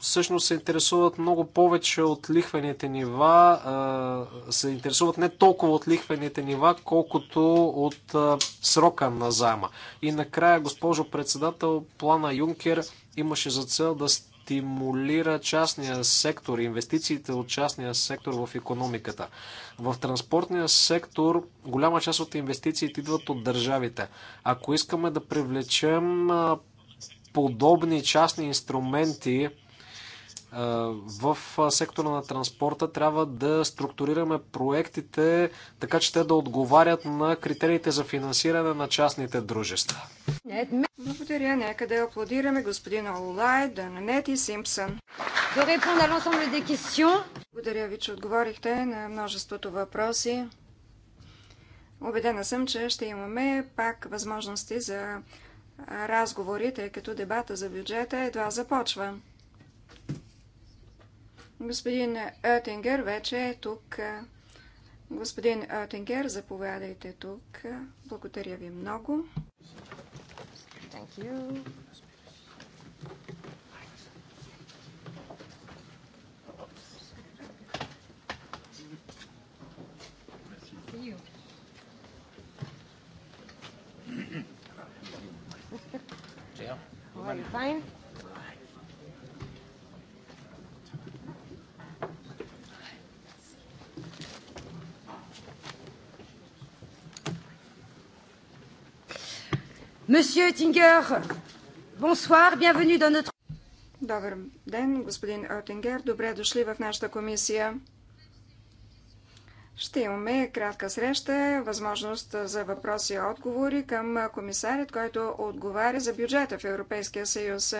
всъщност се интересуват много повече от лихвените нива, се интересуват не толкова от лихвените нива, колкото от срока на заема. И накрая, госпожо председател, плана Юнкер имаше за цел да стимулира частния сектор, инвестициите от частния сектор в економиката. В транспортния сектор голяма част от инвестициите идват от държавите. Ако искаме да привлечем подобни частни инструменти е, в сектора на транспорта трябва да структурираме проектите така, че те да отговарят на критериите за финансиране на частните дружества. Благодаря. Нека да аплодираме господин Олай, Дананет и Симпсън. Благодаря ви, че отговорихте на множеството въпроси. Обедена съм, че ще имаме пак възможности за разговори, тъй като дебата за бюджета едва започва. Господин Оттингер вече е тук. Господин Оттингер, заповядайте тук. Благодаря ви много. Thank you. you fine? Monsieur Oettinger, bonsoir, bienvenue dans notre... Добър ден, господин Оттингер. Добре дошли в нашата комисия. Ще имаме кратка среща, възможност за въпроси и отговори към комисарят, който отговаря за бюджета в Европейския съюз.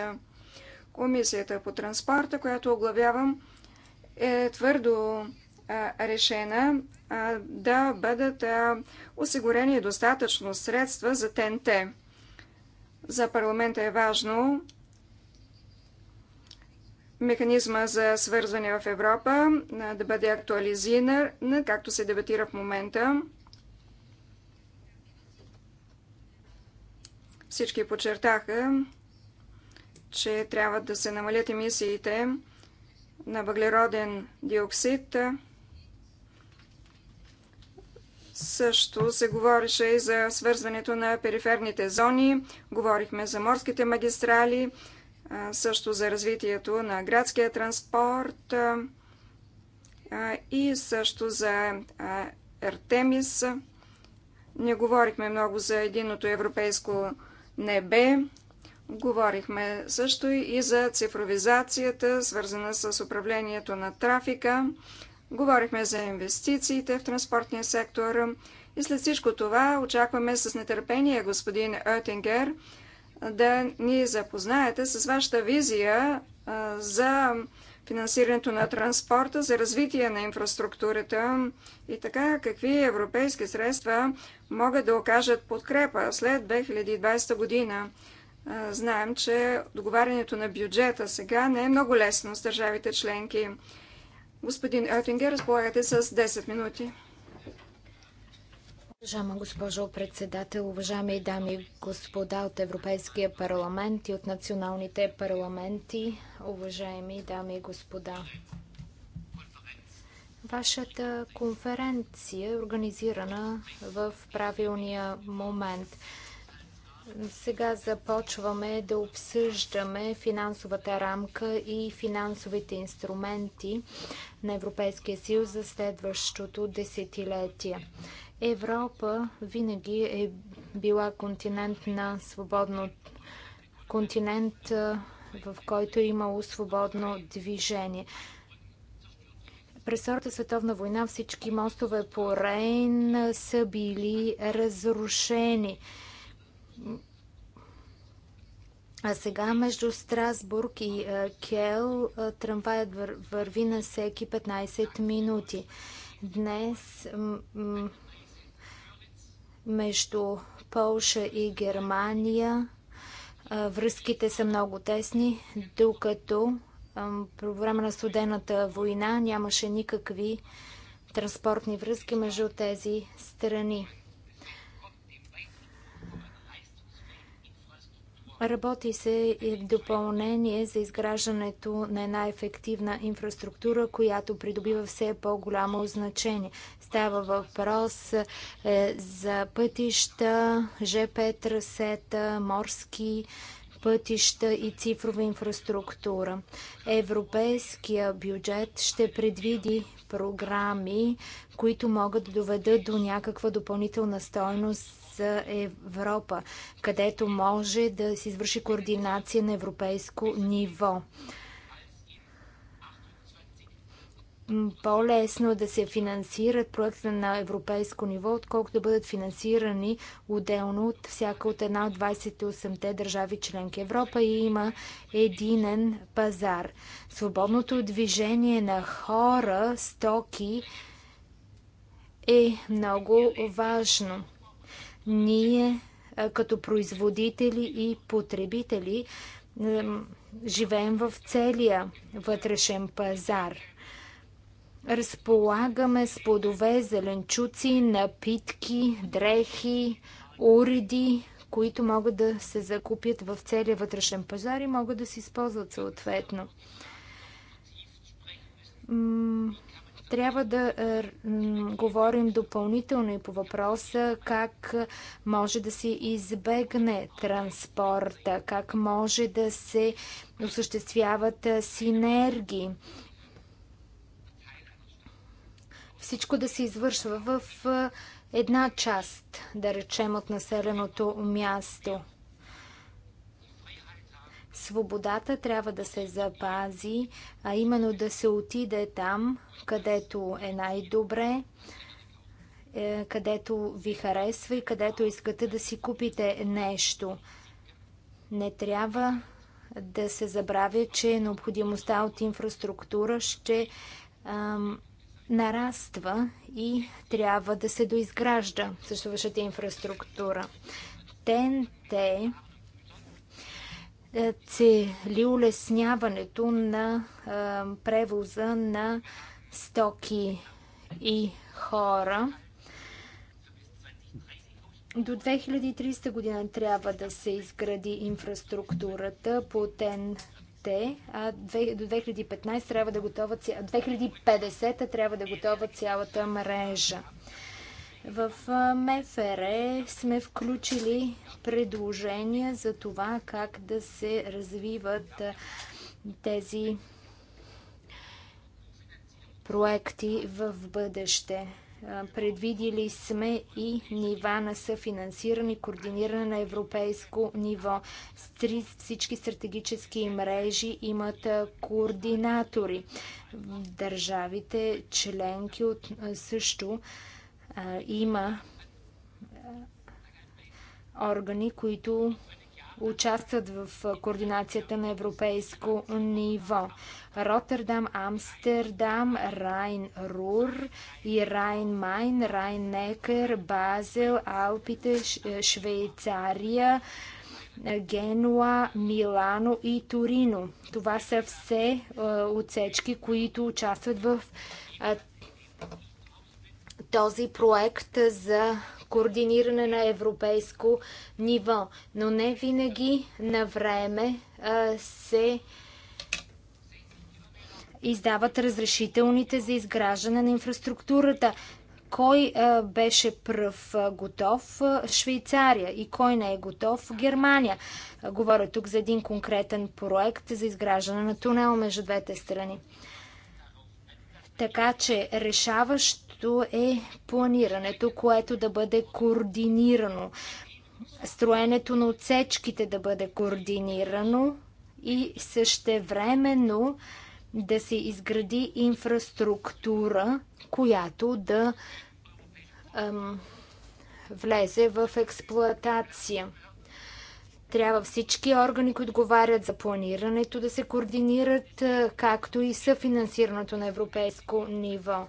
Комисията по транспорта, която оглавявам, е твърдо решена да бъдат осигурени достатъчно средства за ТНТ за парламента е важно механизма за свързване в Европа да бъде актуализиран, както се дебатира в момента. Всички подчертаха, че трябва да се намалят емисиите на въглероден диоксид също се говореше и за свързването на периферните зони, говорихме за морските магистрали, също за развитието на градския транспорт и също за Ертемис. Не говорихме много за единното европейско небе. Говорихме също и за цифровизацията, свързана с управлението на трафика. Говорихме за инвестициите в транспортния сектор и след всичко това очакваме с нетърпение господин Оттингер да ни запознаете с вашата визия за финансирането на транспорта, за развитие на инфраструктурата и така какви европейски средства могат да окажат подкрепа след 2020 година. Знаем, че договарянето на бюджета сега не е много лесно с държавите членки. Господин Ертингер, разполагате с 10 минути. Уважаема госпожо председател, уважаеми дами и господа от Европейския парламент и от националните парламенти, уважаеми дами и господа. Вашата конференция е организирана в правилния момент. Сега започваме да обсъждаме финансовата рамка и финансовите инструменти на Европейския съюз за следващото десетилетие. Европа винаги е била континент на свободно континент, в който е имало свободно движение. През Втората световна война всички мостове по Рейн са били разрушени. А сега между Страсбург и е, Кел е, трамваят върви на всеки 15 минути. Днес между Полша и Германия е, връзките са много тесни, докато по време на студената война нямаше никакви транспортни връзки между тези страни. Работи се и в допълнение за изграждането на една ефективна инфраструктура, която придобива все по-голямо значение. Става въпрос е, за пътища, ЖП трасета, морски пътища и цифрова инфраструктура. Европейския бюджет ще предвиди програми, които могат да доведат до някаква допълнителна стойност за Европа, където може да се извърши координация на европейско ниво. По-лесно е да се финансират проекти на европейско ниво, отколкото да бъдат финансирани отделно от всяка от една от 28-те държави членки. Европа и има единен пазар. Свободното движение на хора, стоки, е много важно ние като производители и потребители живеем в целия вътрешен пазар. Разполагаме с плодове, зеленчуци, напитки, дрехи, уреди, които могат да се закупят в целия вътрешен пазар и могат да се използват съответно трябва да е, говорим допълнително и по въпроса как може да се избегне транспорта, как може да се осъществяват е, синергии. Всичко да се извършва в е, една част, да речем, от населеното място. Свободата трябва да се запази, а именно да се отиде там, където е най-добре, е, където ви харесва и където искате да си купите нещо. Не трябва да се забравя, че необходимостта от инфраструктура ще ам, нараства и трябва да се доизгражда съществуващата инфраструктура. ТНТ е, цели улесняването на е, превоза на стоки и хора. До 2030 година трябва да се изгради инфраструктурата по ТНТ, а до 2015 трябва да готова, 2050 трябва да готова цялата мрежа. В МФР сме включили предложения за това как да се развиват тези проекти в бъдеще. Предвидили сме и нива на съфинансиране и координиране на европейско ниво. Всички стратегически мрежи имат координатори. Държавите членки също има органи, които участват в координацията на европейско ниво. Роттердам, Амстердам, Райн Рур и Райн Майн, Райн Некер, Базел, Алпите, Швейцария, Генуа, Милано и Торино. Това са все отсечки, които участват в този проект за координиране на европейско ниво. Но не винаги на време се издават разрешителните за изграждане на инфраструктурата. Кой а, беше пръв а, готов? Швейцария. И кой не е готов? Германия. А, говоря тук за един конкретен проект за изграждане на тунел между двете страни. Така че решаващ нещо е планирането, което да бъде координирано. Строенето на отсечките да бъде координирано и същевременно да се изгради инфраструктура, която да ам, влезе в експлоатация. Трябва всички органи, които отговарят за планирането, да се координират, както и съфинансирането на европейско ниво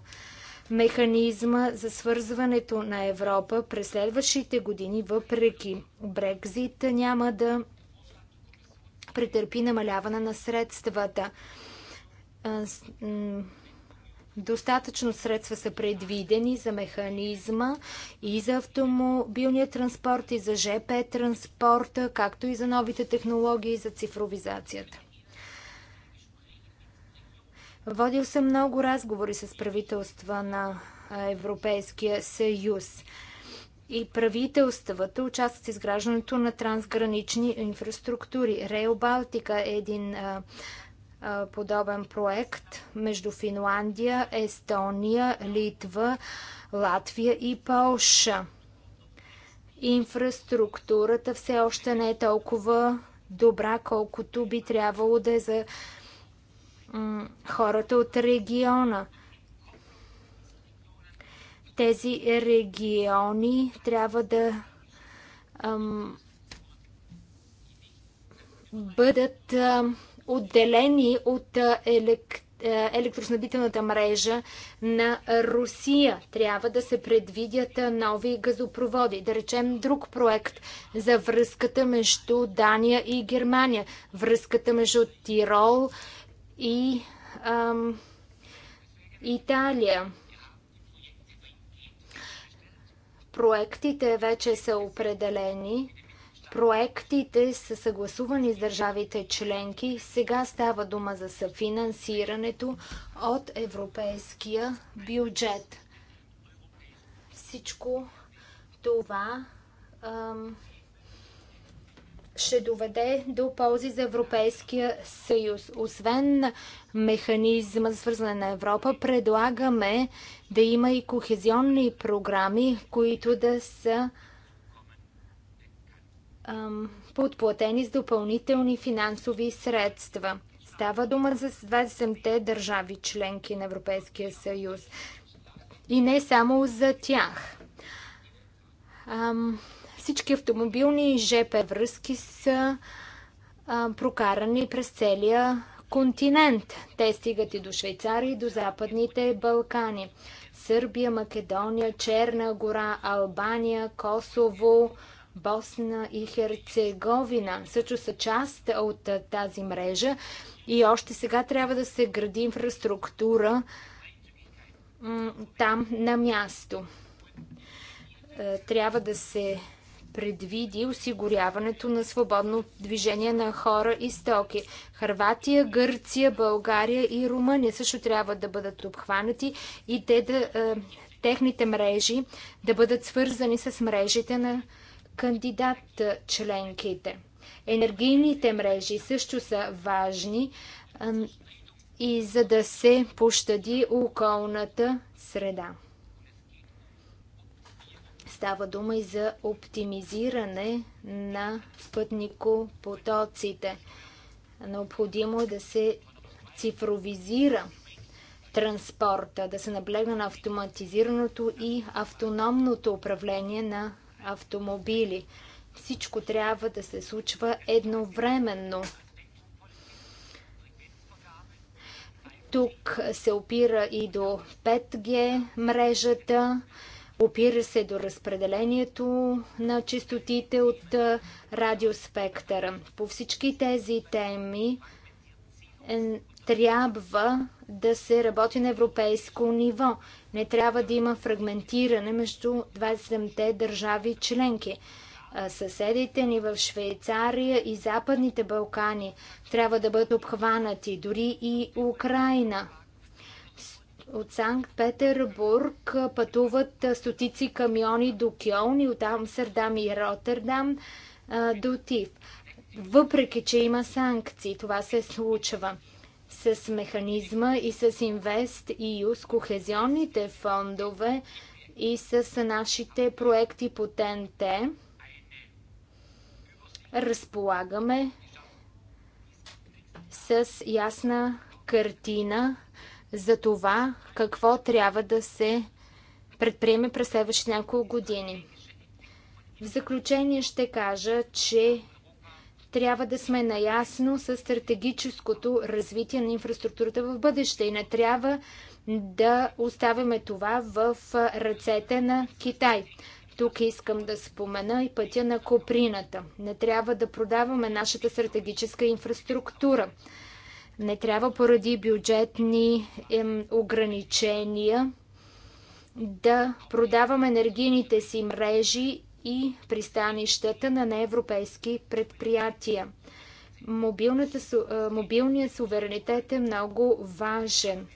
механизма за свързването на Европа през следващите години, въпреки Брекзит, няма да претърпи намаляване на средствата. Достатъчно средства са предвидени за механизма и за автомобилния транспорт, и за ЖП транспорта, както и за новите технологии и за цифровизацията. Водил съм много разговори с правителства на Европейския съюз. И правителствата участват в изграждането на трансгранични инфраструктури. Рейл Балтика е един а, а, подобен проект между Финландия, Естония, Литва, Латвия и Полша. Инфраструктурата все още не е толкова добра, колкото би трябвало да е за хората от региона. Тези региони трябва да ам, бъдат ам, отделени от електро електроснабдителната мрежа на Русия. Трябва да се предвидят нови газопроводи. Да речем друг проект за връзката между Дания и Германия, връзката между Тирол и ам, Италия. Проектите вече са определени. Проектите са съгласувани с държавите членки. Сега става дума за съфинансирането от европейския бюджет. Всичко това ам, ще доведе до ползи за Европейския съюз. Освен механизма за свързване на Европа, предлагаме да има и кохезионни програми, които да са ам, подплатени с допълнителни финансови средства. Става дума за 27-те държави членки на Европейския съюз. И не само за тях. Ам, всички автомобилни и ЖП връзки са а, прокарани през целия континент. Те стигат и до Швейцария, и до Западните Балкани. Сърбия, Македония, Черна гора, Албания, Косово, Босна и Херцеговина също са част от тази мрежа и още сега трябва да се гради инфраструктура там на място. Е, трябва да се предвиди осигуряването на свободно движение на хора и стоки. Харватия, Гърция, България и Румъния също трябва да бъдат обхванати и те да, е, техните мрежи да бъдат свързани с мрежите на кандидат е, членките. Енергийните мрежи също са важни и за да се пощади околната среда. Става дума и за оптимизиране на пътникопотоците. Необходимо е да се цифровизира транспорта, да се наблега на автоматизираното и автономното управление на автомобили. Всичко трябва да се случва едновременно. Тук се опира и до 5G мрежата, Опира се до разпределението на частотите от радиоспектъра. По всички тези теми е, трябва да се работи на европейско ниво. Не трябва да има фрагментиране между 27-те държави членки съседите ни в Швейцария и Западните Балкани трябва да бъдат обхванати, дори и Украина. От Санкт-Петербург пътуват стотици камиони до Кьолн и от Амстердам и Роттердам до Тиф. Въпреки, че има санкции, това се случва с механизма и с Инвест и с кохезионните фондове и с нашите проекти по ТНТ. Разполагаме с ясна картина за това какво трябва да се предприеме през следващите няколко години. В заключение ще кажа, че трябва да сме наясно с стратегическото развитие на инфраструктурата в бъдеще и не трябва да оставяме това в ръцете на Китай. Тук искам да спомена и пътя на Коприната. Не трябва да продаваме нашата стратегическа инфраструктура. Не трябва поради бюджетни ограничения да продаваме енергийните си мрежи и пристанищата на неевропейски предприятия. Е, мобилният суверенитет е много важен.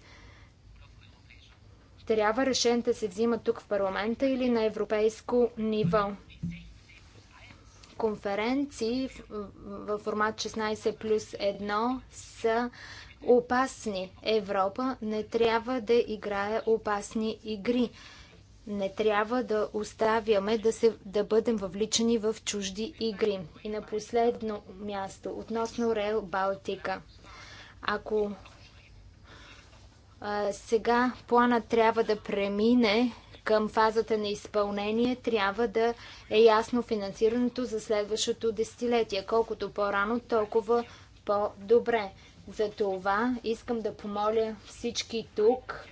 Трябва решенията да се взимат тук в парламента или на европейско ниво конференции в формат 16 плюс 1 са опасни. Европа не трябва да играе опасни игри. Не трябва да оставяме да, се, да бъдем въвличани в чужди игри. И на последно място, относно Рейл Балтика. Ако а, сега плана трябва да премине към фазата на изпълнение трябва да е ясно финансирането за следващото десетилетие. Колкото по-рано, толкова по-добре. За това искам да помоля всички тук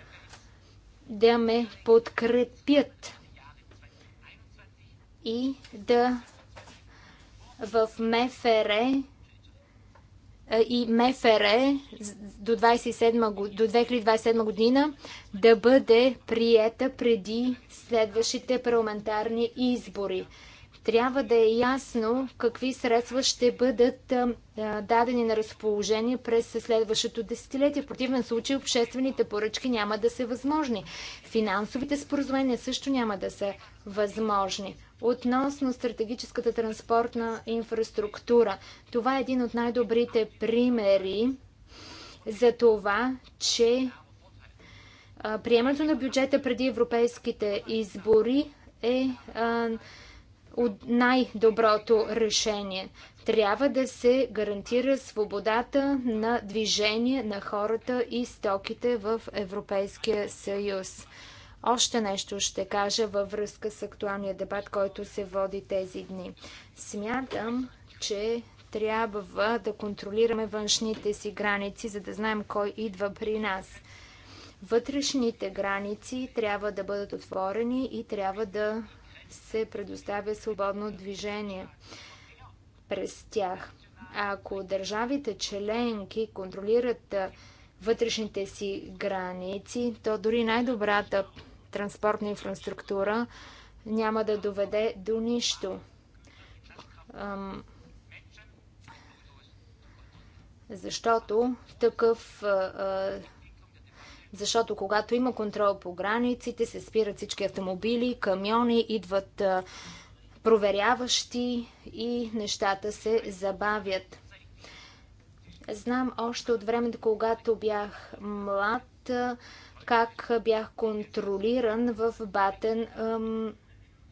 да ме подкрепят и да в МФР е, и МФР е до, 27, до 2027 година да бъде приета преди следващите парламентарни избори. Трябва да е ясно какви средства ще бъдат е, дадени на разположение през следващото десетилетие. В противен случай обществените поръчки няма да са възможни. Финансовите споразумения също няма да са възможни относно стратегическата транспортна инфраструктура. Това е един от най-добрите примери за това, че приемането на бюджета преди европейските избори е от най-доброто решение. Трябва да се гарантира свободата на движение на хората и стоките в Европейския съюз. Още нещо ще кажа във връзка с актуалния дебат, който се води тези дни. Смятам, че трябва да контролираме външните си граници, за да знаем кой идва при нас. Вътрешните граници трябва да бъдат отворени и трябва да се предоставя свободно движение през тях. ако държавите членки контролират вътрешните си граници, то дори най-добрата транспортна инфраструктура няма да доведе до нищо. Защото такъв защото когато има контрол по границите, се спират всички автомобили, камиони, идват проверяващи и нещата се забавят. Знам още от времето, когато бях млад, как бях контролиран в Батен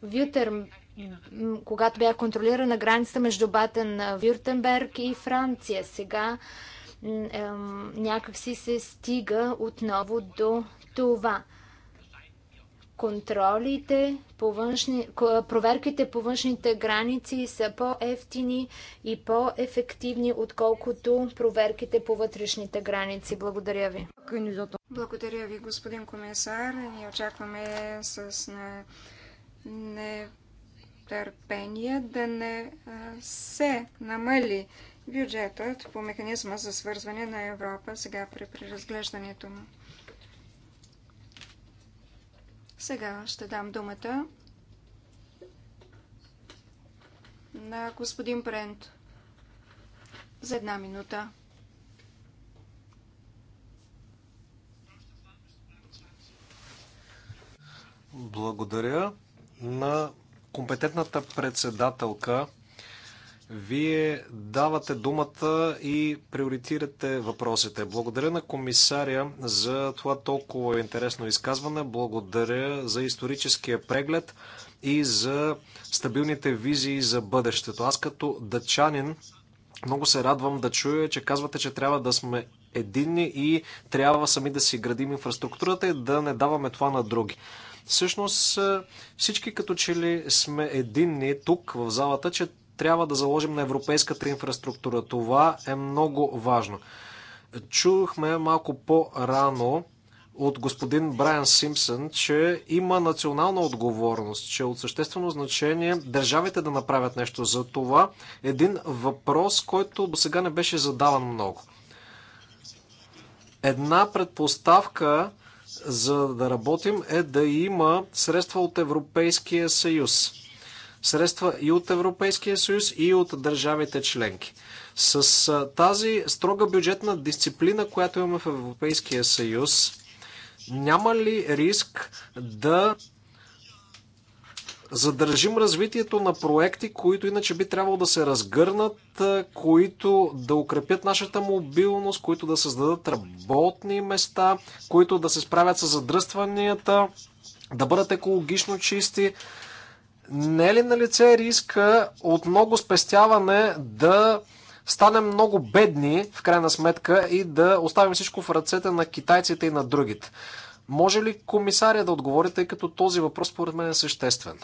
Вютер, когато бях контролиран на граница между Батен Вюртенберг и Франция. Сега някакси се стига отново до това контролите по външни, проверките по външните граници са по-ефтини и по-ефективни, отколкото проверките по вътрешните граници. Благодаря ви. Благодаря ви, господин комисар. Ние очакваме с нетърпение да не се намали бюджетът по механизма за свързване на Европа сега при преразглеждането му. Сега ще дам думата на господин Брент за една минута. Благодаря на компетентната председателка вие давате думата и приоритирате въпросите. Благодаря на комисаря за това толкова интересно изказване. Благодаря за историческия преглед и за стабилните визии за бъдещето. Аз като дъчанин много се радвам да чуя, че казвате, че трябва да сме единни и трябва сами да си градим инфраструктурата и да не даваме това на други. Всъщност всички като че ли сме единни тук в залата, че трябва да заложим на европейската инфраструктура. Това е много важно. Чухме малко по-рано от господин Брайан Симпсън, че има национална отговорност, че е от съществено значение държавите да направят нещо за това. Един въпрос, който до сега не беше задаван много. Една предпоставка за да работим е да има средства от Европейския съюз средства и от Европейския съюз, и от държавите членки. С тази строга бюджетна дисциплина, която имаме в Европейския съюз, няма ли риск да задържим развитието на проекти, които иначе би трябвало да се разгърнат, които да укрепят нашата мобилност, които да създадат работни места, които да се справят с задръстванията, да бъдат екологично чисти не е ли на лице риска от много спестяване да станем много бедни, в крайна сметка, и да оставим всичко в ръцете на китайците и на другите? Може ли комисаря да отговори, тъй като този въпрос според мен е съществен?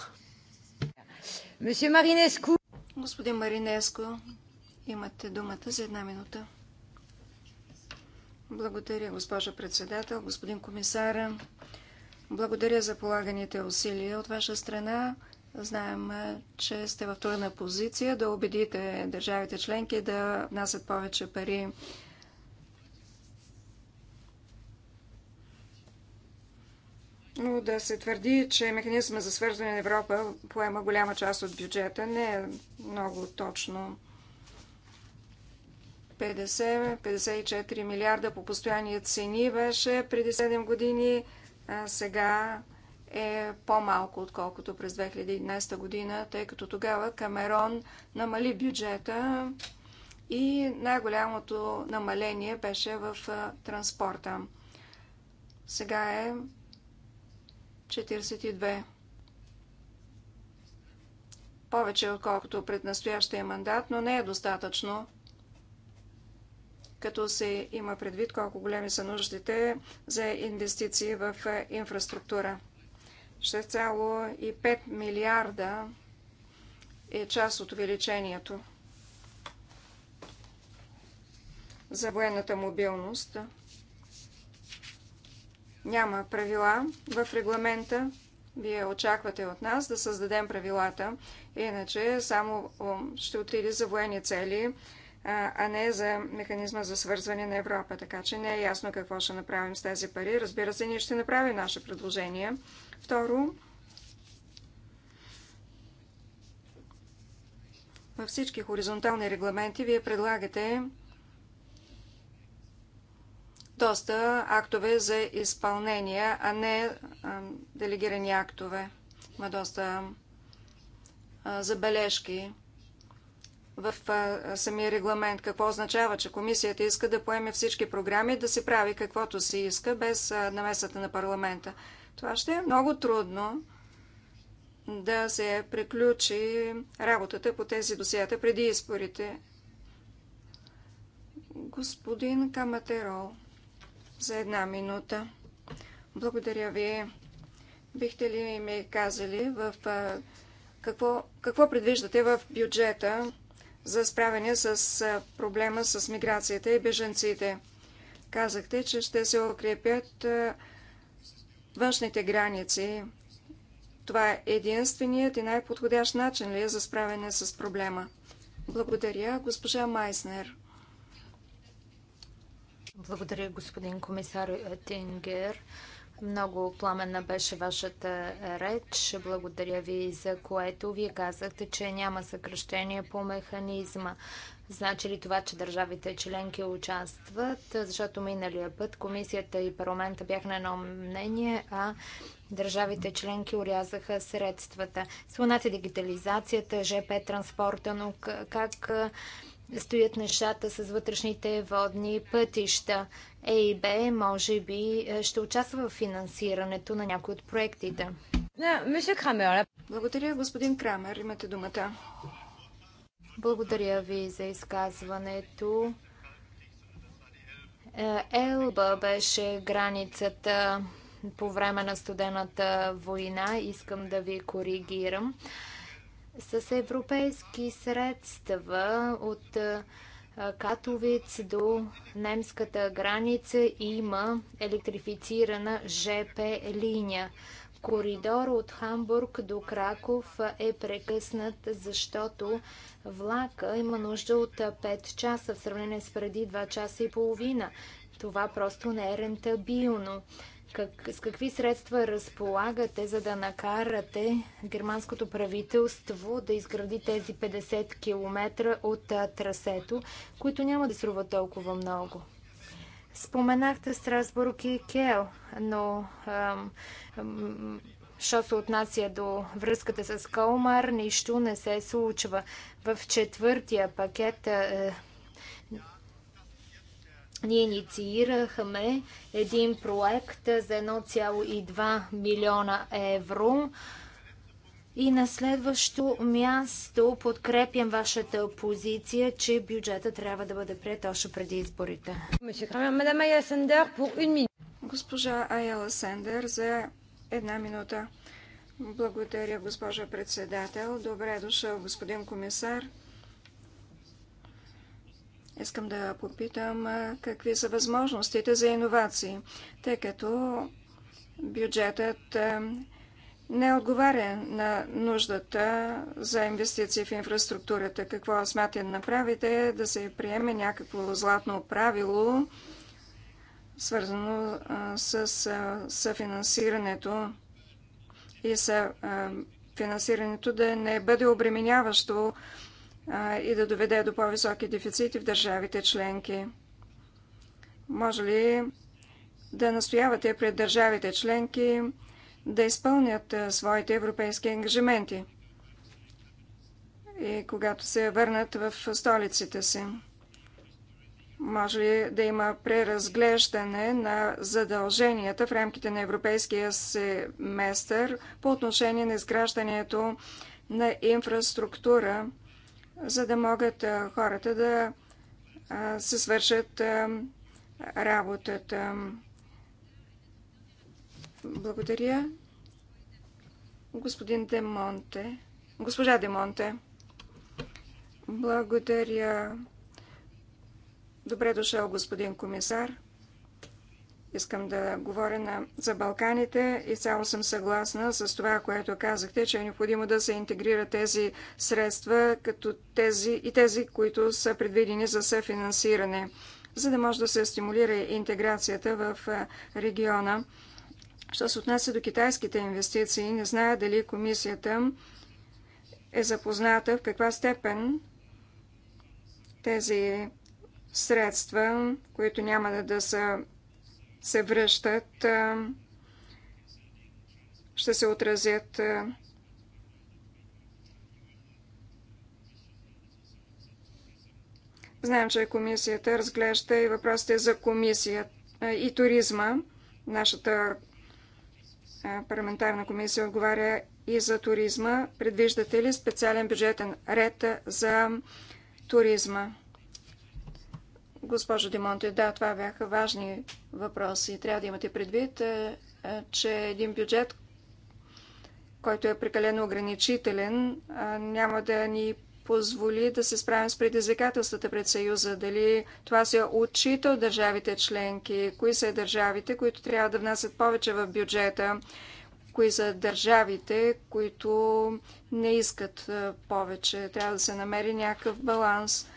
Маринеско. Господин Маринеско, имате думата за една минута. Благодаря, госпожа председател, господин комисар, Благодаря за полаганите усилия от ваша страна Знаем, е, че сте в трудна позиция да убедите държавите членки да внасят повече пари. Но да се твърди, че механизма за свързване на Европа поема голяма част от бюджета не е много точно. 50-54 милиарда по постоянни цени беше преди 7 години, а сега е по-малко, отколкото през 2011 година, тъй като тогава Камерон намали бюджета и най-голямото намаление беше в транспорта. Сега е 42. Повече отколкото пред настоящия мандат, но не е достатъчно като се има предвид колко големи са нуждите за инвестиции в инфраструктура. 6,5 милиарда е част от увеличението за военната мобилност. Няма правила в регламента. Вие очаквате от нас да създадем правилата, иначе само ще отиде за военни цели, а не за механизма за свързване на Европа. Така че не е ясно какво ще направим с тези пари. Разбира се, ние ще направим наши предложения. Второ, във всички хоризонтални регламенти вие предлагате доста актове за изпълнение, а не делегирани актове. Има доста забележки в самия регламент. Какво означава, че комисията иска да поеме всички програми, да се прави каквото се иска, без намесата на парламента. Това ще е много трудно да се приключи работата по тези досията преди изборите. Господин Каматерол, за една минута. Благодаря ви. Бихте ли ми казали в какво, какво предвиждате в бюджета за справяне с проблема с миграцията и беженците? Казахте, че ще се укрепят външните граници. Това е единственият и най-подходящ начин ли е за справяне с проблема? Благодаря, госпожа Майснер. Благодаря, господин комисар Тингер. Много пламенна беше вашата реч. Благодаря ви за което. Вие казахте, че няма съкръщение по механизма. Значи ли това, че държавите членки участват? Защото миналия път комисията и парламента бяха на едно мнение, а държавите членки урязаха средствата. е дигитализацията, ЖП транспорта, но как стоят нещата с вътрешните водни пътища? ЕИБ може би ще участва в финансирането на някои от проектите. Благодаря, господин Крамер. Имате думата. Благодаря ви за изказването. Е, Елба беше границата по време на студената война. Искам да ви коригирам. С европейски средства от е, Катовиц до немската граница има електрифицирана ЖП линия коридор от Хамбург до Краков е прекъснат, защото влака има нужда от 5 часа в сравнение с преди 2 часа и половина. Това просто не е рентабилно. Как, с какви средства разполагате, за да накарате германското правителство да изгради тези 50 км от трасето, които няма да струва толкова много? Споменахте Страсбург и Кел, но що се отнася до връзката с Калмар, нищо не се случва. В четвъртия пакет е, ние инициирахме един проект за 1,2 милиона евро. И на следващо място подкрепям вашата позиция, че бюджета трябва да бъде прият още преди изборите. Госпожа Айела Сендер за една минута. Благодаря, госпожа председател. Добре е дошъл, господин комисар. Искам да попитам какви са възможностите за иновации, тъй като бюджетът не отговаря на нуждата за инвестиции в инфраструктурата. Какво смятате да направите? Да се приеме някакво златно правило, свързано с съфинансирането и с финансирането да не бъде обременяващо и да доведе до по-високи дефицити в държавите членки. Може ли да настоявате пред държавите членки да изпълнят своите европейски ангажименти и когато се върнат в столиците си. Може ли да има преразглеждане на задълженията в рамките на европейския семестър по отношение на изграждането на инфраструктура, за да могат хората да се свършат работата? Благодаря. Господин Демонте. Госпожа Демонте. Благодаря. Добре дошъл, господин комисар. Искам да говоря на, за Балканите и цяло съм съгласна с това, което казахте, че е необходимо да се интегрират тези средства като тези и тези, които са предвидени за съфинансиране, за да може да се стимулира интеграцията в региона. Що се отнася до китайските инвестиции, не зная дали комисията е запозната в каква степен тези средства, които няма да, са, се връщат, ще се отразят Знаем, че комисията разглежда и въпросите за комисия и туризма. Нашата парламентарна комисия отговаря и за туризма. Предвиждате ли специален бюджетен ред за туризма? Госпожо Димонте, да, това бяха важни въпроси. Трябва да имате предвид, че един бюджет, който е прекалено ограничителен, няма да ни позволи да се справим с предизвикателствата пред Съюза. Дали това се отчита от държавите членки, кои са държавите, които трябва да внасят повече в бюджета, кои са държавите, които не искат повече. Трябва да се намери някакъв баланс.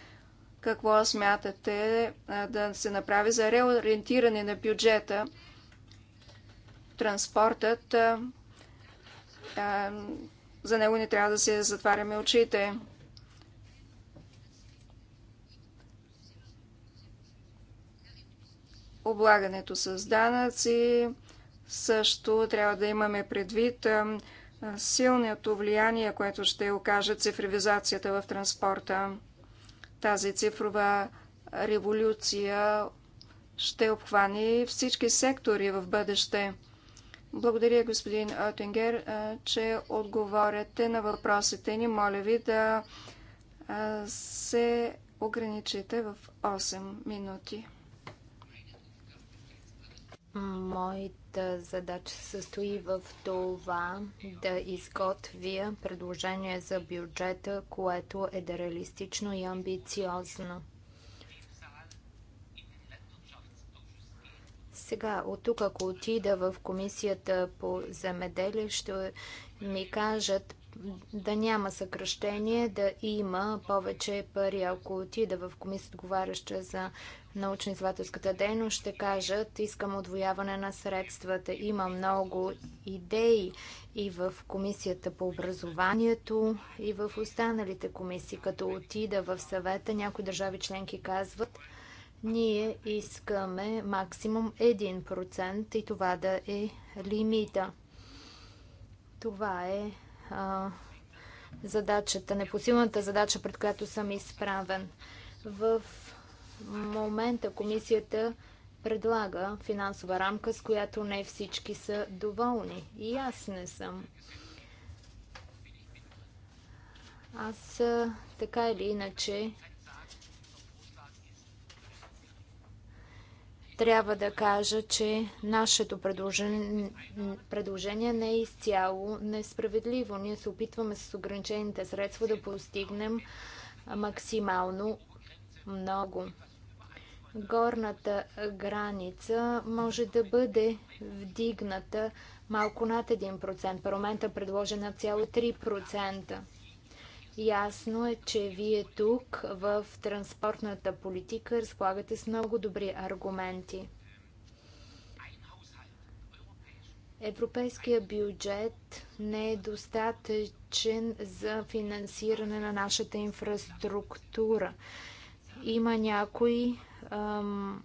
Какво смятате да се направи за реориентиране на бюджета? Транспортът за него не трябва да се затваряме очите. облагането с данъци. Също трябва да имаме предвид силното влияние, което ще окаже цифровизацията в транспорта. Тази цифрова революция ще обхване всички сектори в бъдеще. Благодаря, господин Отенгер, че отговоряте на въпросите ни. Моля ви да се ограничите в 8 минути. Моята задача състои в това да изготвя предложение за бюджета, което е да е реалистично и амбициозно. Сега, от тук, ако отида в комисията по земеделие, ще ми кажат да няма съкръщение, да има повече пари. Ако отида в комисията, отговаряща за научно-изследователската дейност, ще кажат, искам отвояване на средствата. Има много идеи и в комисията по образованието, и в останалите комисии. Като отида в съвета, някои държави членки казват, ние искаме максимум 1% и това да е лимита. Това е задачата, непосилната задача, пред която съм изправен. В момента комисията предлага финансова рамка, с която не всички са доволни. И аз не съм. Аз така или иначе трябва да кажа, че нашето предложение, предложение не е изцяло несправедливо. Ние се опитваме с ограничените средства да постигнем максимално много. Горната граница може да бъде вдигната малко над 1%. Парламента предложи на цяло 3%. Ясно е, че вие тук в транспортната политика разполагате с много добри аргументи. Европейския бюджет не е достатъчен за финансиране на нашата инфраструктура. Има някои ам,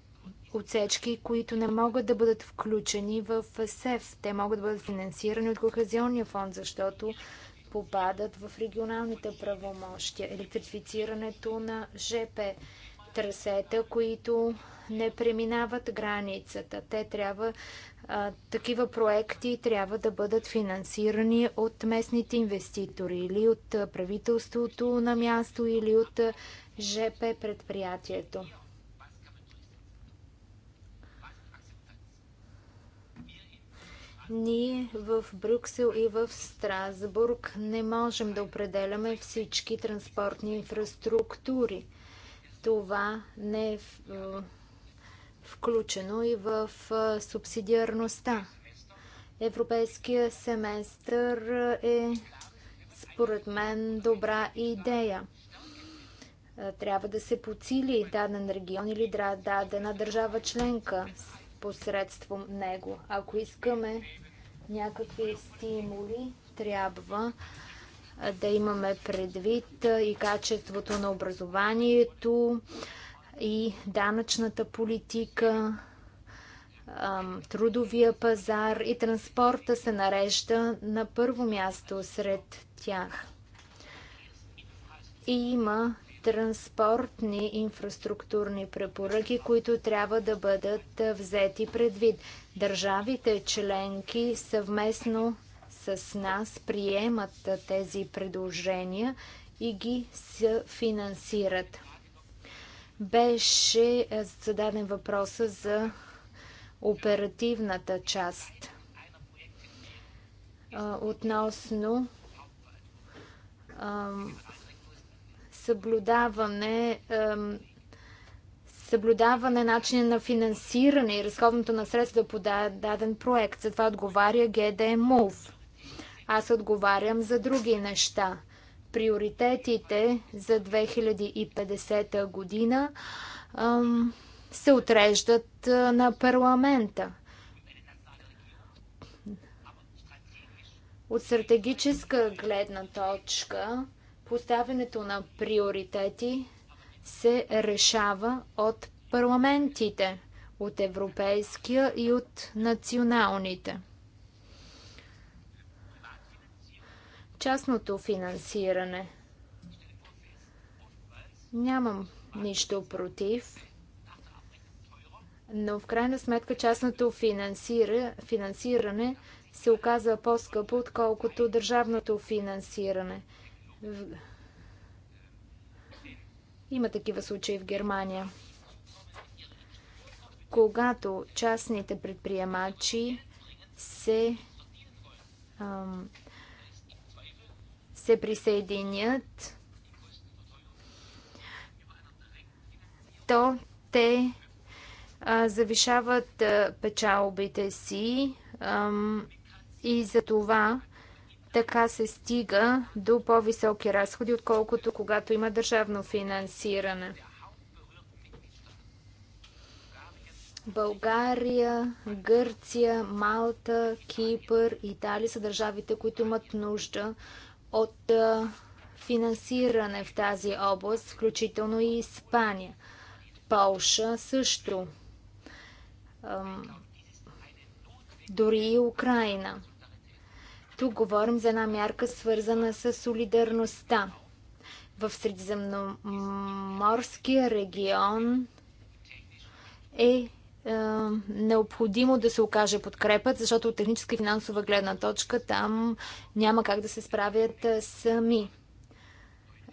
отсечки, които не могат да бъдат включени в СЕФ. Те могат да бъдат финансирани от Кохезионния фонд, защото попадат в регионалните правомощия. Електрифицирането на ЖП трасета, които не преминават границата. Те трябва, а, такива проекти трябва да бъдат финансирани от местните инвеститори или от правителството на място или от ЖП предприятието. ние в Брюксел и в Страсбург не можем да определяме всички транспортни инфраструктури. Това не е, е включено и в е, субсидиарността. Европейския семестър е според мен добра идея. Е, трябва да се подсили даден регион или дадена държава членка посредством него. Ако искаме някакви стимули, трябва да имаме предвид и качеството на образованието, и данъчната политика, трудовия пазар и транспорта се нарежда на първо място сред тях. И има транспортни инфраструктурни препоръки, които трябва да бъдат взети предвид. Държавите членки съвместно с нас приемат тези предложения и ги финансират. Беше зададен въпроса за оперативната част относно съблюдаване съблюдаване начин на финансиране и разходното на средства по даден проект. Затова отговаря GDMOV. Аз отговарям за други неща. Приоритетите за 2050 година ам, се отреждат е, на парламента. От стратегическа гледна точка Поставянето на приоритети се решава от парламентите, от европейския и от националните. Частното финансиране. Нямам нищо против, но в крайна сметка частното финансиране се оказва по-скъпо, отколкото държавното финансиране – има такива случаи в Германия. Когато частните предприемачи се, ам, се присъединят, то те а, завишават а, печалбите си ам, и за това така се стига до по-високи разходи, отколкото когато има държавно финансиране. България, Гърция, Малта, Кипър, Италия са държавите, които имат нужда от финансиране в тази област, включително и Испания. Полша също. Дори и Украина. Тук говорим за една мярка, свързана с солидарността. В Средиземноморския регион е, е необходимо да се окаже подкрепът, защото от техническа и финансова гледна точка там няма как да се справят е, сами.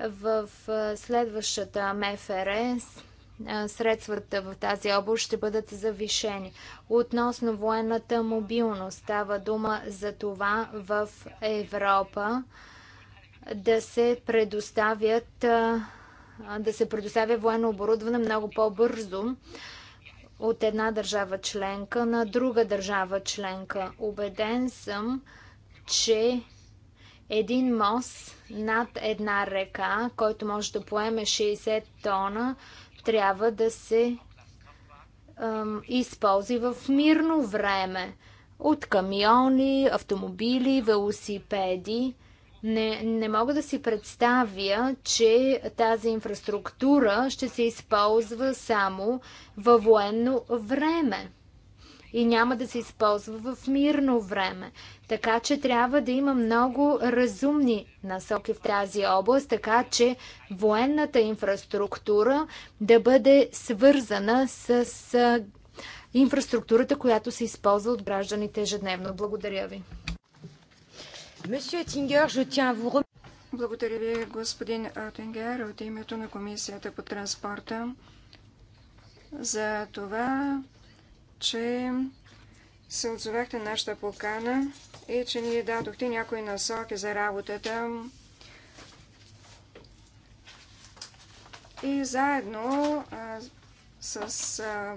В е, следващата МФРС средствата в тази област ще бъдат завишени. Относно военната мобилност, става дума за това в Европа да се предоставят да се предоставя военно оборудване много по-бързо от една държава членка на друга държава членка. Обеден съм, че един мост над една река, който може да поеме 60 тона, трябва да се използва в мирно време. От камиони, автомобили, велосипеди. Не, не мога да си представя, че тази инфраструктура ще се използва само във военно време и няма да се използва в мирно време. Така че трябва да има много разумни насоки в тази област, така че военната инфраструктура да бъде свързана с инфраструктурата, която се използва от гражданите ежедневно. Благодаря ви. Благодаря ви, господин Ротингер, от името на Комисията по транспорта за това, че се отзовахте на нашата покана и че ни дадохте някои насоки за работата. И заедно а, с а,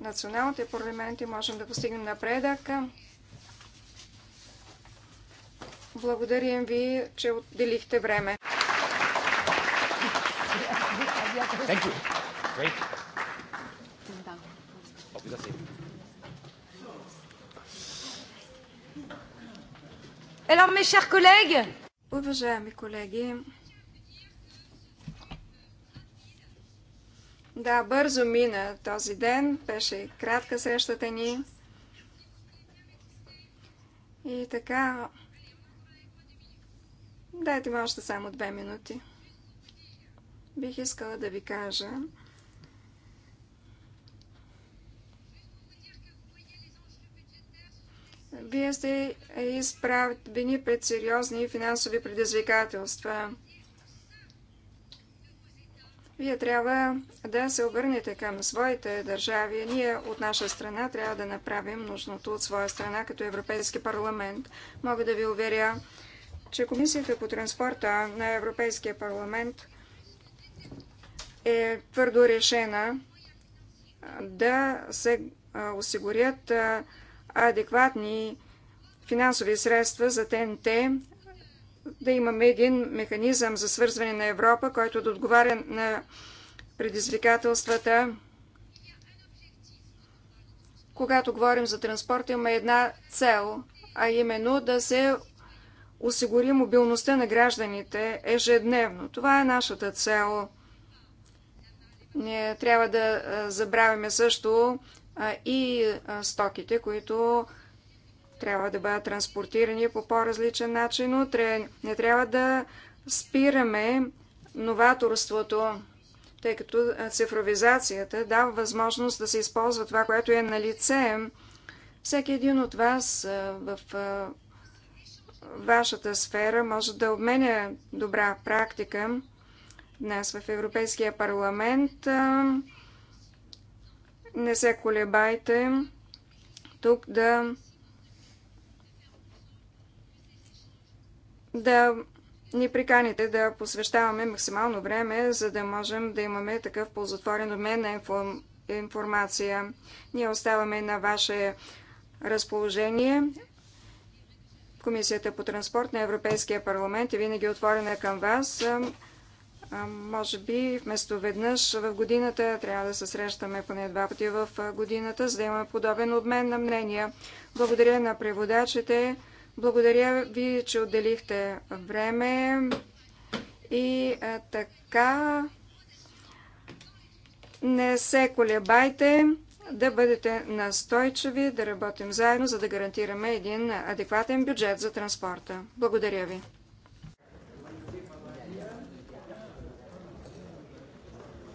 националните парламенти можем да постигнем напредък. Благодарим ви, че отделихте време. Thank you. Great. Alors, mes chers collègues, Уважаеми колеги, да, бързо мина този ден. Беше кратка срещата ни. И така, дайте ми още само две минути. Бих искала да ви кажа, Вие сте изправени пред сериозни финансови предизвикателства. Вие трябва да се обърнете към своите държави. Ние от наша страна трябва да направим нужното от своя страна като Европейски парламент. Мога да ви уверя, че Комисията по транспорта на Европейския парламент е твърдо решена да се осигурят адекватни финансови средства за ТНТ, да имаме един механизъм за свързване на Европа, който да отговаря на предизвикателствата. Когато говорим за транспорт, има една цел, а именно да се осигури мобилността на гражданите ежедневно. Това е нашата цел. Ние трябва да забравяме също и стоките, които трябва да бъдат транспортирани по по-различен начин утре. Не трябва да спираме новаторството, тъй като цифровизацията дава възможност да се използва това, което е на лице. Всеки един от вас в вашата сфера може да обменя добра практика. Днес в Европейския парламент не се колебайте тук да да ни приканите да посвещаваме максимално време, за да можем да имаме такъв ползотворен обмен на информация. Ние оставаме на ваше разположение. Комисията по транспорт на Европейския парламент е винаги отворена към вас може би вместо веднъж в годината трябва да се срещаме поне два пъти в годината, за да имаме подобен обмен на мнения. Благодаря на преводачите. Благодаря ви, че отделихте време. И а, така, не се колебайте да бъдете настойчиви, да работим заедно, за да гарантираме един адекватен бюджет за транспорта. Благодаря ви.